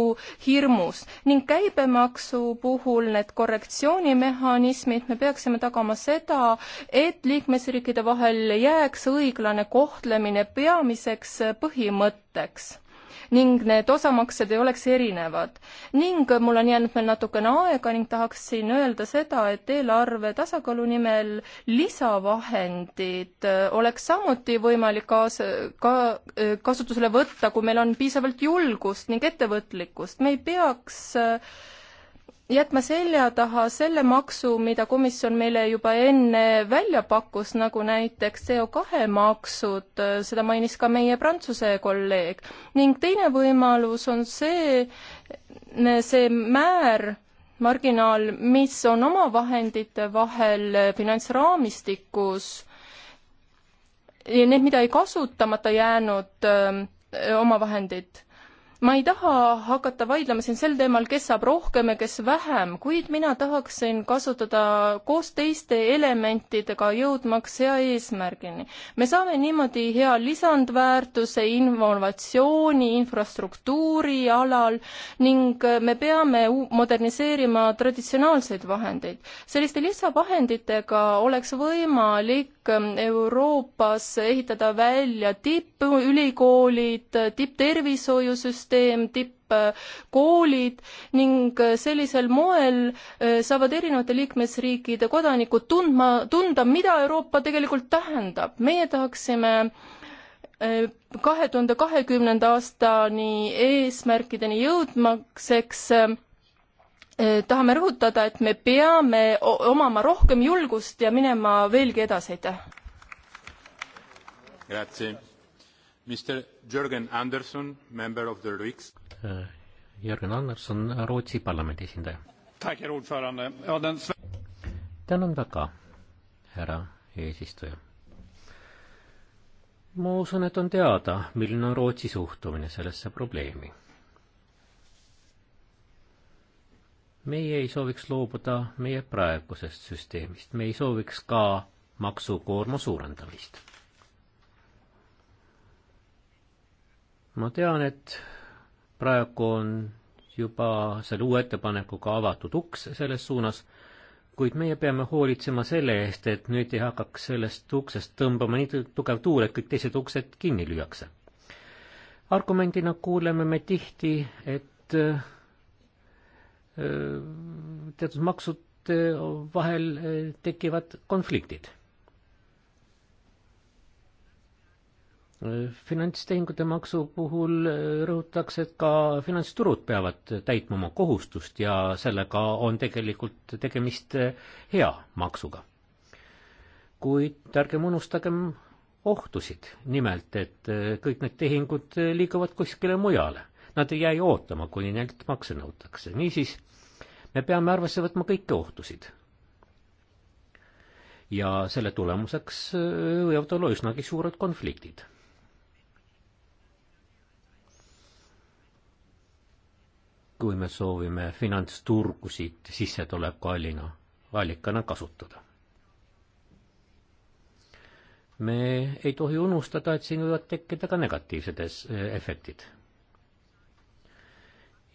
hirmus ning käibemaksu puhul need korrektsioonimehhanismid, me peaksime tagama seda, et liikmesriikide vahel jääks õiglane kohtlemine peamiseks põhimõtteks ning need osamaksed ei oleks erinevad. ning mul on jäänud veel natukene aega ning tahaksin öelda seda, et eelarve tasakaalu nimel lisavahendid äh, oleks samuti võimalik kaas-, ka-, äh, kasutusele võtta, kui meil on piisavalt julgust ning ettevõtlikkust. me ei peaks äh, jätma selja taha selle maksu, mida komisjon meile juba enne välja pakkus, nagu näiteks CO2 maksud, seda mainis ka meie Prantsuse kolleeg. ning teine võimalus on see, see määr, marginaal, mis on omavahendite vahel finantsraamistikus ja need, mida ei kasutamata jäänud omavahendid ma ei taha hakata vaidlema siin sel teemal, kes saab rohkem ja kes vähem, kuid mina tahaksin kasutada koos teiste elementidega jõudmaks hea eesmärgini. me saame niimoodi hea lisandväärtuse innovatsiooni, infrastruktuuri alal ning me peame moderniseerima traditsionaalseid vahendeid. selliste lisavahenditega oleks võimalik eesmärk ähm, Euroopas ehitada välja tippülikoolid, äh, tipptervishoiusüsteem, tippkoolid ning äh, sellisel moel äh, saavad erinevate liikmesriikide kodanikud tundma, tunda, mida Euroopa tegelikult tähendab. meie tahaksime kahe tuhande kahekümnenda aastani eesmärkideni jõudmiseks Äh, tahame rõhutada, et me peame omama rohkem julgust ja minema veelgi edasi, aitäh. Grazie. Mr Jürgen Anderson, member of the RICS. Äh, Jürgen Anderson, Rootsi parlamendi esindaja. tänan väga, härra eesistuja. ma usun, et on teada, milline on Rootsi suhtumine sellesse probleemi meie ei sooviks loobuda meie praegusest süsteemist, me ei sooviks ka maksukoorma suurendamist. ma tean, et praegu on juba selle uue ettepanekuga avatud uks selles suunas, kuid meie peame hoolitsema selle eest, et nüüd ei hakkaks sellest uksest tõmbama nii tugev tuul, et kõik teised uksed kinni lüüakse. argumendina kuuleme me tihti, et teatud maksude vahel tekivad konfliktid. finantstehingute maksu puhul rõhutakse, et ka finantsturud peavad täitma oma kohustust ja sellega on tegelikult tegemist hea maksuga. kuid ärgem unustagem ohtusid, nimelt et kõik need tehingud liiguvad kuskile mujale Nad ei jää ootama, kuni neilt makse nõutakse. niisiis, me peame arvesse võtma kõiki ohtusid. ja selle tulemuseks äh, võivad olla üsnagi suured konfliktid. kui me soovime finantsturgusid sissetulekuallina, allikana kasutada me ei tohi unustada, et siin võivad tekkida ka negatiivsed efektid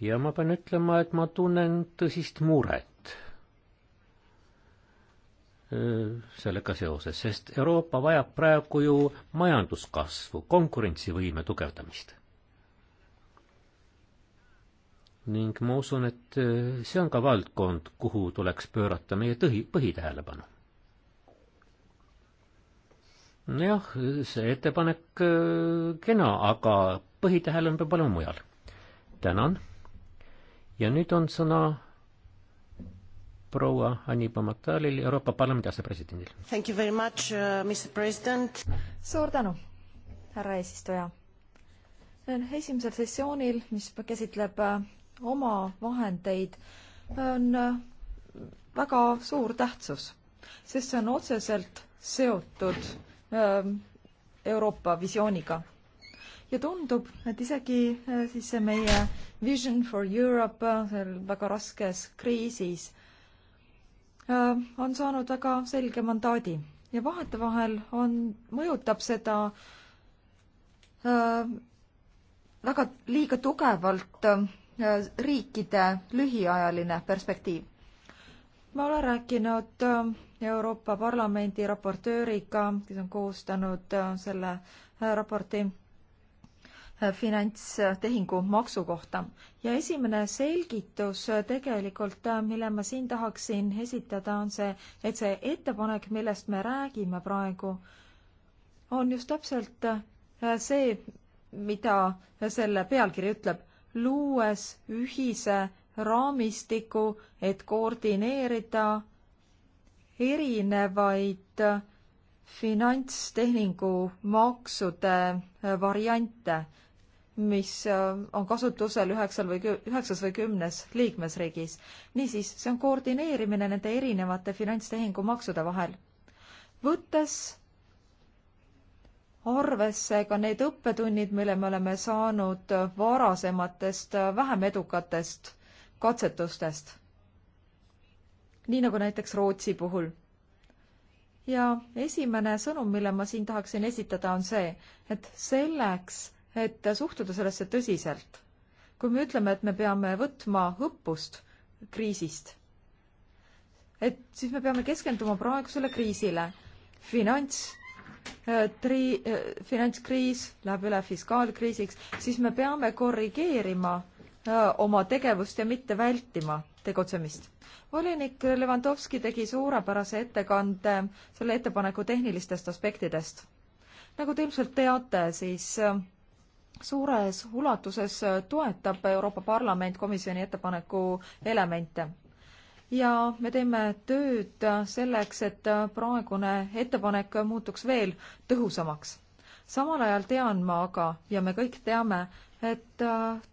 ja ma pean ütlema, et ma tunnen tõsist muret äh, sellega seoses, sest Euroopa vajab praegu ju majanduskasvu, konkurentsivõime tugevdamist. ning ma usun, et äh, see on ka valdkond, kuhu tuleks pöörata meie tõhi, põhitähelepanu. nojah, see ettepanek äh, kena, aga põhitähelepanu peab olema mujal. tänan ja nüüd on sõna proua Anni Pamatalil, Euroopa Parlamendi asepresidendil. Thank you very much uh,, Mr President. suur tänu, härra eesistuja. esimesel sessioonil, mis käsitleb uh, oma vahendeid, on uh, väga suur tähtsus, sest see on otseselt seotud um, Euroopa visiooniga ja tundub, et isegi äh, siis see meie Vision for Europe äh, seal väga raskes kriisis äh, on saanud väga selge mandaadi ja vahetevahel on, mõjutab seda väga liiga tugevalt riikide lühiajaline perspektiiv. ma olen rääkinud Euroopa Parlamendi raportööriga, kes on koostanud selle raporti Äh, finantstehingu maksu kohta. ja esimene selgitus tegelikult, äh, mille ma siin tahaksin esitada, on see, et see ettepanek, millest me räägime praegu, on just täpselt äh, see, mida selle pealkiri ütleb, luues ühise raamistiku, et koordineerida erinevaid finantstehingu maksude variante mis äh, on kasutusel üheksal või üheksas või kümnes liikmesriigis. niisiis, see on koordineerimine nende erinevate finantstehingumaksude vahel. võttes arvesse ka need õppetunnid, mille me oleme saanud varasematest äh, vähem edukatest katsetustest. nii nagu näiteks Rootsi puhul ja esimene sõnum, mille ma siin tahaksin esitada, on see, et selleks, et suhtuda sellesse tõsiselt. kui me ütleme, et me peame võtma õppust kriisist, et siis me peame keskenduma praegusele kriisile. finants, äh, tri-, äh, finantskriis läheb üle fiskaalkriisiks, siis me peame korrigeerima äh, oma tegevust ja mitte vältima tegutsemist. volinik Levanovski tegi suurepärase ettekande selle ettepaneku tehnilistest aspektidest. nagu te ilmselt teate, siis suures ulatuses toetab Euroopa Parlament komisjoni ettepaneku elemente. ja me teeme tööd selleks, et praegune ettepanek muutuks veel tõhusamaks. samal ajal tean ma aga ja me kõik teame, et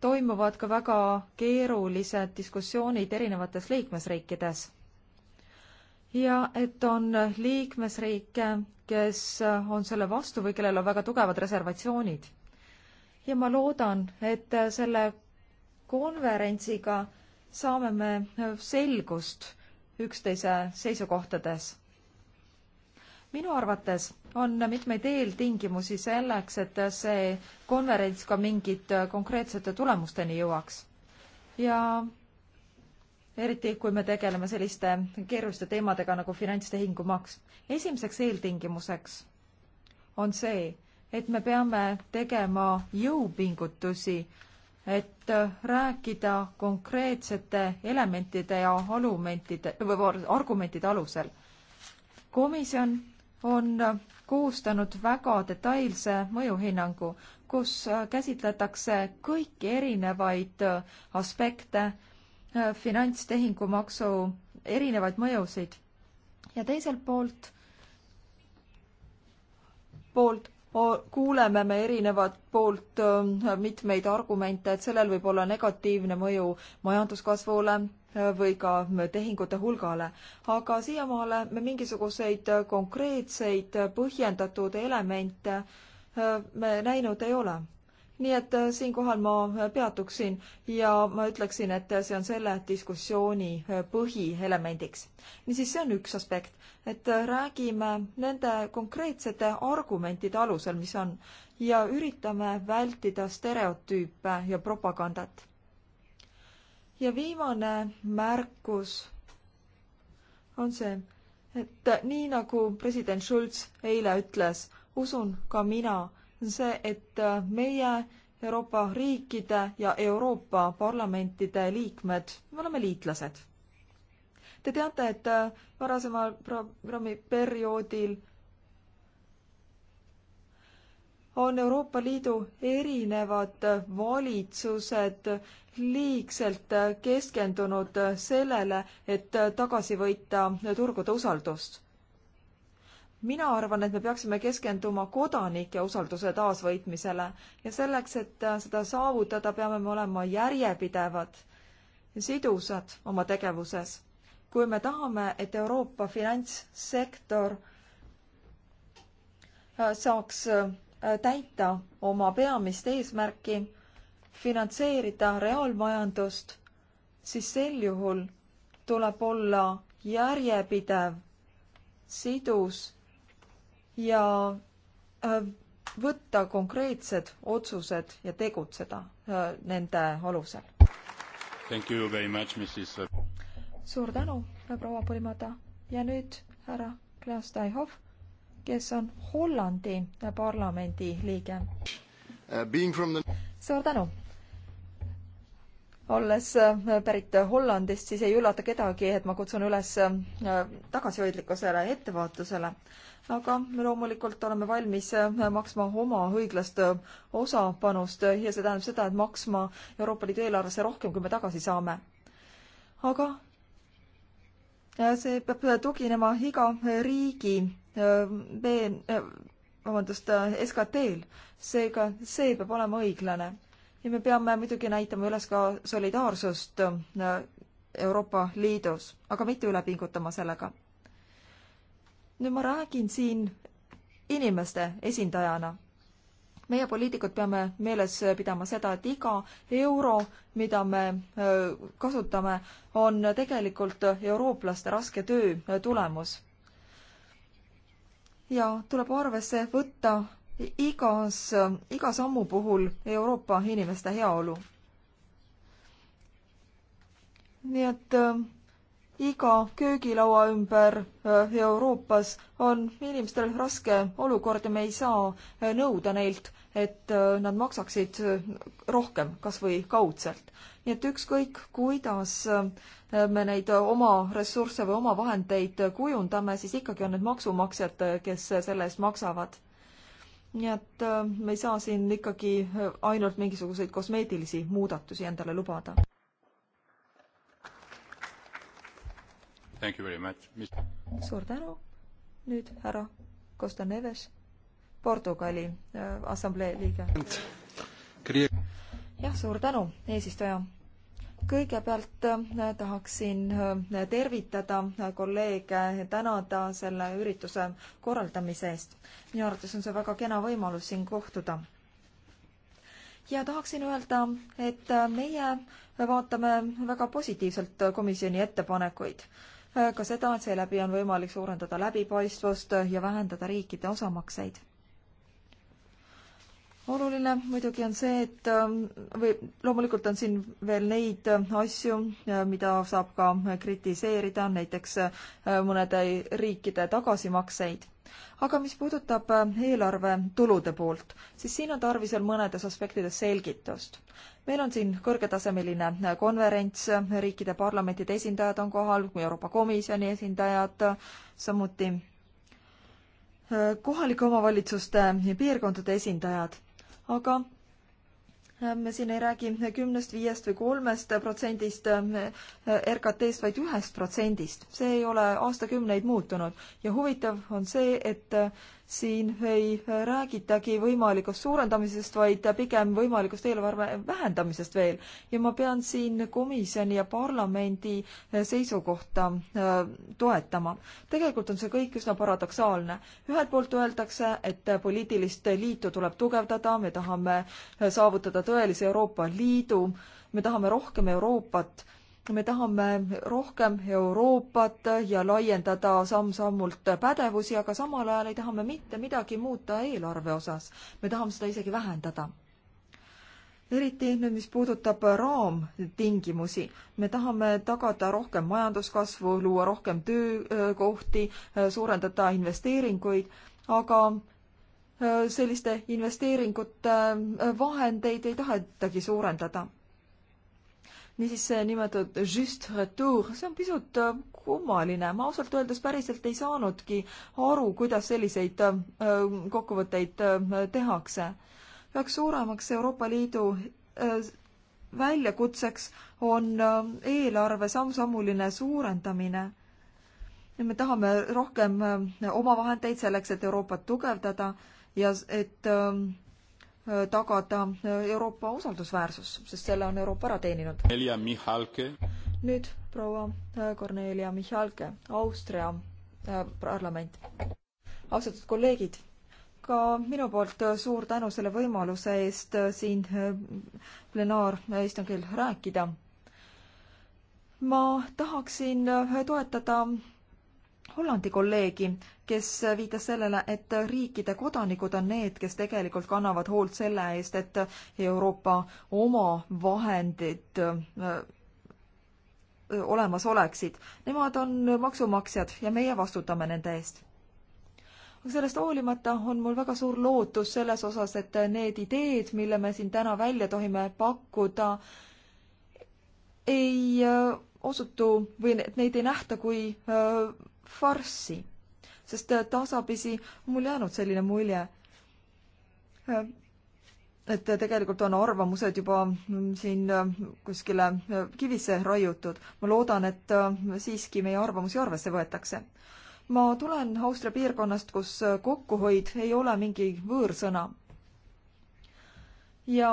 toimuvad ka väga keerulised diskussioonid erinevates liikmesriikides. ja et on liikmesriike, kes on selle vastu või kellel on väga tugevad reservatsioonid ja ma loodan, et selle konverentsiga saame me selgust üksteise seisukohtades. minu arvates on mitmeid eeltingimusi selleks, et see konverents ka mingite konkreetsete tulemusteni jõuaks. ja eriti, kui me tegeleme selliste keeruliste teemadega nagu finantstehingu maks. esimeseks eeltingimuseks on see, et me peame tegema jõupingutusi, et rääkida konkreetsete elementide ja alumentide või argumentide alusel. komisjon on koostanud väga detailse mõjuhinnangu, kus käsitletakse kõiki erinevaid aspekte, finantstehingumaksu erinevaid mõjusid ja teiselt poolt, poolt kuuleme me erinevat poolt mitmeid argumente, et sellel võib olla negatiivne mõju majanduskasvule või ka tehingute hulgale. aga siiamaale me mingisuguseid konkreetseid põhjendatud elemente me näinud ei ole nii et äh, siinkohal ma äh, peatuksin ja ma ütleksin, et äh, see on selle diskussiooni põhielemendiks. niisiis, see on üks aspekt, et räägime nende konkreetsete argumentide alusel, mis on, ja üritame vältida stereotüüpe ja propagandat. ja viimane märkus on see, et nii nagu president Schulz eile ütles, usun ka mina, see, et meie Euroopa riikide ja Euroopa parlamentide liikmed, me oleme liitlased. Te teate, et varasemal programmi perioodil on Euroopa Liidu erinevad valitsused liigselt keskendunud sellele, et tagasi võita turgude usaldust mina arvan, et me peaksime keskenduma kodanike usalduse taasvõitmisele ja selleks, et äh, seda saavutada, peame me olema järjepidevad, sidusad oma tegevuses. kui me tahame, et Euroopa finantssektor äh, saaks äh, täita oma peamist eesmärki, finantseerida reaalmajandust, siis sel juhul tuleb olla järjepidev, sidus ja äh, võtta konkreetsed otsused ja tegutseda äh, nende alusel. suur tänu, äh, proua Põlimata ja nüüd härra Klaas Taihov, kes on Hollandi parlamendi liige. The... suur tänu olles äh, pärit Hollandist, siis ei üllata kedagi, et ma kutsun üles äh, tagasihoidlikkusele, ettevaatusele. aga loomulikult oleme valmis äh, maksma oma õiglast osapanust ja see tähendab seda, et maksma Euroopa Liidu eelarvesse rohkem, kui me tagasi saame. aga see peab tuginema iga riigi vabandust, SKT-l, seega see peab olema õiglane ja me peame muidugi näitama üles ka solidaarsust äh, Euroopa Liidus, aga mitte üle pingutama sellega. nüüd ma räägin siin inimeste esindajana. meie poliitikud peame meeles pidama seda, et iga euro, mida me äh, kasutame, on tegelikult eurooplaste raske töö tulemus ja tuleb arvesse võtta igas, iga sammu puhul Euroopa inimeste heaolu. nii et äh, iga köögilaua ümber äh, Euroopas on inimestel raske olukord ja me ei saa äh, nõuda neilt, et äh, nad maksaksid äh, rohkem, kas või kaudselt. nii et ükskõik, kuidas äh, me neid oma ressursse või oma vahendeid kujundame, siis ikkagi on need maksumaksjad, äh, kes selle eest maksavad nii et äh, me ei saa siin ikkagi äh, ainult mingisuguseid kosmeetilisi muudatusi endale lubada. suur tänu. nüüd härra Costa Neves, Portugali äh, assamblee liige. jah, suur tänu, eesistuja kõigepealt äh, tahaksin äh, tervitada äh, kolleege, tänada selle ürituse korraldamise eest. minu arvates on see väga kena võimalus siin kohtuda. ja tahaksin öelda, et meie vaatame väga positiivselt komisjoni ettepanekuid. ka seda, et seeläbi on võimalik suurendada läbipaistvust ja vähendada riikide osamakseid oluline muidugi on see, et äh, või loomulikult on siin veel neid äh, asju, äh, mida saab ka kritiseerida, näiteks mõnede riikide tagasimakseid. aga mis puudutab eelarve tulude poolt, siis siin on tarvis veel mõnedes aspektides selgitust. meil on siin kõrgetasemeline konverents, riikide parlamentide esindajad on kohal, Euroopa Komisjoni esindajad samuti kohalike omavalitsuste ja piirkondade esindajad aga äh, me siin ei räägi kümnest, viiest või kolmest protsendist äh, RKT-st, vaid ühest protsendist. see ei ole aastakümneid muutunud ja huvitav on see, et äh, siin ei räägitagi võimalikust suurendamisest, vaid pigem võimalikust eelarve vähendamisest veel. ja ma pean siin komisjoni ja parlamendi eh, seisukohta eh, toetama. tegelikult on see kõik üsna paradoksaalne. ühelt poolt öeldakse, et poliitilist liitu tuleb tugevdada, me tahame eh, saavutada tõelise Euroopa Liidu, me tahame rohkem Euroopat me tahame rohkem Euroopat ja laiendada samm-sammult pädevusi, aga samal ajal ei taha me mitte midagi muuta eelarve osas. me tahame seda isegi vähendada. eriti nüüd, mis puudutab raamtingimusi. me tahame tagada rohkem majanduskasvu, luua rohkem töökohti, suurendada investeeringuid, aga selliste investeeringute vahendeid ei tahetagi suurendada niisiis see nimetatud just retour, see on pisut äh, kummaline, ma ausalt öeldes päriselt ei saanudki aru, kuidas selliseid äh, kokkuvõtteid äh, tehakse. üheks suuremaks Euroopa Liidu väljakutseks on eelarve samm-sammuline suurendamine. me tahame rohkem omavahendeid selleks, et Euroopat tugevdada ja et ähm, Äh, tagada äh, Euroopa usaldusväärsus, sest selle on Euroopa ära teeninud. nüüd proua äh, Kornelia Michalke, Austria parlament. austatud kolleegid, ka minu poolt suur tänu selle võimaluse eest siin plenaaristungil rääkida. ma tahaksin toetada Hollandi kolleegi, kes viitas sellele, et riikide kodanikud on need, kes tegelikult kannavad hoolt selle eest, et Euroopa oma vahendid äh, äh, olemas oleksid. Nemad on maksumaksjad ja meie vastutame nende eest. aga sellest hoolimata on mul väga suur lootus selles osas, et need ideed, mille me siin täna välja tohime pakkuda, ei äh, osutu või neid ei nähta kui öö, farssi, sest äh, tasapisi mul jäänud selline mulje, äh, et tegelikult on arvamused juba mm, siin äh, kuskile kivisse raiutud. ma loodan, et siiski meie arvamusi arvesse võetakse. ma tulen Austria piirkonnast, kus kokkuhoid ei ole mingi võõrsõna. ja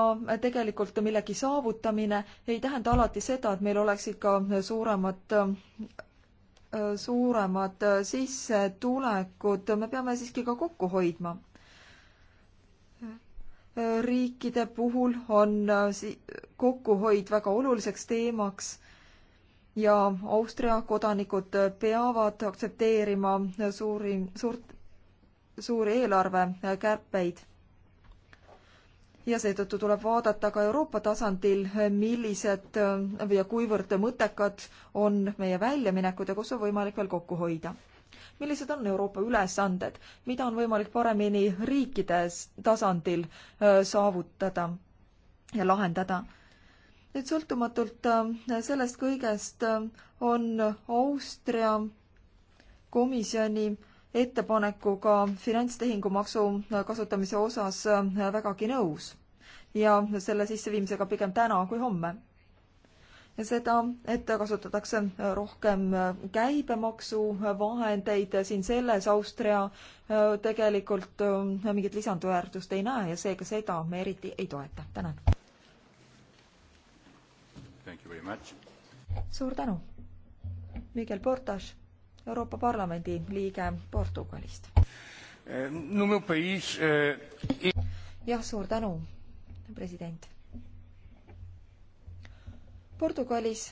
tegelikult millegi saavutamine ei tähenda alati seda, et meil oleksid ka suuremad Äh, suuremad äh, sissetulekud, me peame siiski ka kokku hoidma. Äh, riikide puhul on kokkuhoid väga oluliseks teemaks ja Austria kodanikud peavad aktsepteerima suuri, suurt, suuri eelarvekärpeid ja seetõttu tuleb vaadata ka Euroopa tasandil, millised äh, ja kuivõrd mõttekad on meie väljaminekud ja kus on võimalik veel kokku hoida. millised on Euroopa ülesanded, mida on võimalik paremini riikide tasandil äh, saavutada ja lahendada? nüüd sõltumatult äh, sellest kõigest on Austria komisjoni ettepanekuga finantstehingumaksu kasutamise osas äh, vägagi nõus ja selle sisseviimisega pigem täna kui homme. ja seda, et kasutatakse äh, rohkem äh, käibemaksuvahendeid, siin selles Austria tegelikult mingit lisandväärtust ei näe ja seega seda me eriti ei toeta. tänan. suur tänu. Miguel Portas Euroopa Parlamendi liige Portugalist. Eh, jah, suur tänu, president. Portugalis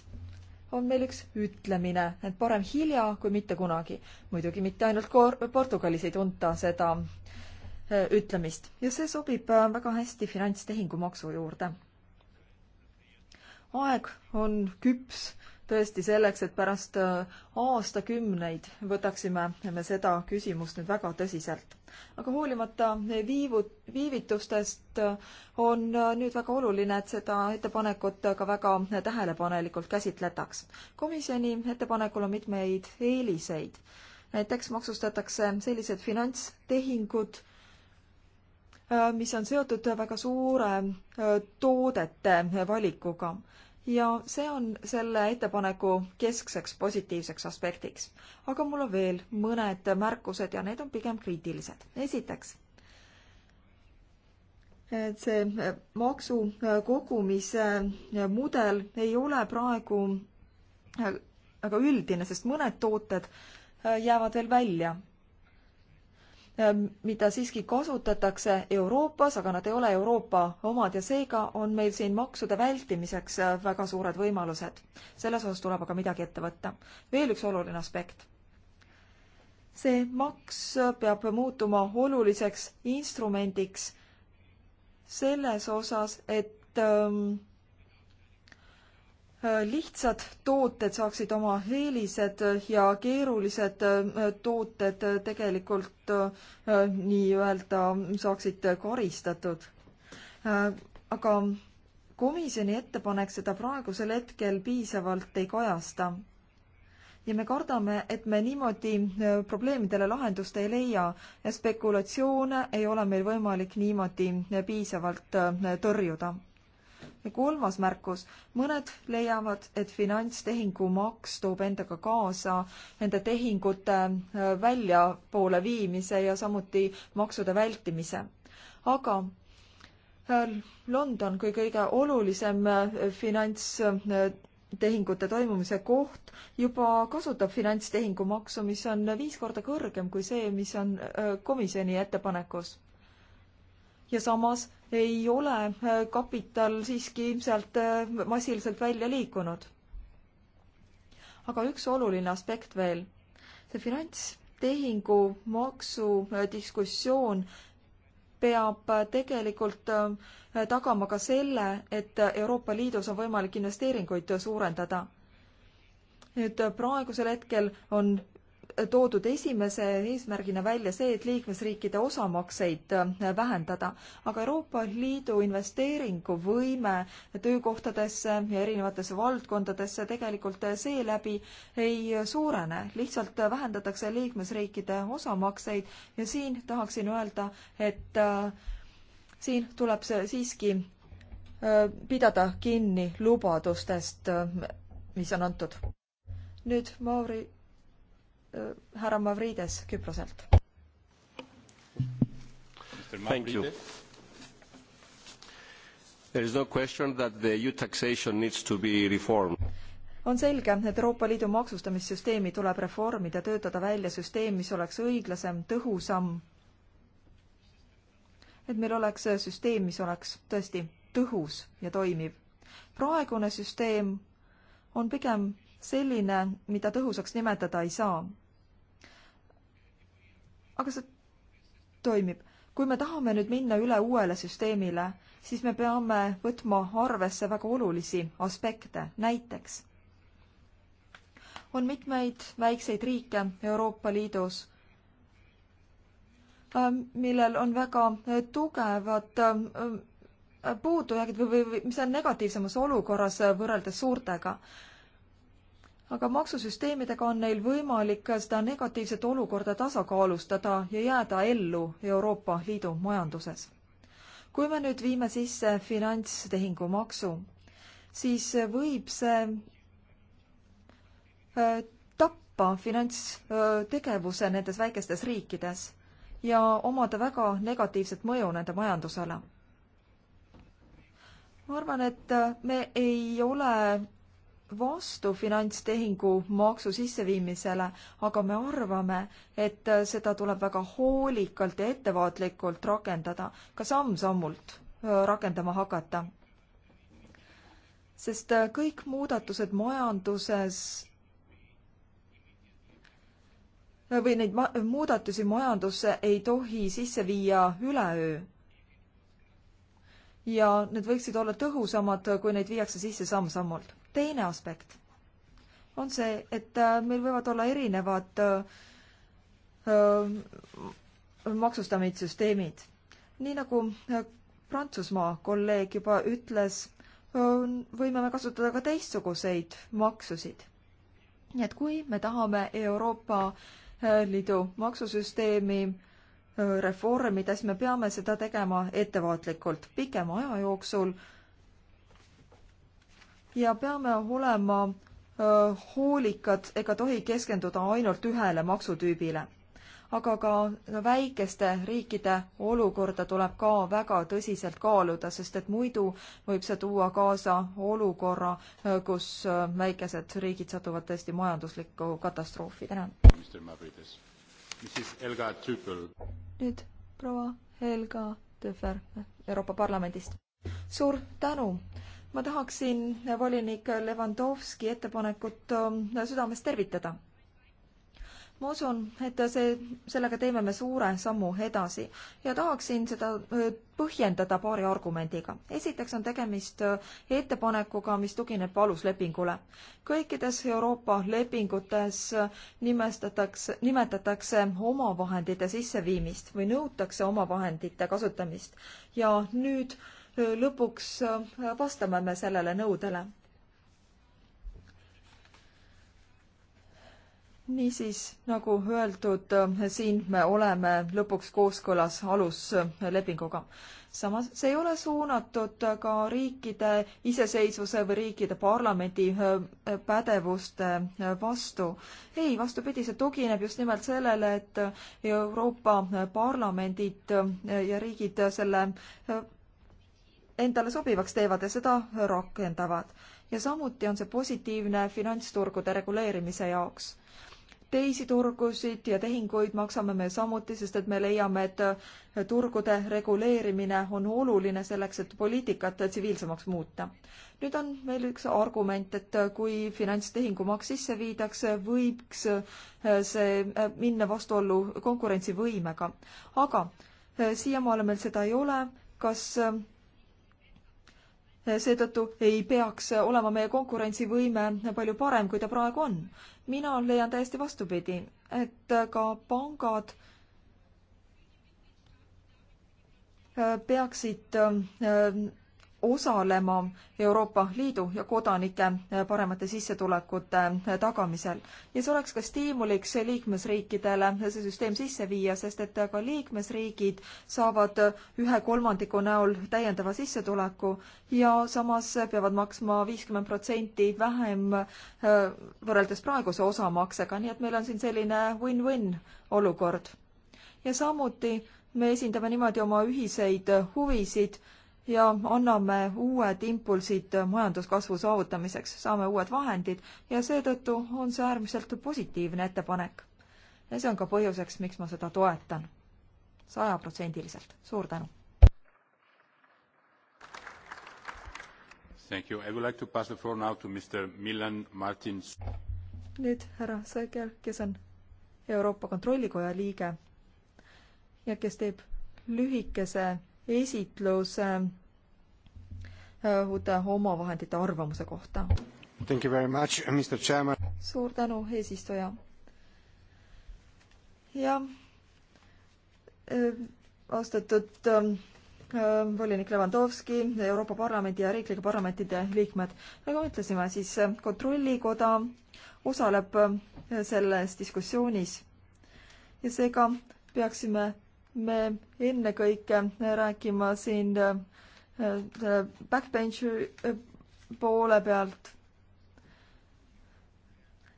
on meil üks ütlemine, et parem hilja kui mitte kunagi. muidugi mitte ainult kor-, Portugalis ei tunta seda eh, ütlemist ja see sobib eh, väga hästi finantstehingumaksu juurde. aeg on küps tõesti selleks, et pärast äh, aastakümneid võtaksime me seda küsimust nüüd väga tõsiselt. aga hoolimata viivu, viivitustest äh, on äh, nüüd väga oluline, et seda ettepanekut ka väga tähelepanelikult käsitletaks. komisjoni ettepanekul on mitmeid eeliseid. näiteks maksustatakse sellised finantstehingud, mis on seotud väga suure toodete valikuga ja see on selle ettepaneku keskseks positiivseks aspektiks. aga mul on veel mõned märkused ja need on pigem kriitilised. esiteks, et see maksukogumise mudel ei ole praegu väga üldine, sest mõned tooted jäävad veel välja Ähm, mida siiski kasutatakse Euroopas, aga nad ei ole Euroopa omad ja seega on meil siin maksude vältimiseks äh, väga suured võimalused. selles osas tuleb aga midagi ette võtta. veel üks oluline aspekt. see maks äh, peab muutuma oluliseks instrumendiks selles osas, et ähm, lihtsad tooted saaksid oma eelised ja keerulised äh, tooted tegelikult äh, nii-öelda saaksid karistatud. Äh, aga komisjoni ettepanek seda praegusel hetkel piisavalt ei kajasta. ja me kardame, et me niimoodi probleemidele lahendust ei leia ja spekulatsioone ei ole meil võimalik niimoodi piisavalt tõrjuda ja kolmas märkus, mõned leiavad, et finantstehingumaks toob endaga kaasa nende tehingute äh, väljapoole viimise ja samuti maksude vältimise. aga äh, London kui kõige olulisem äh, finantstehingute toimumise koht juba kasutab finantstehingumaksu, mis on viis korda kõrgem kui see, mis on komisjoni ettepanekus. ja samas ei ole äh, kapital siiski sealt äh, massiliselt välja liikunud. aga üks oluline aspekt veel. see finantstehingu maksudiskussioon äh, peab tegelikult tagama ka selle, et Euroopa Liidus on võimalik investeeringuid suurendada. nüüd praegusel hetkel on toodud esimese eesmärgina välja see, et liikmesriikide osamakseid äh, vähendada, aga Euroopa Liidu investeeringuvõime töökohtadesse ja erinevatesse valdkondadesse tegelikult äh, seeläbi ei suurene, lihtsalt äh, vähendatakse liikmesriikide osamakseid ja siin tahaksin öelda, et siin tuleb see siiski pidada kinni lubadustest, mis on antud. nüüd Mauri Äh, härra Mavrides Küproselt. Thank you. There is no question that the EU taxation needs to be reformed on selge, et Euroopa Liidu maksustamissüsteemi tuleb reformida, töötada välja süsteem, mis oleks õiglasem, tõhusam. et meil oleks süsteem, mis oleks tõesti tõhus ja toimiv. praegune süsteem on pigem selline, mida tõhusaks nimetada ei saa aga see toimib. kui me tahame nüüd minna üle uuele süsteemile, siis me peame võtma arvesse väga olulisi aspekte, näiteks on mitmeid väikseid riike Euroopa Liidus, ähm, millel on väga tugevad ähm, äh, puudujäägid või, või mis on negatiivsemas olukorras äh, võrreldes suurtega aga maksusüsteemidega on neil võimalik seda negatiivset olukorda tasakaalustada ja jääda ellu Euroopa Liidu majanduses. kui me nüüd viime sisse finantstehingumaksu, siis võib see äh, tappa finantstegevuse äh, nendes väikestes riikides ja omada väga negatiivset mõju nende majandusele ma arvan, et äh, me ei ole vastu finantstehingu maksu sisseviimisele, aga me arvame, et seda tuleb väga hoolikalt ja ettevaatlikult rakendada, ka samm-sammult äh, rakendama hakata. sest äh, kõik muudatused majanduses äh, või neid ma-, muudatusi majandusse ei tohi sisse viia üleöö. ja need võiksid olla tõhusamad, kui neid viiakse sisse samm-sammult teine aspekt on see, et äh, meil võivad olla erinevad äh, äh, maksustamissüsteemid. nii nagu Prantsusmaa kolleeg juba ütles, võime me kasutada ka teistsuguseid maksusid. nii et kui me tahame Euroopa Liidu maksusüsteemi reformida, siis me peame seda tegema ettevaatlikult. pikema aja jooksul äh, ja peame olema hoolikad ega tohi keskenduda ainult ühele maksutüübile. aga ka väikeste riikide olukorda tuleb ka väga tõsiselt kaaluda, sest et muidu võib see tuua kaasa olukorra, kus väikesed riigid satuvad tõesti majanduslikku katastroofi. tänan. nüüd proua Helga Tüfer Euroopa Parlamendist. suur tänu ma tahaksin volinik Levanovski ettepanekut äh, südamest tervitada. ma usun, et see, sellega teeme me suure sammu edasi ja tahaksin seda äh, põhjendada paari argumendiga. esiteks on tegemist äh, ettepanekuga, mis tugineb aluslepingule. kõikides Euroopa lepingutes nimestatakse, nimetatakse omavahendite sisseviimist või nõutakse omavahendite kasutamist ja nüüd äh, lõpuks äh, vastame me sellele nõudele. niisiis, nagu öeldud, äh, siin me oleme lõpuks kooskõlas aluslepinguga. samas see ei ole suunatud ka riikide iseseisvuse või riikide parlamendi äh, pädevuste vastu. ei, vastupidi, see tugineb just nimelt sellele, et Euroopa parlamendid ja riigid selle endale sobivaks teevad ja seda rakendavad. ja samuti on see positiivne finantsturgude reguleerimise jaoks. teisi turgusid ja tehinguid maksame me samuti, sest et me leiame, et eh, turgude reguleerimine on oluline selleks, et poliitikat tsiviilsemaks muuta. nüüd on veel üks argument, et kui finantstehingumaks sisse viidakse, võiks eh, see eh, minna vastuollu konkurentsivõimega. aga siiamaale meil seda ei ole, kas seetõttu ei peaks olema meie konkurentsivõime palju parem, kui ta praegu on. mina leian täiesti vastupidi, et ka pangad peaksid äh, osalema Euroopa Liidu ja kodanike eh, paremate sissetulekute eh, tagamisel. ja see oleks ka stiimuliks liikmesriikidele eh, see süsteem sisse viia, sest et ka liikmesriigid saavad ühe kolmandiku näol täiendava sissetuleku ja samas peavad maksma viiskümmend protsenti vähem võrreldes praeguse osamaksega, nii et meil on siin selline win-win olukord. ja samuti me esindame niimoodi oma ühiseid huvisid ja anname uued impulsid majanduskasvu saavutamiseks, saame uued vahendid ja seetõttu on see äärmiselt positiivne ettepanek. ja see on ka põhjuseks, miks ma seda toetan sajaprotsendiliselt. suur tänu! Thank you. I would like to pass the floor now to Mr. Milan Martins. nüüd härra Sõger, kes on Euroopa Kontrollikoja liige ja kes teeb lühikese esitluse äh, uute omavahendite arvamuse kohta. Thank you very much, uh, Mr Chairman. suur tänu, eesistuja. jah, äh, austatud ähm, äh, volinik Levandovski, Euroopa Parlamendi ja riiklike parlamentide liikmed. nagu me ütlesime, siis Kontrollikoda osaleb selles diskussioonis ja seega peaksime me ennekõike rääkima siin selle äh, backbench'i äh, poole pealt.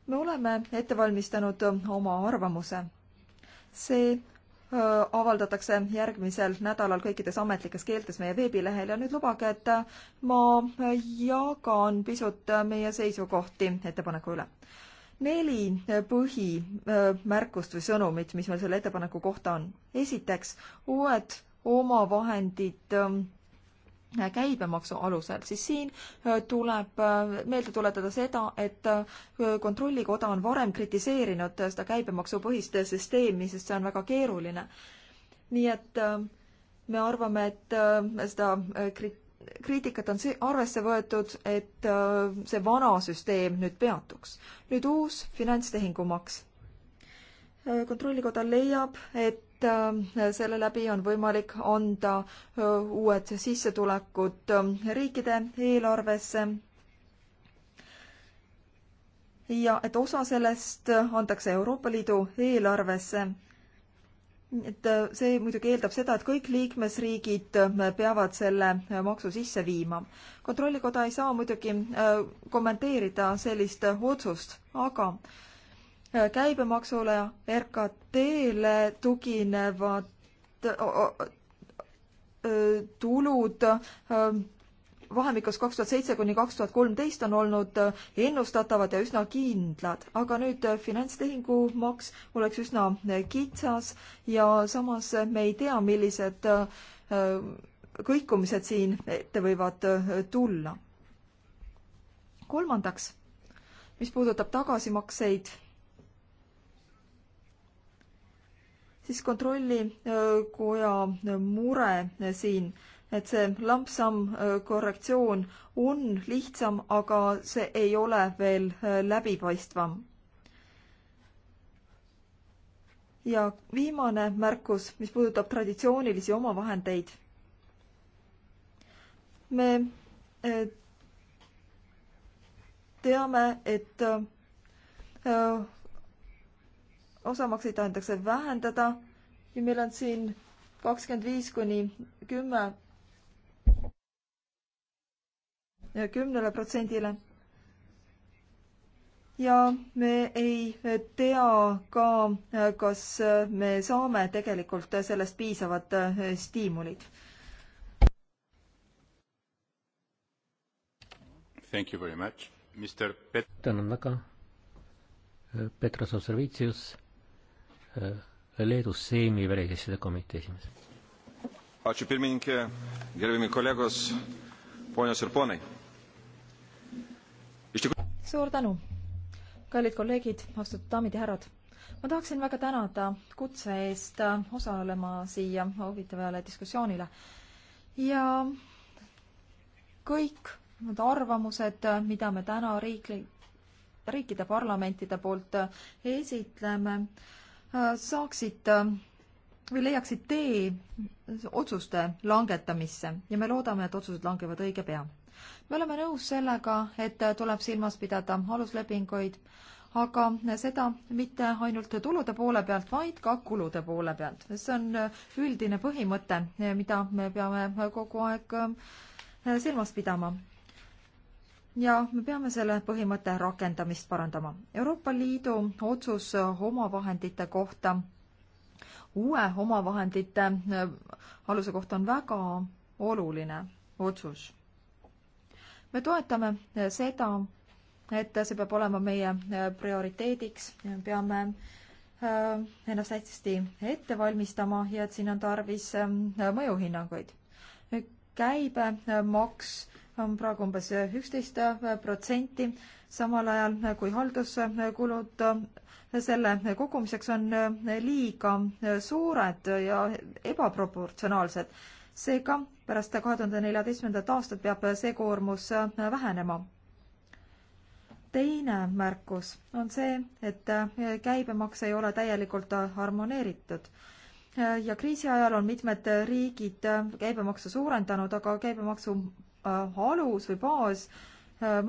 me oleme ette valmistanud oma arvamuse. see äh, avaldatakse järgmisel nädalal kõikides ametlikes keeltes meie veebilehel ja nüüd lubage, et ma jagan pisut meie seisukohti ettepaneku üle neli eh, põhimärkust eh, või sõnumit, mis meil selle ettepaneku kohta on. esiteks, uued omavahendid ehm, käibemaksu alusel, siis siin eh, tuleb meelde tuletada seda, et Kontrollikoda on varem kritiseerinud seda käibemaksupõhist süsteemi, sest see on väga keeruline. nii et me arvame, et seda krit-, kriitikat on see arvesse võetud, et äh, see vana süsteem nüüd peatuks. nüüd uus finantstehingumaks. Äh, kontrollikoda leiab, et äh, selle läbi on võimalik anda uued sissetulekud riikide eelarvesse. ja et osa sellest antakse Euroopa Liidu eelarvesse et äh, see muidugi eeldab seda, et kõik liikmesriigid äh, peavad selle äh, maksu sisse viima. kontrollikoda ei saa muidugi kommenteerida sellist otsust, aga käibemaksule ja RKT-le tuginevad tulud vahemikus kaks tuhat seitse kuni kaks tuhat kolmteist on olnud äh, ennustatavad ja üsna kindlad, aga nüüd äh, finantstehingumaks oleks üsna äh, kitsas ja samas me ei tea, millised kõikumised siin ette võivad tulla. kolmandaks, mis puudutab tagasimakseid, siis kontrollikoja mure siin et see lampsam äh, korrektsioon on lihtsam, aga see ei ole veel äh, läbipaistvam. ja viimane märkus, mis puudutab traditsioonilisi omavahendeid. me äh, teame, et osamakseid tahetakse vähendada ja meil on siin kakskümmend viis kuni kümme kümnele protsendile. ja me ei tea ka, kas me saame tegelikult sellest piisavad stiimulid. tänan väga. Petras Osservitsius, Leedus Seimi välisasjade komitee esimees. ačiū pirmininkė, gerbiami kolegos, ponios ir ponai suur tänu, kallid kolleegid, austatud daamid ja härrad. ma tahaksin väga tänada kutse eest osalema siia huvitavale diskussioonile ja kõik need arvamused, mida me täna riikli, riikide parlamentide poolt esitleme, saaksid või leiaksid tee otsuste langetamisse ja me loodame, et otsused langevad õige pea me oleme nõus sellega, et tuleb silmas pidada aluslepinguid, aga seda mitte ainult tulude poole pealt, vaid ka kulude poole pealt. see on üldine põhimõte, mida me peame kogu aeg eh, silmas pidama. ja me peame selle põhimõtte rakendamist parandama. Euroopa Liidu otsus omavahendite kohta, uue omavahendite eh, aluse kohta on väga oluline otsus me toetame eh, seda, et see peab olema meie eh, prioriteediks, peame eh, ennast hästi ette valmistama ja et siin on tarvis mõjuhinnanguid. käibemaks on praegu umbes üksteist protsenti, samal ajal kui halduskulud selle kogumiseks on liiga suured ja ebaproportsionaalsed. seega pärast kahe tuhande neljateistkümnendat aastat peab see koormus äh, vähenema. teine märkus on see, et äh, käibemaks ei ole täielikult äh, harmoneeritud ja kriisi ajal on mitmed riigid käibemaksu suurendanud, aga käibemaksu alus või baas,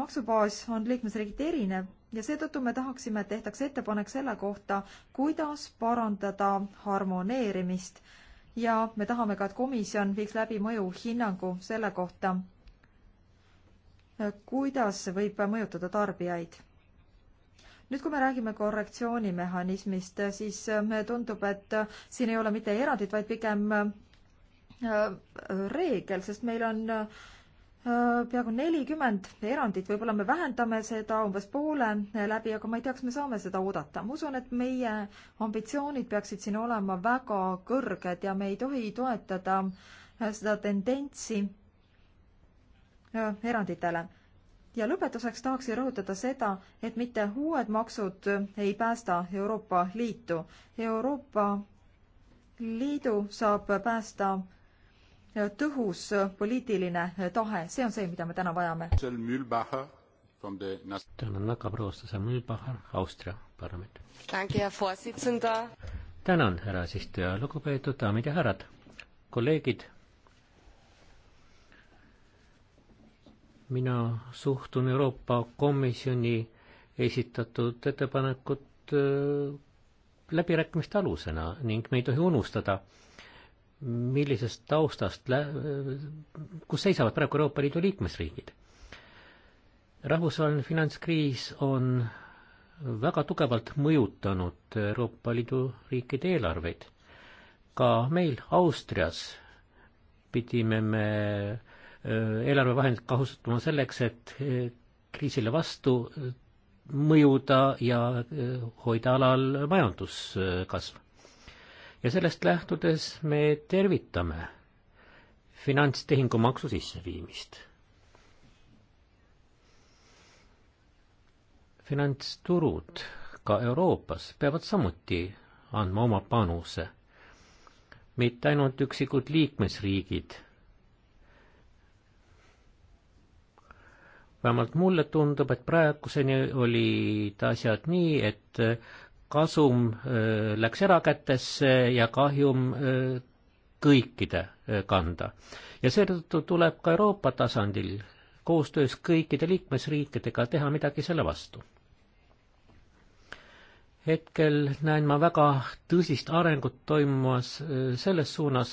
maksubaas on liikmesriigiti erinev ja seetõttu me tahaksime, et tehtaks ettepanek selle kohta, kuidas parandada harmoneerimist ja me tahame ka, et komisjon viiks läbi mõjuhinnangu selle kohta, kuidas võib mõjutada tarbijaid. nüüd, kui me räägime korrektsioonimehhanismist, siis tundub, et siin ei ole mitte erandid, vaid pigem äh, reegel, sest meil on äh, Äh, peaaegu nelikümmend erandit, võib-olla me vähendame seda umbes poole läbi, aga ma ei tea, kas me saame seda oodata. ma usun, et meie ambitsioonid peaksid siin olema väga kõrged ja me ei tohi toetada äh, seda tendentsi äh, eranditele. ja lõpetuseks tahaksin rõhutada seda, et mitte uued maksud ei päästa Euroopa Liitu. Euroopa Liidu saab päästa tõhus poliitiline tahe, see on see, mida me täna vajame. tänan väga, proua Stase Mühlbacher, Austria parlament. tänan, härra eesistuja, lugupeetud daamid ja härrad, kolleegid. mina suhtun Euroopa Komisjoni esitatud ettepanekut äh, läbirääkimiste alusena ning me ei tohi unustada, millisest taustast, kus seisavad praegu Euroopa Liidu liikmesriigid. rahvusvaheline finantskriis on väga tugevalt mõjutanud Euroopa Liidu riikide eelarveid. ka meil Austrias pidime me eelarvevahendid kasutama selleks, et e, kriisile vastu mõjuda ja e, hoida alal majanduskasv ja sellest lähtudes me tervitame finantstehingumaksu sisseviimist. finantsturud ka Euroopas peavad samuti andma oma panuse, mitte ainult üksikud liikmesriigid. vähemalt mulle tundub, et praeguseni olid asjad nii, et kasum äh, läks erakätesse ja kahjum äh, kõikide äh, kanda. ja seetõttu tuleb ka Euroopa tasandil koostöös kõikide liikmesriikidega teha midagi selle vastu. hetkel näen ma väga tõsist arengut toimumas selles suunas,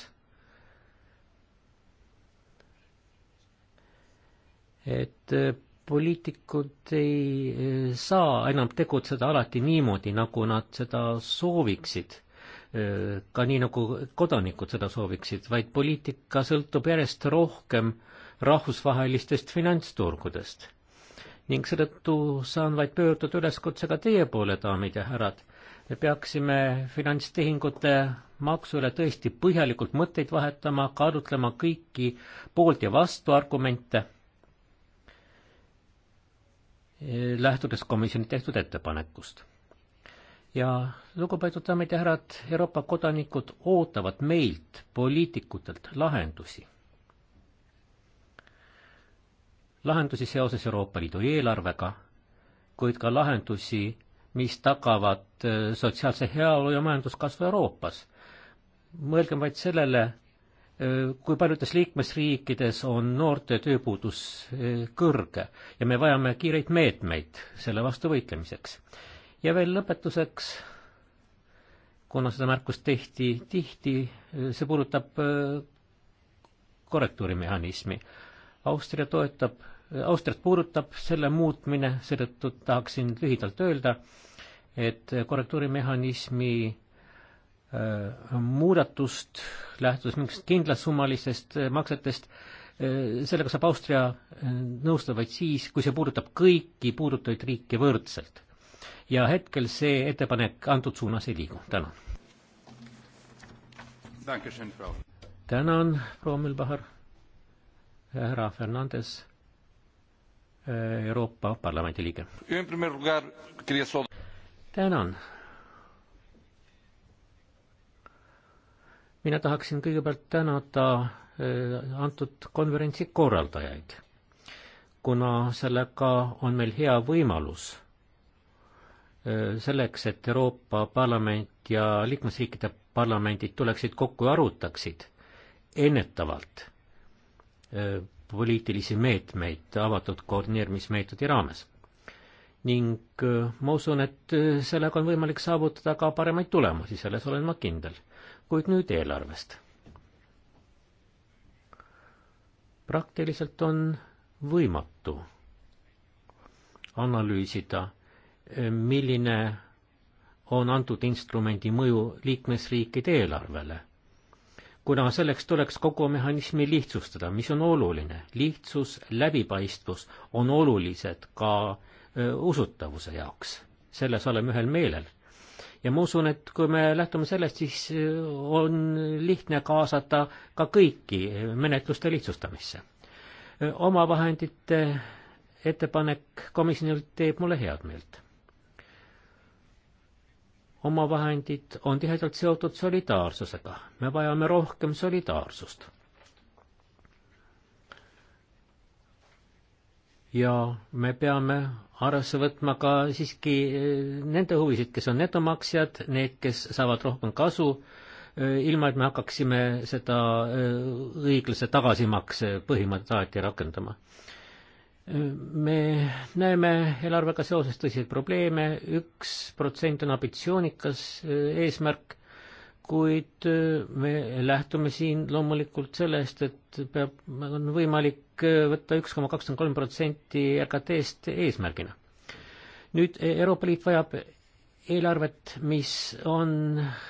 et poliitikud ei eh, saa enam tegutseda alati niimoodi, nagu nad seda sooviksid. Eh, ka nii, nagu kodanikud seda sooviksid, vaid poliitika sõltub järjest rohkem rahvusvahelistest finantsturgudest. ning seetõttu saan vaid pöörduda üleskutsega teie poole, daamid ja härrad. me peaksime finantstehingute maksu üle tõesti põhjalikult mõtteid vahetama, kaalutlema kõiki poolt- ja vastuargumente Eh, lähtudes komisjoni tehtud ettepanekust. ja lugupeetud daamid ja härrad, Euroopa kodanikud ootavad meilt, poliitikutelt, lahendusi. lahendusi seoses Euroopa Liidu eelarvega, kuid ka lahendusi, mis tagavad eh, sotsiaalse heaolu ja majanduskasvu Euroopas. mõelgem vaid sellele, kui paljudes liikmesriikides on noorte tööpuudus eh, kõrge ja me vajame kiireid meetmeid selle vastu võitlemiseks. ja veel lõpetuseks, kuna seda märkust tehti tihti, eh, see puudutab eh, korrektuurimehhanismi. Austria toetab, Austriat puudutab selle muutmine, seetõttu tahaksin lühidalt öelda, et korrektuurimehhanismi Äh, muudatust, lähtudes mingist kindlasummalistest äh, maksetest, äh, sellega saab Austria nõustuda vaid siis, kui see puudutab kõiki puudutavaid riike võrdselt. ja hetkel see ettepanek antud suunas ei liigu, tänan. tänan, proua Mülbahar, härra Fernandes, Euroopa Parlamendi liige. tänan mina tahaksin kõigepealt tänada äh, antud konverentsi korraldajaid, kuna sellega on meil hea võimalus äh, selleks, et Euroopa Parlament ja liikmesriikide parlamendid tuleksid kokku ja arutaksid ennetavalt äh, poliitilisi meetmeid avatud koordineerimismeetodi raames. ning ma usun, et sellega on võimalik saavutada ka paremaid tulemusi, selles olen ma kindel kuid nüüd eelarvest. praktiliselt on võimatu analüüsida, milline on antud instrumendi mõju liikmesriikide eelarvele, kuna selleks tuleks kogu mehhanismi lihtsustada, mis on oluline. lihtsus, läbipaistvus on olulised ka usutavuse jaoks. selles oleme ühel meelel ja ma usun, et kui me lähtume sellest, siis äh, on lihtne kaasata ka kõiki menetluste lihtsustamisse. Äh, omavahendite ettepanek komisjonilt teeb mulle head meelt. omavahendid on tihedalt seotud solidaarsusega, me vajame rohkem solidaarsust ja me peame arvesse võtma ka siiski eh, nende huvisid, kes on netomaksjad, need, kes saavad rohkem kasu, eh, ilma et me hakkaksime seda eh, õiglase tagasimakse põhimõtet rakendama. me näeme eelarvega seoses tõsiseid probleeme, üks protsent on ambitsioonikas eesmärk, kuid äh, me lähtume siin loomulikult sellest, et peab, on võimalik äh, võtta üks koma kakskümmend kolm protsenti RKT-st eesmärgina. nüüd e-, Euroopa Liit vajab eelarvet, mis on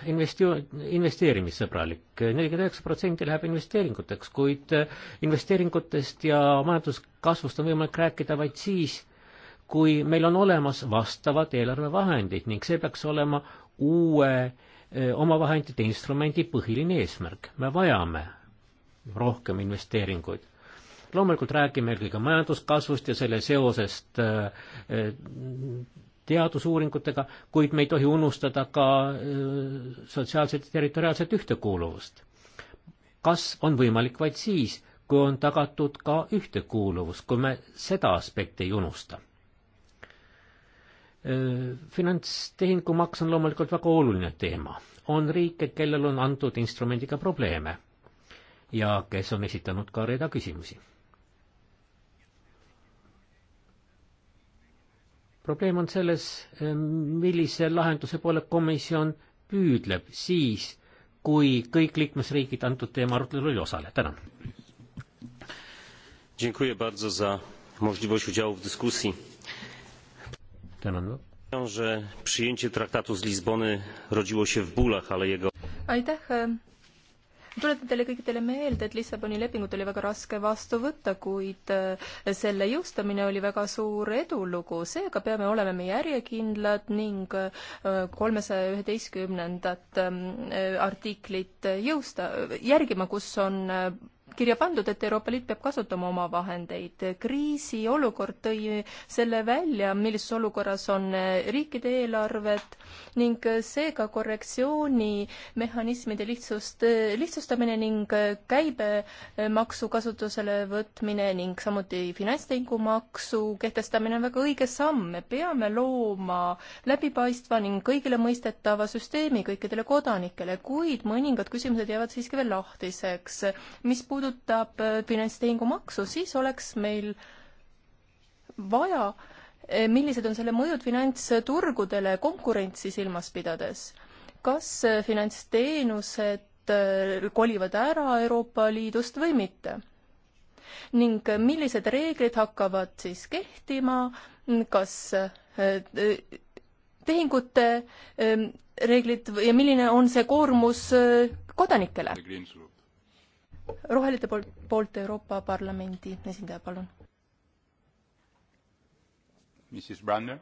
investi-, investeerimissõbralik. nelikümmend üheksa protsenti läheb investeeringuteks, kuid äh, investeeringutest ja majanduskasvust on võimalik rääkida vaid siis, kui meil on olemas vastavad eelarvevahendid ning see peaks olema uue äh, omavahendite instrumendi põhiline eesmärk. me vajame rohkem investeeringuid. loomulikult räägime eelkõige majanduskasvust ja selle seosest teadusuuringutega, kuid me ei tohi unustada ka sotsiaalset ja territoriaalset ühtekuuluvust. kasv on võimalik vaid siis, kui on tagatud ka ühtekuuluvus, kui me seda aspekti ei unusta. Äh, finantstehingumaks on loomulikult väga oluline teema. on riike, kellel on antud instrumendiga probleeme ja kes on esitanud ka rida küsimusi. probleem on selles, äh, millise lahenduse poole komisjon püüdleb siis, kui kõik liikmesriigid antud teema arutelul ei osale. tänan. Dziękuję bardzo za możliwość udziału w dyskusji tänan. aitäh. tuletan teile kõikidele meelde, et Lissaboni lepingut oli väga raske vastu võtta, kuid eh, selle jõustamine oli väga suur edulugu, seega peame olema me järjekindlad ning eh, kolmesaja üheteistkümnendat eh, artiklit jõusta, järgima, kus on kirja pandud, et Euroopa Liit peab kasutama oma vahendeid. kriisiolukord tõi selle välja, millises olukorras on riikide eelarved ning seega korrektsioonimehhanismide lihtsust, lihtsustamine ning käibemaksu kasutusele võtmine ning samuti finantstehingumaksu kehtestamine on väga õige samm. me peame looma läbipaistva ning kõigile mõistetava süsteemi kõikidele kodanikele, kuid mõningad küsimused jäävad siiski veel lahtiseks. mis puudutab puudutab äh, finantstehingumaksu, siis oleks meil vaja, äh, millised on selle mõjud finantsturgudele konkurentsi silmas pidades. kas äh, finantsteenused kolivad ära Euroopa Liidust või mitte? ning millised reeglid hakkavad siis kehtima, kas tehingute reeglid ja milline on see koormus kodanikele? roheliste poolt, poolt Euroopa Parlamendi esindaja, palun. Mrs Brander.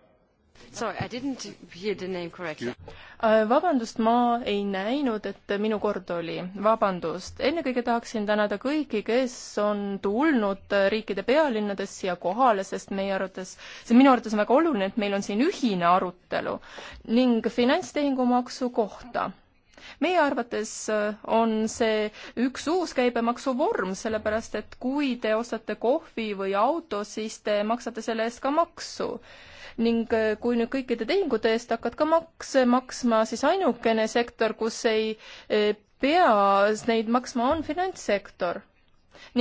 Sorry, I didn't hear the name correctly. Äh, vabandust, ma ei näinud, et minu kord oli, vabandust. ennekõike tahaksin tänada kõiki, kes on tulnud riikide pealinnadest siia kohale, sest meie arvates, see minu arvates on väga oluline, et meil on siin ühine arutelu ning finantstehingumaksu kohta meie arvates äh, on see üks uus käibemaksuvorm, sellepärast et kui te ostate kohvi või auto, siis te maksate selle eest ka maksu. ning äh, kui nüüd kõikide tehingute eest hakkad ka makse maksma, siis ainukene sektor, kus ei äh, pea neid maksma, on finantssektor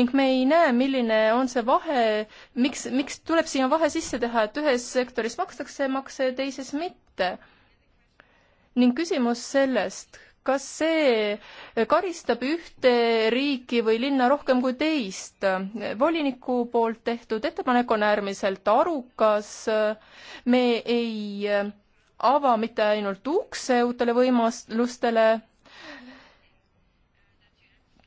ning me ei näe, milline on see vahe, miks, miks tuleb sinna vahe sisse teha, et ühes sektoris makstakse makse ja teises mitte ning küsimus sellest, kas see karistab ühte riiki või linna rohkem kui teist. voliniku poolt tehtud ettepanek on äärmiselt arukas, me ei ava mitte ainult ukse uutele võimalustele,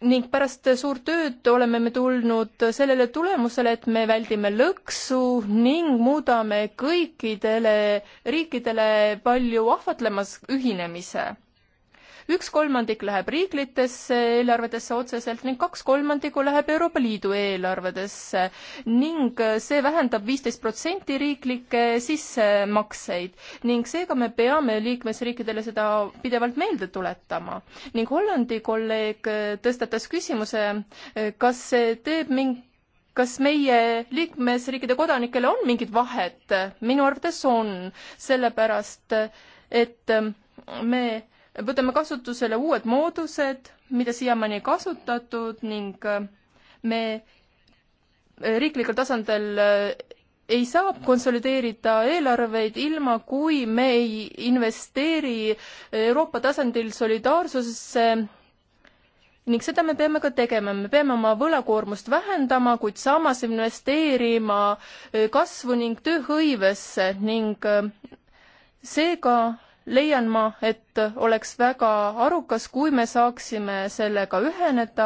ning pärast suurt ööd oleme me tulnud sellele tulemusele, et me väldime lõksu ning muudame kõikidele riikidele palju ahvatlemas ühinemise üks kolmandik läheb riiklitesse eelarvedesse otseselt ning kaks kolmandikku läheb Euroopa Liidu eelarvedesse ning see vähendab viisteist protsenti riiklikke sissemakseid ning seega me peame liikmesriikidele seda pidevalt meelde tuletama. ning Hollandi kolleeg tõstatas küsimuse, kas see teeb mingi kas meie liikmesriikide kodanikele on mingit vahet? minu arvates on, sellepärast et me võtame kasutusele uued moodused, mida siiamaani ei kasutatud ning äh, me äh, riiklikul tasandil äh, ei saa konsolideerida eelarveid ilma, kui me ei investeeri Euroopa tasandil solidaarsusesse ning seda me peame ka tegema, me peame oma võlakoormust vähendama, kuid samas investeerima kasvu ning tööhõivesse ning seega leian ma, et oleks väga arukas, kui me saaksime sellega üheneda,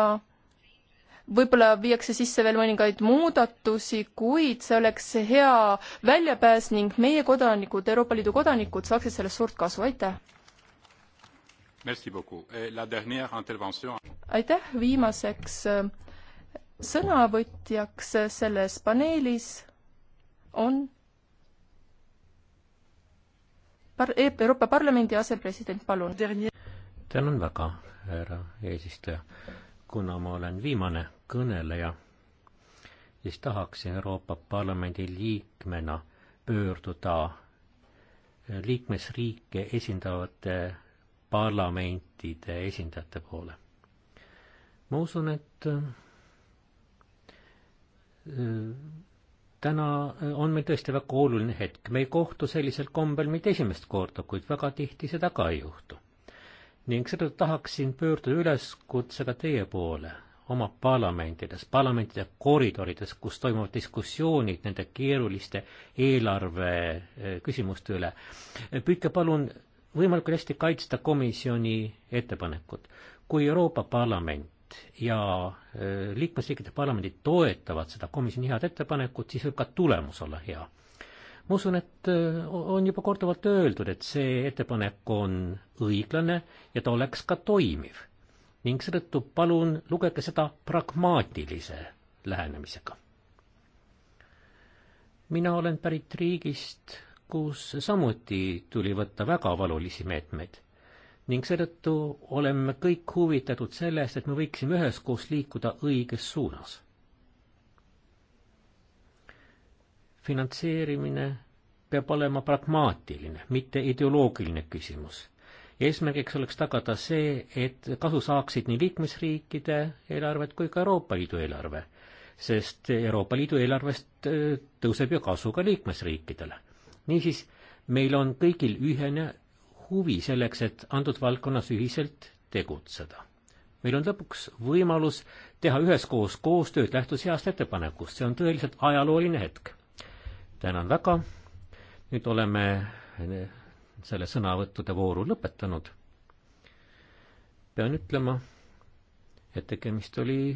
võib-olla viiakse sisse veel mõningaid muudatusi, kuid see oleks hea väljapääs ning meie kodanikud, Euroopa Liidu kodanikud saaksid sellest suurt kasu, aitäh! aitäh, viimaseks äh, sõnavõtjaks selles paneelis on Par-, e Euroopa Parlamendi asepresident, palun. tänan väga, härra eesistuja. kuna ma olen viimane kõneleja, siis tahaksin Euroopa Parlamendi liikmena pöörduda liikmesriike esindavate parlamentide esindajate poole. ma usun, et täna eh, on meil tõesti väga oluline hetk, me ei kohtu sellisel kombel mitte esimest korda, kuid väga tihti seda ka ei juhtu. ning seetõttu tahaksin pöörduda üleskutsega teie poole, oma parlamentides, parlamentide koridorides, kus toimuvad diskussioonid nende keeruliste eelarve eh, küsimuste üle. Eh, püüdke palun võimalikult hästi kaitsta komisjoni ettepanekut. kui Euroopa Parlament ja äh, liikmesriikide parlamendid toetavad seda komisjoni head ettepanekut, siis võib ka tulemus olla hea. ma usun, et äh, on juba korduvalt öeldud, et see ettepanek on õiglane ja ta oleks ka toimiv. ning seetõttu palun lugege seda pragmaatilise lähenemisega. mina olen pärit riigist, kus samuti tuli võtta väga valulisi meetmeid ning seetõttu oleme kõik huvitatud sellest, et me võiksime üheskoos liikuda õiges suunas. finantseerimine peab olema pragmaatiline, mitte ideoloogiline küsimus. eesmärgiks oleks tagada see, et kasu saaksid nii liikmesriikide eelarved kui ka Euroopa Liidu eelarve, sest Euroopa Liidu eelarvest äh, tõuseb ju kasu ka liikmesriikidele. niisiis, meil on kõigil ühene huvi selleks, et antud valdkonnas ühiselt tegutseda. meil on lõpuks võimalus teha üheskoos koostööd lähtudes heast ettepanekust, see on tõeliselt ajalooline hetk. tänan väga, nüüd oleme selle sõnavõttude vooru lõpetanud. pean ütlema, et tegemist oli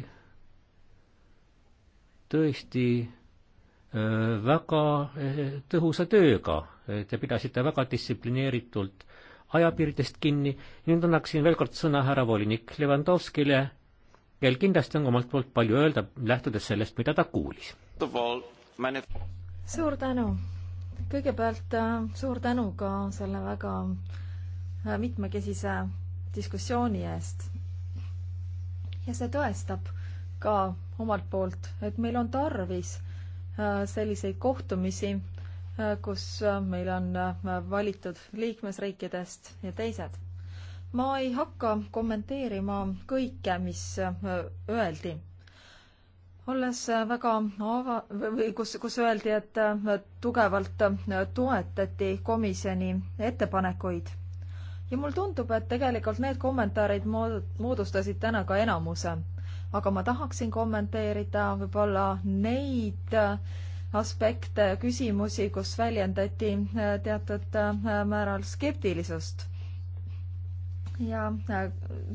tõesti äh, väga äh, tõhusa tööga. Te pidasite väga distsiplineeritult ajapiiridest kinni. nüüd annaksin veel kord sõna härra volinik Levanovskile, kel kindlasti on omalt poolt palju öelda, lähtudes sellest, mida ta kuulis. suur tänu. kõigepealt äh, suur tänu ka selle väga äh, mitmekesise diskussiooni eest. ja see tõestab ka omalt poolt, et meil on tarvis äh, selliseid kohtumisi kus meil on valitud liikmesriikidest ja teised. ma ei hakka kommenteerima kõike, mis öeldi. olles väga ava-, või kus, kus öeldi, et tugevalt toetati komisjoni ettepanekuid ja mulle tundub, et tegelikult need kommentaarid moodustasid täna ka enamuse. aga ma tahaksin kommenteerida võib-olla neid äh, aspekte, küsimusi, kus väljendati äh, teatud äh, määral skeptilisust. ja äh,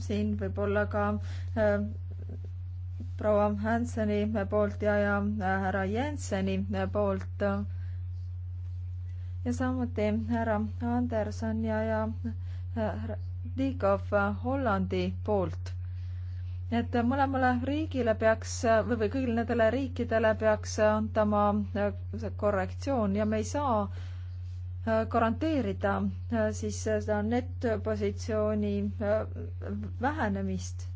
siin võib olla ka proua Hanseni poolt ja, ja härra Jenseni poolt ja samuti härra Anderson ja, ja härra Liikov Hollandi poolt nii et mõlemale riigile peaks või, või kõigile nendele riikidele peaks antama äh, korrektsioon ja me ei saa äh, garanteerida äh, siis seda netopositsiooni vähenemist.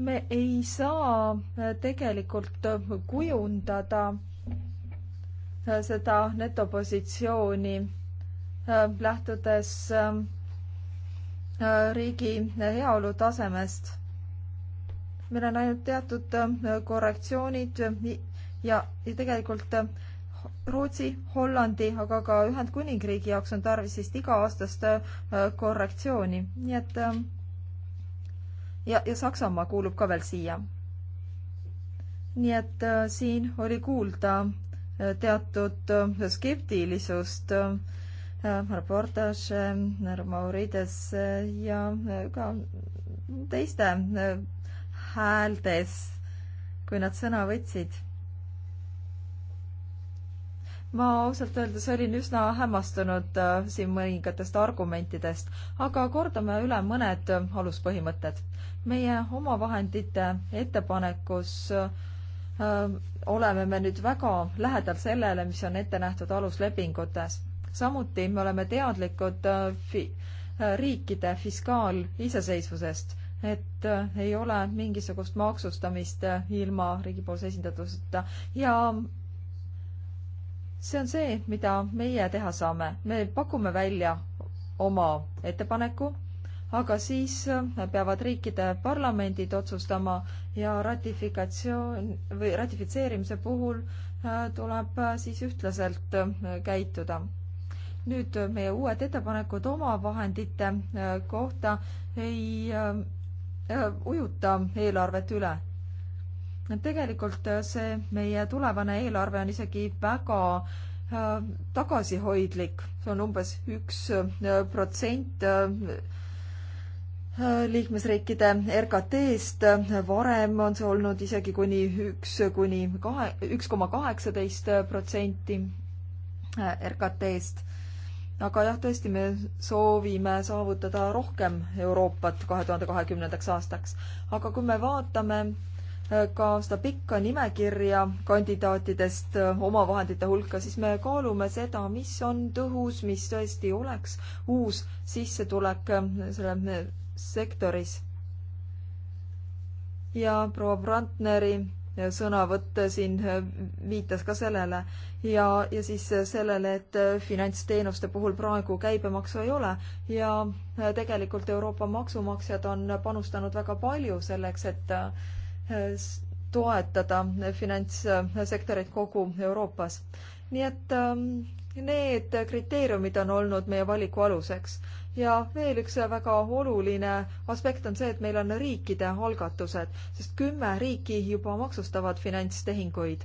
me ei saa tegelikult kujundada seda netopositsiooni lähtudes äh, riigi heaolu tasemest. meil on ainult teatud äh, korrektsioonid ja, ja tegelikult äh, Rootsi, Hollandi, aga ka Ühendkuningriigi jaoks on tarvis vist iga-aastast äh, korrektsiooni, nii et ja, ja Saksamaa kuulub ka veel siia. nii et siin oli kuulda teatud skeptilisust äh, Äh, reportaaž äh, Maurides äh, ja ka teiste häältes, kui nad sõna võtsid. ma ausalt öeldes olin üsna hämmastunud siin mõningatest argumentidest, aga kordame üle mõned aluspõhimõtted. meie omavahendite ettepanekus oleme me nüüd väga lähedal sellele, mis on ette nähtud aluslepingutes samuti me oleme teadlikud äh, fi äh, riikide fiskaaliseseisvusest, et äh, ei ole mingisugust maksustamist ilma riigipoolse esindatuseta ja see on see, mida meie teha saame. me pakume välja oma ettepaneku, aga siis peavad riikide parlamendid otsustama ja ratifikatsioon või ratifitseerimise puhul tuleb siis ühtlaselt käituda nüüd äh, meie uued ettepanekud omavahendite äh, kohta ei äh, ujuta eelarvet üle. tegelikult see meie tulevane eelarve on isegi väga tagasihoidlik, see on umbes üks protsent liikmesriikide RKT-st, varem on see olnud isegi kuni üks kuni kahe, üks koma kaheksateist protsenti RKT-st aga jah, tõesti, me soovime saavutada rohkem Euroopat kahe tuhande kahekümnendaks aastaks. aga kui me vaatame eh, ka seda pikka nimekirja kandidaatidest eh, omavahendite hulka, siis me kaalume seda, mis on tõhus, mis tõesti oleks uus sissetulek eh, selle sektoris. ja proua Brandneri sõnavõtt äh, siin äh, viitas ka sellele ja, ja siis äh, sellele, et finantsteenuste puhul praegu käibemaksu ei ole ja tegelikult Euroopa maksumaksjad on panustanud väga palju selleks, et toetada finantssektorit kogu Euroopas. nii et ähm, need kriteeriumid on olnud meie valiku aluseks ja veel üks väga oluline aspekt on see, et meil on riikide algatused, sest kümme riiki juba maksustavad finantstehinguid.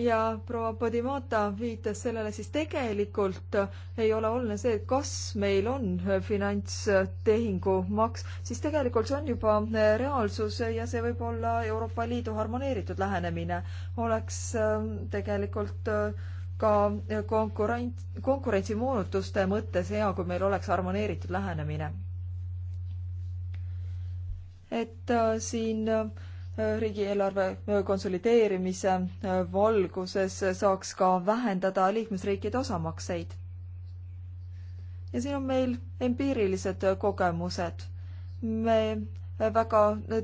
ja proua Podimata viitas sellele, siis tegelikult ei ole oluline see, et kas meil on finantstehingu maks, siis tegelikult see on juba reaalsus ja see võib olla Euroopa Liidu harmoneeritud lähenemine. oleks ähm, tegelikult äh, ka konkurent, konkurentsimoonutuste mõttes hea, kui meil oleks harmoneeritud lähenemine. et äh, siin äh, riigieelarve äh, konsolideerimise valguses saaks ka vähendada liikmesriikide osamakseid. ja siin on meil empiirilised kogemused. me väga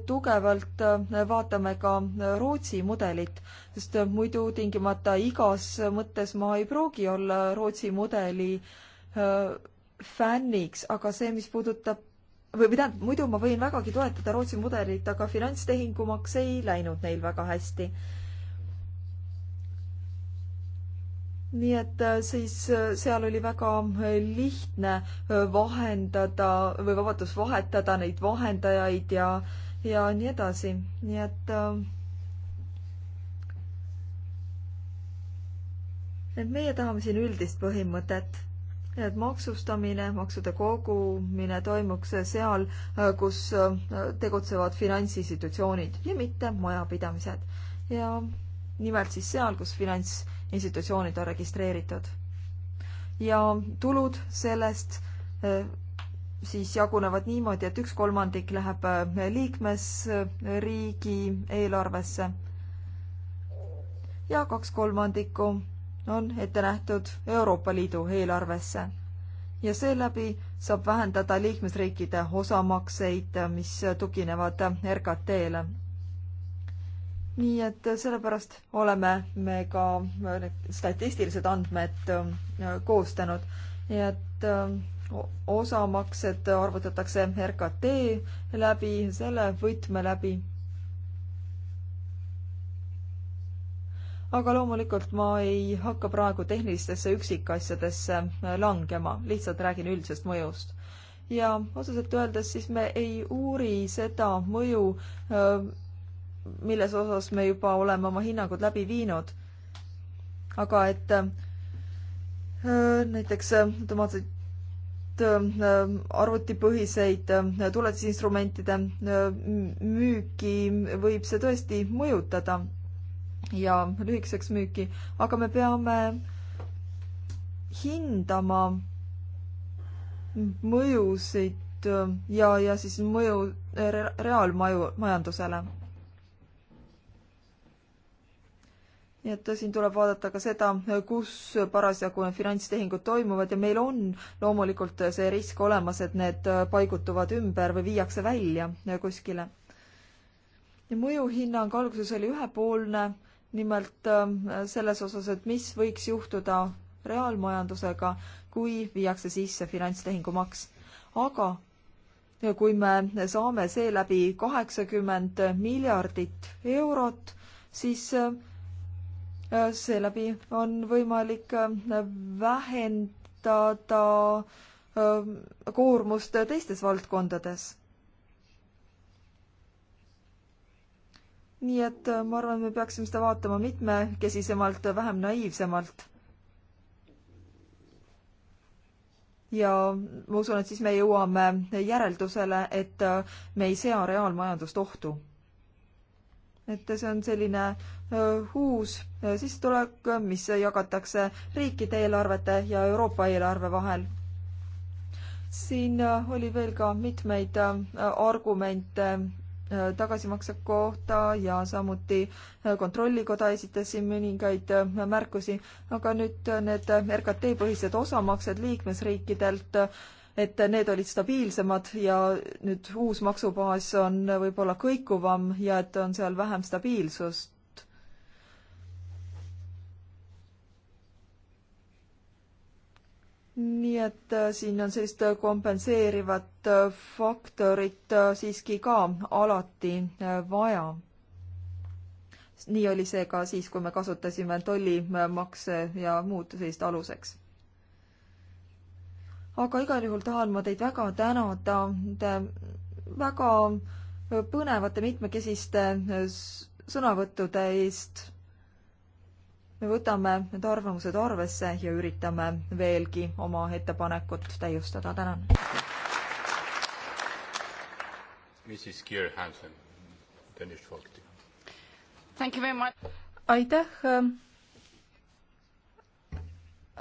tugevalt äh, vaatame ka äh, Rootsi mudelit, sest äh, muidu tingimata igas mõttes ma ei pruugi olla Rootsi mudeli fänniks, aga see, mis puudutab või, või tähendab, muidu ma võin vägagi toetada Rootsi mudelit, aga finantstehingumaks ei läinud neil väga hästi nii et äh, siis äh, seal oli väga äh, lihtne vahendada või vabandust, vahetada neid vahendajaid ja, ja nii edasi, nii et et meie tahame siin üldist põhimõtet, et maksustamine, maksude kogumine toimuks seal, kus tegutsevad finantsinstitutsioonid ja mitte majapidamised. ja nimelt siis seal, kus finants institutsioonid on registreeritud. ja tulud sellest eh, siis jagunevad niimoodi, et üks kolmandik läheb eh, liikmesriigi eelarvesse ja kaks kolmandikku on ette nähtud Euroopa Liidu eelarvesse. ja seeläbi saab vähendada liikmesriikide osamakseid, mis tuginevad eh, RKT-le nii et sellepärast oleme me ka need äh, statistilised andmed äh, koostanud. nii et äh, osamaksed arvutatakse RKT läbi, selle võtme läbi. aga loomulikult ma ei hakka praegu tehnilistesse üksikasjadesse langema, lihtsalt räägin üldisest mõjust ja otseselt öeldes siis me ei uuri seda mõju milles osas me juba oleme oma hinnangud läbi viinud. aga et äh, näiteks äh, automaatseid äh, arvutipõhiseid tuletisinstrumentide müüki võib see tõesti mõjutada ja lühikeseks müüki, aga me peame hindama mõjusid ja, ja siis mõju reaalmaju majandusele nii et siin tuleb vaadata ka seda, kus parasjagu need finantstehingud toimuvad ja meil on loomulikult see risk olemas, et need paigutuvad ümber või viiakse välja kuskile. mõjuhinnang alguses oli ühepoolne, nimelt äh, selles osas, et mis võiks juhtuda reaalmajandusega, kui viiakse sisse finantstehingumaks. aga kui me saame seeläbi kaheksakümmend miljardit eurot, siis äh, seeläbi on võimalik äh, vähendada äh, koormust teistes valdkondades. nii et äh, ma arvan, me peaksime seda vaatama mitmekesisemalt, vähem naiivsemalt ja ma usun, et siis me jõuame järeldusele, et me ei sea reaalmajandust ohtu et see on selline uus sissetulek, mis jagatakse riikide eelarvete ja Euroopa eelarve vahel. siin oli veel ka mitmeid argumente tagasimakse kohta ja samuti Kontrollikoda esitas siin mõningaid märkusi, aga nüüd need RKT-põhised osamaksed liikmesriikidelt et need olid stabiilsemad ja nüüd uus maksubaas on võib-olla kõikuvam ja et on seal vähem stabiilsust. nii et äh, siin on sellist kompenseerivat äh, faktorit äh, siiski ka alati vaja. nii oli see ka siis, kui me kasutasime tollimakse ja muud sellist aluseks aga igal juhul tahan ma teid väga tänada te väga põnevate mitmekesiste sõnavõttude eest. me võtame need arvamused arvesse ja üritame veelgi oma ettepanekut täiustada. tänan. Mrs Kier Hansen, Danish Folketing. aitäh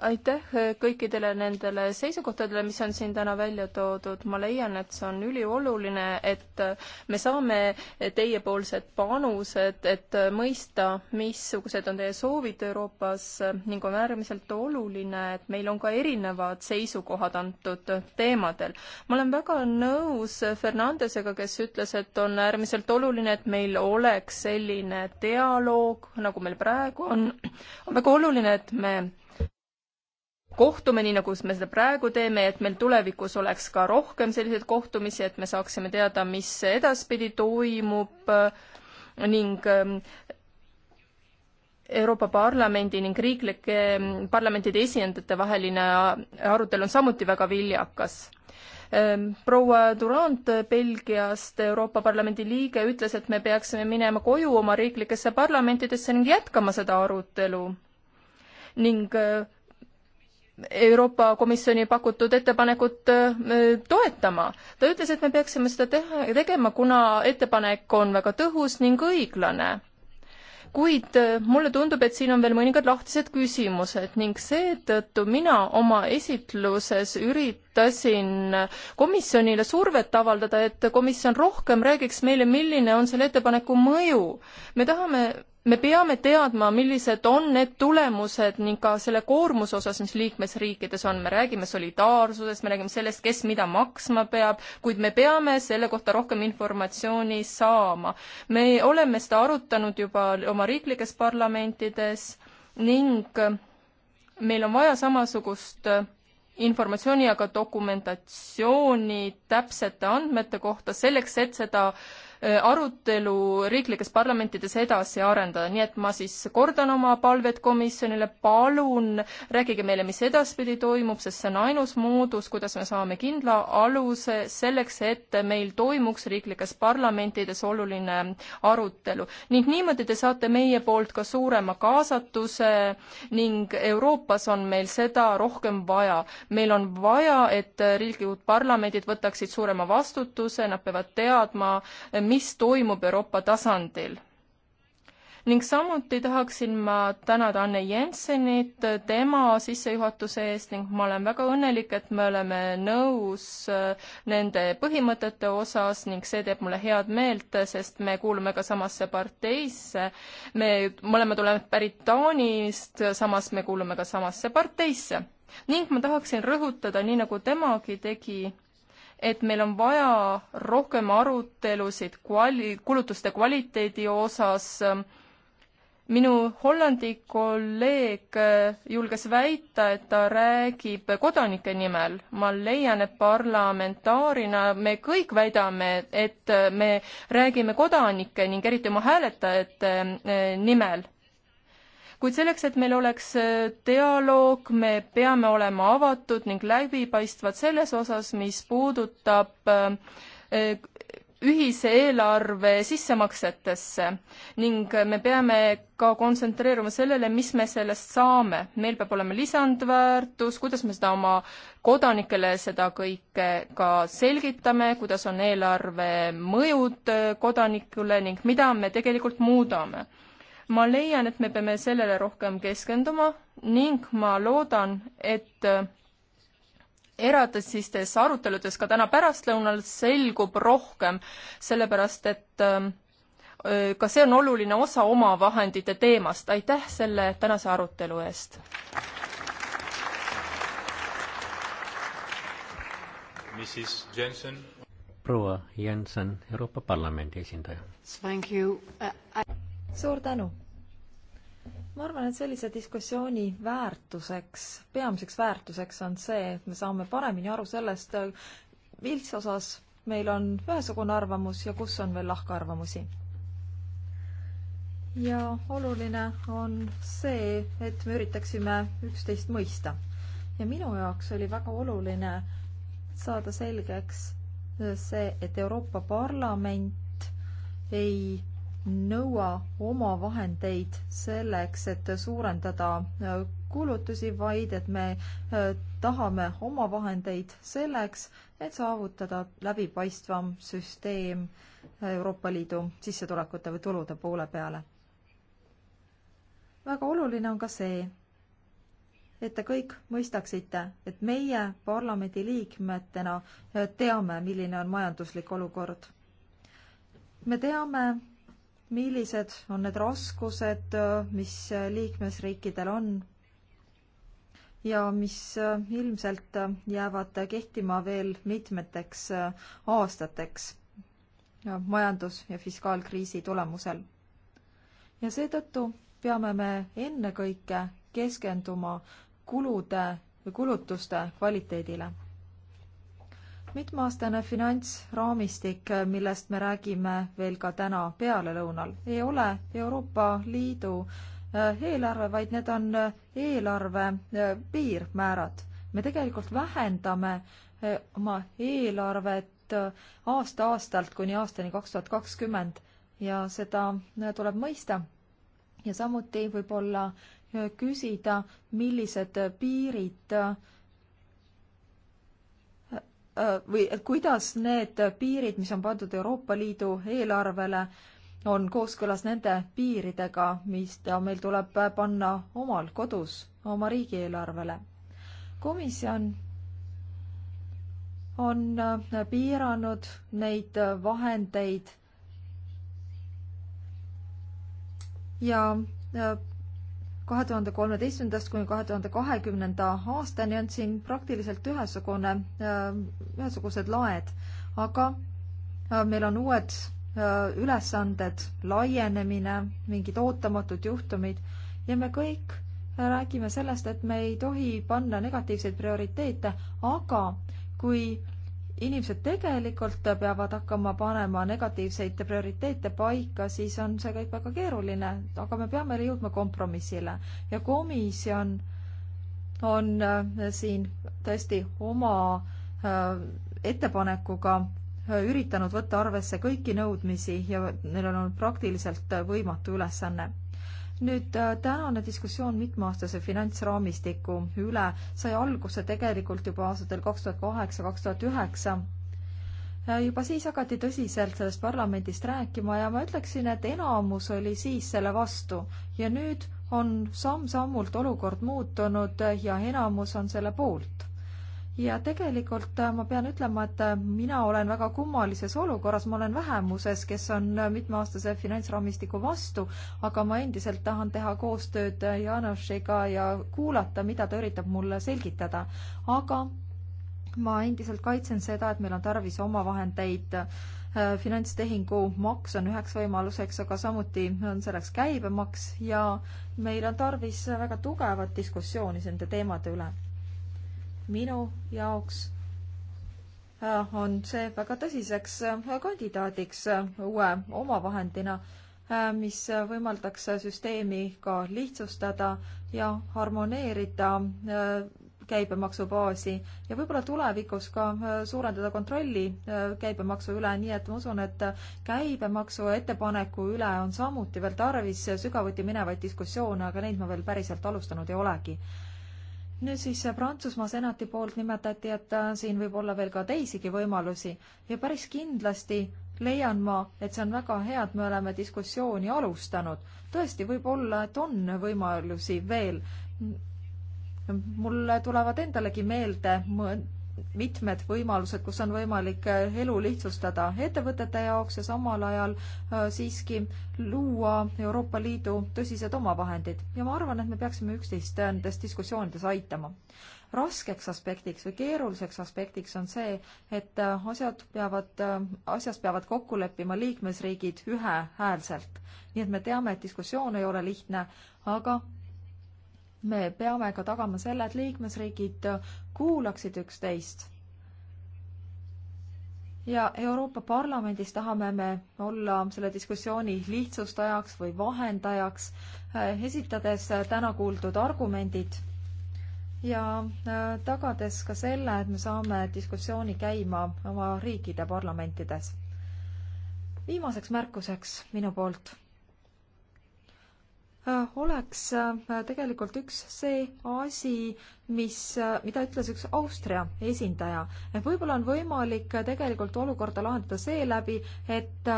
aitäh kõikidele nendele seisukohtadele, mis on siin täna välja toodud, ma leian, et see on ülioluline, et me saame teiepoolsed panused, et mõista, missugused on teie soovid Euroopas ning on äärmiselt oluline, et meil on ka erinevad seisukohad antud teemadel. ma olen väga nõus Fernandesega, kes ütles, et on äärmiselt oluline, et meil oleks selline dialoog, nagu meil praegu on, on väga oluline, et me kohtume, nii nagu me seda praegu teeme, et meil tulevikus oleks ka rohkem selliseid kohtumisi, et me saaksime teada, mis edaspidi toimub äh, ning ähm, Euroopa Parlamendi ning riiklike ähm, parlamentide esindajate vaheline äh, arutelu on samuti väga viljakas ähm, proua Durand Belgiast, Euroopa Parlamendi liige, ütles, et me peaksime minema koju oma riiklikesse parlamentidesse ning jätkama seda arutelu. ning äh, Euroopa Komisjoni pakutud ettepanekut äh, toetama. ta ütles, et me peaksime seda teha, tegema, kuna ettepanek on väga tõhus ning õiglane. kuid äh, mulle tundub, et siin on veel mõningad lahtised küsimused ning seetõttu mina oma esitluses üritasin komisjonile survet avaldada, et komisjon rohkem räägiks meile, milline on selle ettepaneku mõju. me tahame me peame teadma, millised on need tulemused ning ka selle koormuse osas, mis liikmesriikides on, me räägime solidaarsusest, me räägime sellest, kes mida maksma peab, kuid me peame selle kohta rohkem informatsiooni saama. me oleme seda arutanud juba oma riiklikes parlamentides ning meil on vaja samasugust informatsiooni, aga dokumentatsiooni täpsete andmete kohta selleks, et seda äh, Äh, arutelu riiklikes parlamentides edasi arendada, nii et ma siis kordan oma palvet komisjonile, palun rääkige meile, mis edaspidi toimub, sest see on ainus moodus, kuidas me saame kindla aluse selleks, et meil toimuks riiklikes parlamentides oluline arutelu. ning niimoodi te saate meie poolt ka suurema kaasatuse ning Euroopas on meil seda rohkem vaja. meil on vaja, et riiklikud parlamendid võtaksid suurema vastutuse, nad peavad teadma, mis toimub Euroopa tasandil. ning samuti tahaksin ma tänada Anne Jensenit tema sissejuhatuse eest ning ma olen väga õnnelik, et me oleme nõus äh, nende põhimõtete osas ning see teeb mulle head meelt, sest me kuulume ka samasse parteisse. me mõlemad oleme pärit Taanist, samas me kuulume ka samasse parteisse ning ma tahaksin rõhutada, nii nagu temagi tegi, et meil on vaja rohkem arutelusid kvali-, kulutuste kvaliteedi osas. minu Hollandi kolleeg äh, julges väita, et ta räägib kodanike nimel. ma leian, et parlamentaarina me kõik väidame, et me räägime kodanike ning eriti oma hääletajate äh, nimel kuid selleks, et meil oleks äh, dialoog, me peame olema avatud ning läbipaistvad selles osas, mis puudutab äh, äh, ühise eelarve sissemaksetesse ning me peame ka kontsentreeruma sellele, mis me sellest saame. meil peab olema lisandväärtus, kuidas me seda oma kodanikele seda kõike ka selgitame, kuidas on eelarve mõjud kodanikule ning mida me tegelikult muudame ma leian, et me peame sellele rohkem keskenduma ning ma loodan, et äh, eratasistes aruteludes ka täna pärastlõunal selgub rohkem, sellepärast et äh, äh, ka see on oluline osa omavahendite teemast. aitäh selle tänase arutelu eest! proua Jensen, Euroopa Parlamendi esindaja suur tänu! ma arvan, et sellise diskussiooni väärtuseks, peamiseks väärtuseks on see, et me saame paremini aru sellest, mis osas meil on ühesugune arvamus ja kus on veel lahkarvamusi. ja oluline on see, et me üritaksime üksteist mõista. ja minu jaoks oli väga oluline saada selgeks see, et Euroopa Parlament ei nõua omavahendeid selleks, et suurendada äh, kulutusi, vaid et me äh, tahame omavahendeid selleks, et saavutada läbipaistvam süsteem Euroopa Liidu sissetulekute või tulude poole peale. väga oluline on ka see, et te kõik mõistaksite, et meie parlamendiliikmetena äh, teame, milline on majanduslik olukord. me teame, millised on need raskused, mis liikmesriikidel on ja mis ilmselt jäävad kehtima veel mitmeteks aastateks majandus- ja fiskaalkriisi tulemusel. ja seetõttu peame me ennekõike keskenduma kulude ja kulutuste kvaliteedile mitmeaastane finantsraamistik, millest me räägime veel ka täna pealelõunal, ei ole Euroopa Liidu äh, eelarve, vaid need on äh, eelarve äh, piirmäärad. me tegelikult vähendame oma eelarvet aasta-aastalt kuni aastani kaks tuhat kakskümmend ja seda tuleb mõista. ja samuti võib-olla küsida, millised piirid äh, Äh, või et kuidas need piirid, mis on pandud Euroopa Liidu eelarvele, on kooskõlas nende piiridega, mis meil tuleb panna omal kodus, oma riigieelarvele. komisjon on äh, piiranud neid äh, vahendeid ja kahe tuhande kolmeteistkümnendast kuni kahe tuhande kahekümnenda aastani on siin praktiliselt ühesugune, äh, ühesugused laed, aga äh, meil on uued äh, ülesanded, laienemine, mingid ootamatud juhtumid ja me kõik räägime sellest, et me ei tohi panna negatiivseid prioriteete, aga kui inimesed tegelikult peavad hakkama panema negatiivseid prioriteete paika, siis on see kõik väga keeruline, aga me peame jõudma kompromissile ja komisjon on äh, siin tõesti oma äh, ettepanekuga äh, üritanud võtta arvesse kõiki nõudmisi ja neil on olnud praktiliselt võimatu ülesanne nüüd äh, tänane diskussioon mitmeaastase finantsraamistiku üle sai alguse tegelikult juba aastatel kaks tuhat kaheksa, kaks tuhat üheksa. juba siis hakati tõsiselt sellest parlamendist rääkima ja ma ütleksin, et enamus oli siis selle vastu ja nüüd on samm-sammult olukord muutunud ja enamus on selle poolt ja tegelikult äh, ma pean ütlema, et äh, mina olen väga kummalises olukorras, ma olen vähemuses, kes on äh, mitmeaastase finantsraamistiku vastu, aga ma endiselt tahan teha koostööd Janošiga ja kuulata, mida ta üritab mulle selgitada. aga ma endiselt kaitsen seda, et meil on tarvis omavahendeid finantstehingu maks on üheks võimaluseks, aga samuti on selleks käibemaks ja meil on tarvis väga tugevat diskussiooni nende teemade üle minu jaoks äh, on see väga tõsiseks äh, kandidaadiks äh, uue omavahendina, mis võimaldaks süsteemi ka lihtsustada ja harmoneerida käibemaksubaasi ja võib-olla tulevikus ka suurendada kontrolli käibemaksu üle, nii et ma usun, et käibemaksu ettepaneku üle on samuti veel tarvis sügavuti minevaid diskussioone, aga neid ma veel päriselt alustanud ei olegi nüüd siis äh, Prantsusmaa senati poolt nimetati, et äh, siin võib olla veel ka teisigi võimalusi ja päris kindlasti leian ma, et see on väga hea, et me oleme diskussiooni alustanud. tõesti, võib-olla, et on võimalusi veel. mulle tulevad endalegi meelde mõned mitmed võimalused, kus on võimalik eh, elu lihtsustada ettevõtete jaoks ja samal ajal eh, siiski luua Euroopa Liidu tõsised omavahendid. ja ma arvan, et me peaksime üksteist eh, nendes diskussioonides aitama. raskeks aspektiks või keeruliseks aspektiks on see, et asjad peavad, asjas peavad kokku leppima liikmesriigid ühehäälselt. nii et me teame, et diskussioon ei ole lihtne, aga me peame ka tagama selle, et liikmesriigid kuulaksid üksteist. ja Euroopa Parlamendis tahame me olla selle diskussiooni lihtsustajaks või vahendajaks, äh, esitades täna kuuldud argumendid ja äh, tagades ka selle, et me saame diskussiooni käima oma riikide parlamentides. viimaseks märkuseks minu poolt Äh, oleks äh, tegelikult üks see asi, mis, äh, mida ütles üks Austria esindaja. et võib-olla on võimalik tegelikult olukorda lahendada seeläbi, et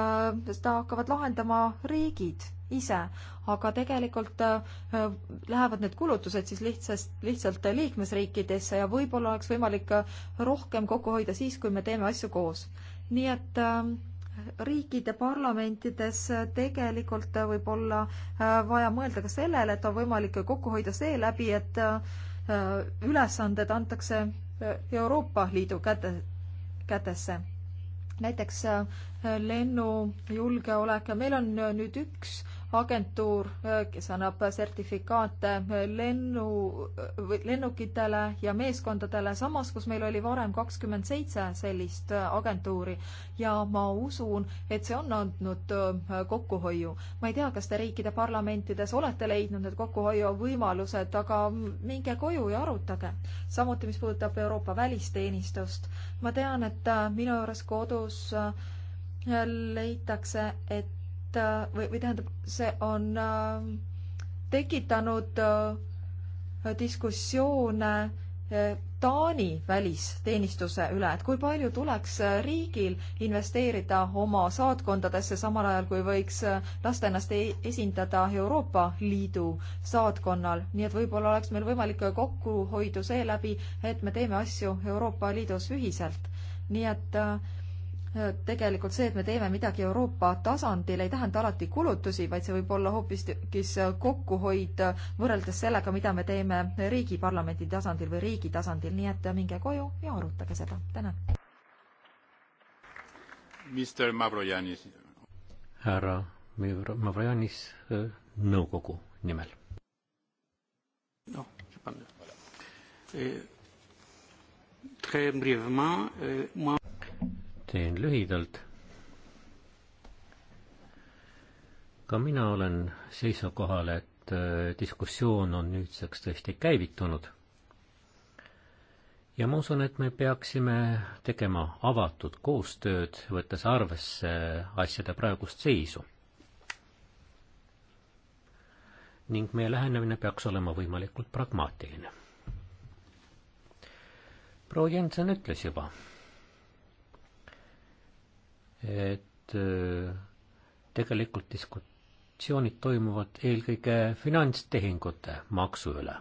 seda hakkavad lahendama riigid ise, aga tegelikult lähevad need kulutused siis lihtsast, lihtsalt liikmesriikidesse ja võib-olla oleks võimalik rohkem kokku hoida siis, kui me teeme asju koos. nii et äh, riikide parlamentides tegelikult võib olla äh, vaja mõelda ka sellele, et on võimalik kokku hoida seeläbi, et äh, ülesanded antakse äh, Euroopa Liidu käte, kätesse. näiteks lennujulgeolek, meil on nüüd üks agentuur, äh, kes annab sertifikaate äh, lennu, äh, lennukitele ja meeskondadele, samas kus meil oli varem kakskümmend seitse sellist agentuuri ja ma usun, et see on andnud kokkuhoiu. ma ei tea, kas te riikide parlamentides olete leidnud need kokkuhoiuvõimalused, aga minge koju ja arutage. samuti, mis puudutab Euroopa välisteenistust, ma tean, et minu juures kodus leitakse, et Äh, või, või tähendab, see on äh, tekitanud äh, diskussioone Taani välisteenistuse üle, et kui palju tuleks riigil investeerida oma saatkondadesse, samal ajal kui võiks lasta ennast e-, esindada Euroopa Liidu saatkonnal, nii et võib-olla oleks meil võimalik kokkuhoidu seeläbi, et me teeme asju Euroopa Liidus ühiselt. nii et äh, Äh, tegelikult see, et me teeme midagi Euroopa tasandil, ei tähenda alati kulutusi, vaid see võib olla hoopiskis äh, kokkuhoid äh, võrreldes sellega, mida me teeme riigiparlamendi tasandil või riigi tasandil, nii et minge koju ja arutage seda. tänan. härra Mavrojanis nõukogu nimel. noh, see on. Eh, très brièvement, euh, moi teen lühidalt. ka mina olen seisukohal, et äh, diskussioon on nüüdseks tõesti käivitunud. ja ma usun, et me peaksime tegema avatud koostööd, võttes arvesse asjade praegust seisu. ning meie lähenemine peaks olema võimalikult pragmaatiline. proua Jensen ütles juba et äh, tegelikult diskussioonid toimuvad eelkõige finantstehingute maksu üle.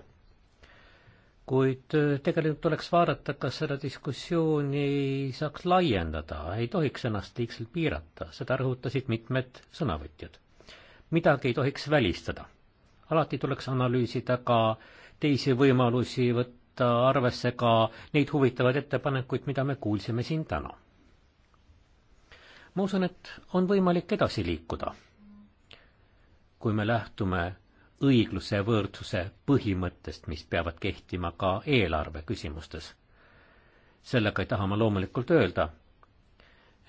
kuid äh, tegelikult tuleks vaadata, kas seda diskussiooni saaks laiendada, ei tohiks ennast liigselt piirata, seda rõhutasid mitmed sõnavõtjad. midagi ei tohiks välistada. alati tuleks analüüsida ka teisi võimalusi, võtta arvesse ka neid huvitavaid ettepanekuid, mida me kuulsime siin täna ma usun, et on võimalik edasi liikuda. kui me lähtume õigluse ja võrdsuse põhimõttest, mis peavad kehtima ka eelarve küsimustes. sellega ei taha ma loomulikult öelda,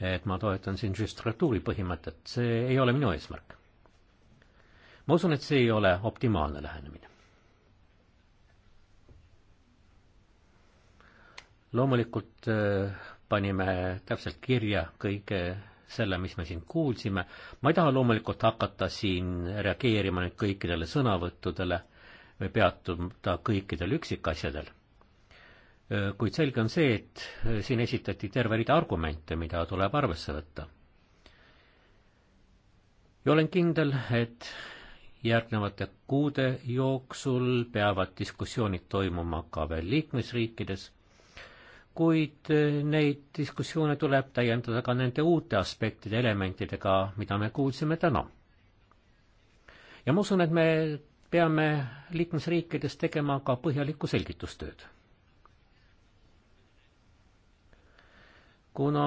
et ma toetan siin žüstratuuri põhimõtet, see ei ole minu eesmärk. ma usun, et see ei ole optimaalne lähenemine. loomulikult eh, panime täpselt kirja kõige selle, mis me siin kuulsime. ma ei taha loomulikult hakata siin reageerima nüüd kõikidele sõnavõttudele või peatuda kõikidel üksikasjadel. kuid selge on see, et siin esitati terve rida argumente, mida tuleb arvesse võtta. ja olen kindel, et järgnevate kuude jooksul peavad diskussioonid toimuma ka veel liikmesriikides kuid eh, neid diskussioone tuleb täiendada ka nende uute aspektide, elementidega, mida me kuulsime täna. ja ma usun, et me peame liikmesriikides tegema ka põhjalikku selgitustööd. kuna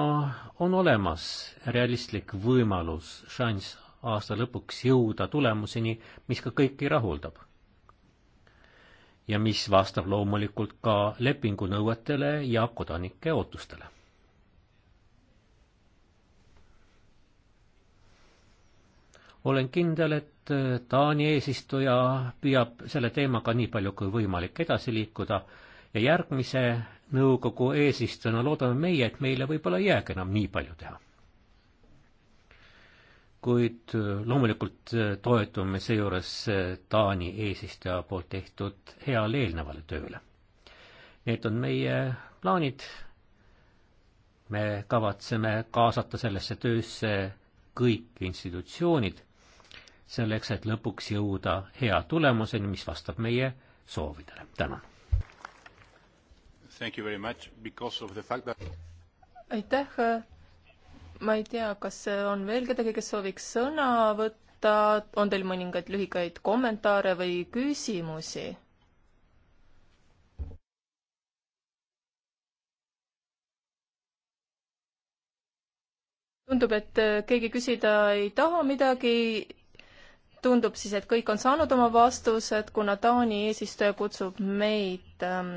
on olemas realistlik võimalus, šanss aasta lõpuks jõuda tulemuseni, mis ka kõiki rahuldab ja mis vastab loomulikult ka lepingu nõuetele ja kodanike ootustele. olen kindel, et Taani eesistuja püüab selle teemaga nii palju kui võimalik edasi liikuda ja järgmise nõukogu eesistujana loodame meie, et meile võib-olla ei jäägi enam nii palju teha kuid äh, loomulikult äh, toetume seejuures äh, Taani eesistuja poolt tehtud heale eelnevale tööle. Need on meie plaanid. me kavatseme kaasata sellesse töösse kõik institutsioonid, selleks et lõpuks jõuda hea tulemuseni, mis vastab meie soovidele. tänan! aitäh ma ei tea, kas on veel kedagi, kes sooviks sõna võtta, on teil mõningaid lühikaid kommentaare või küsimusi? tundub, et keegi küsida ei taha midagi tundub siis, et kõik on saanud oma vastused, kuna Taani eesistuja kutsub meid ähm,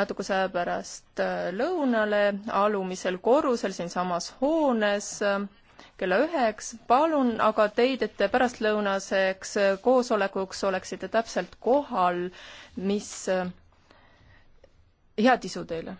natukese aja pärast äh, lõunale alumisel korrusel siinsamas hoones ähm, kella üheks. palun aga teid, et te pärastlõunaseks äh, koosolekuks oleksite täpselt kohal, mis, äh, head isu teile!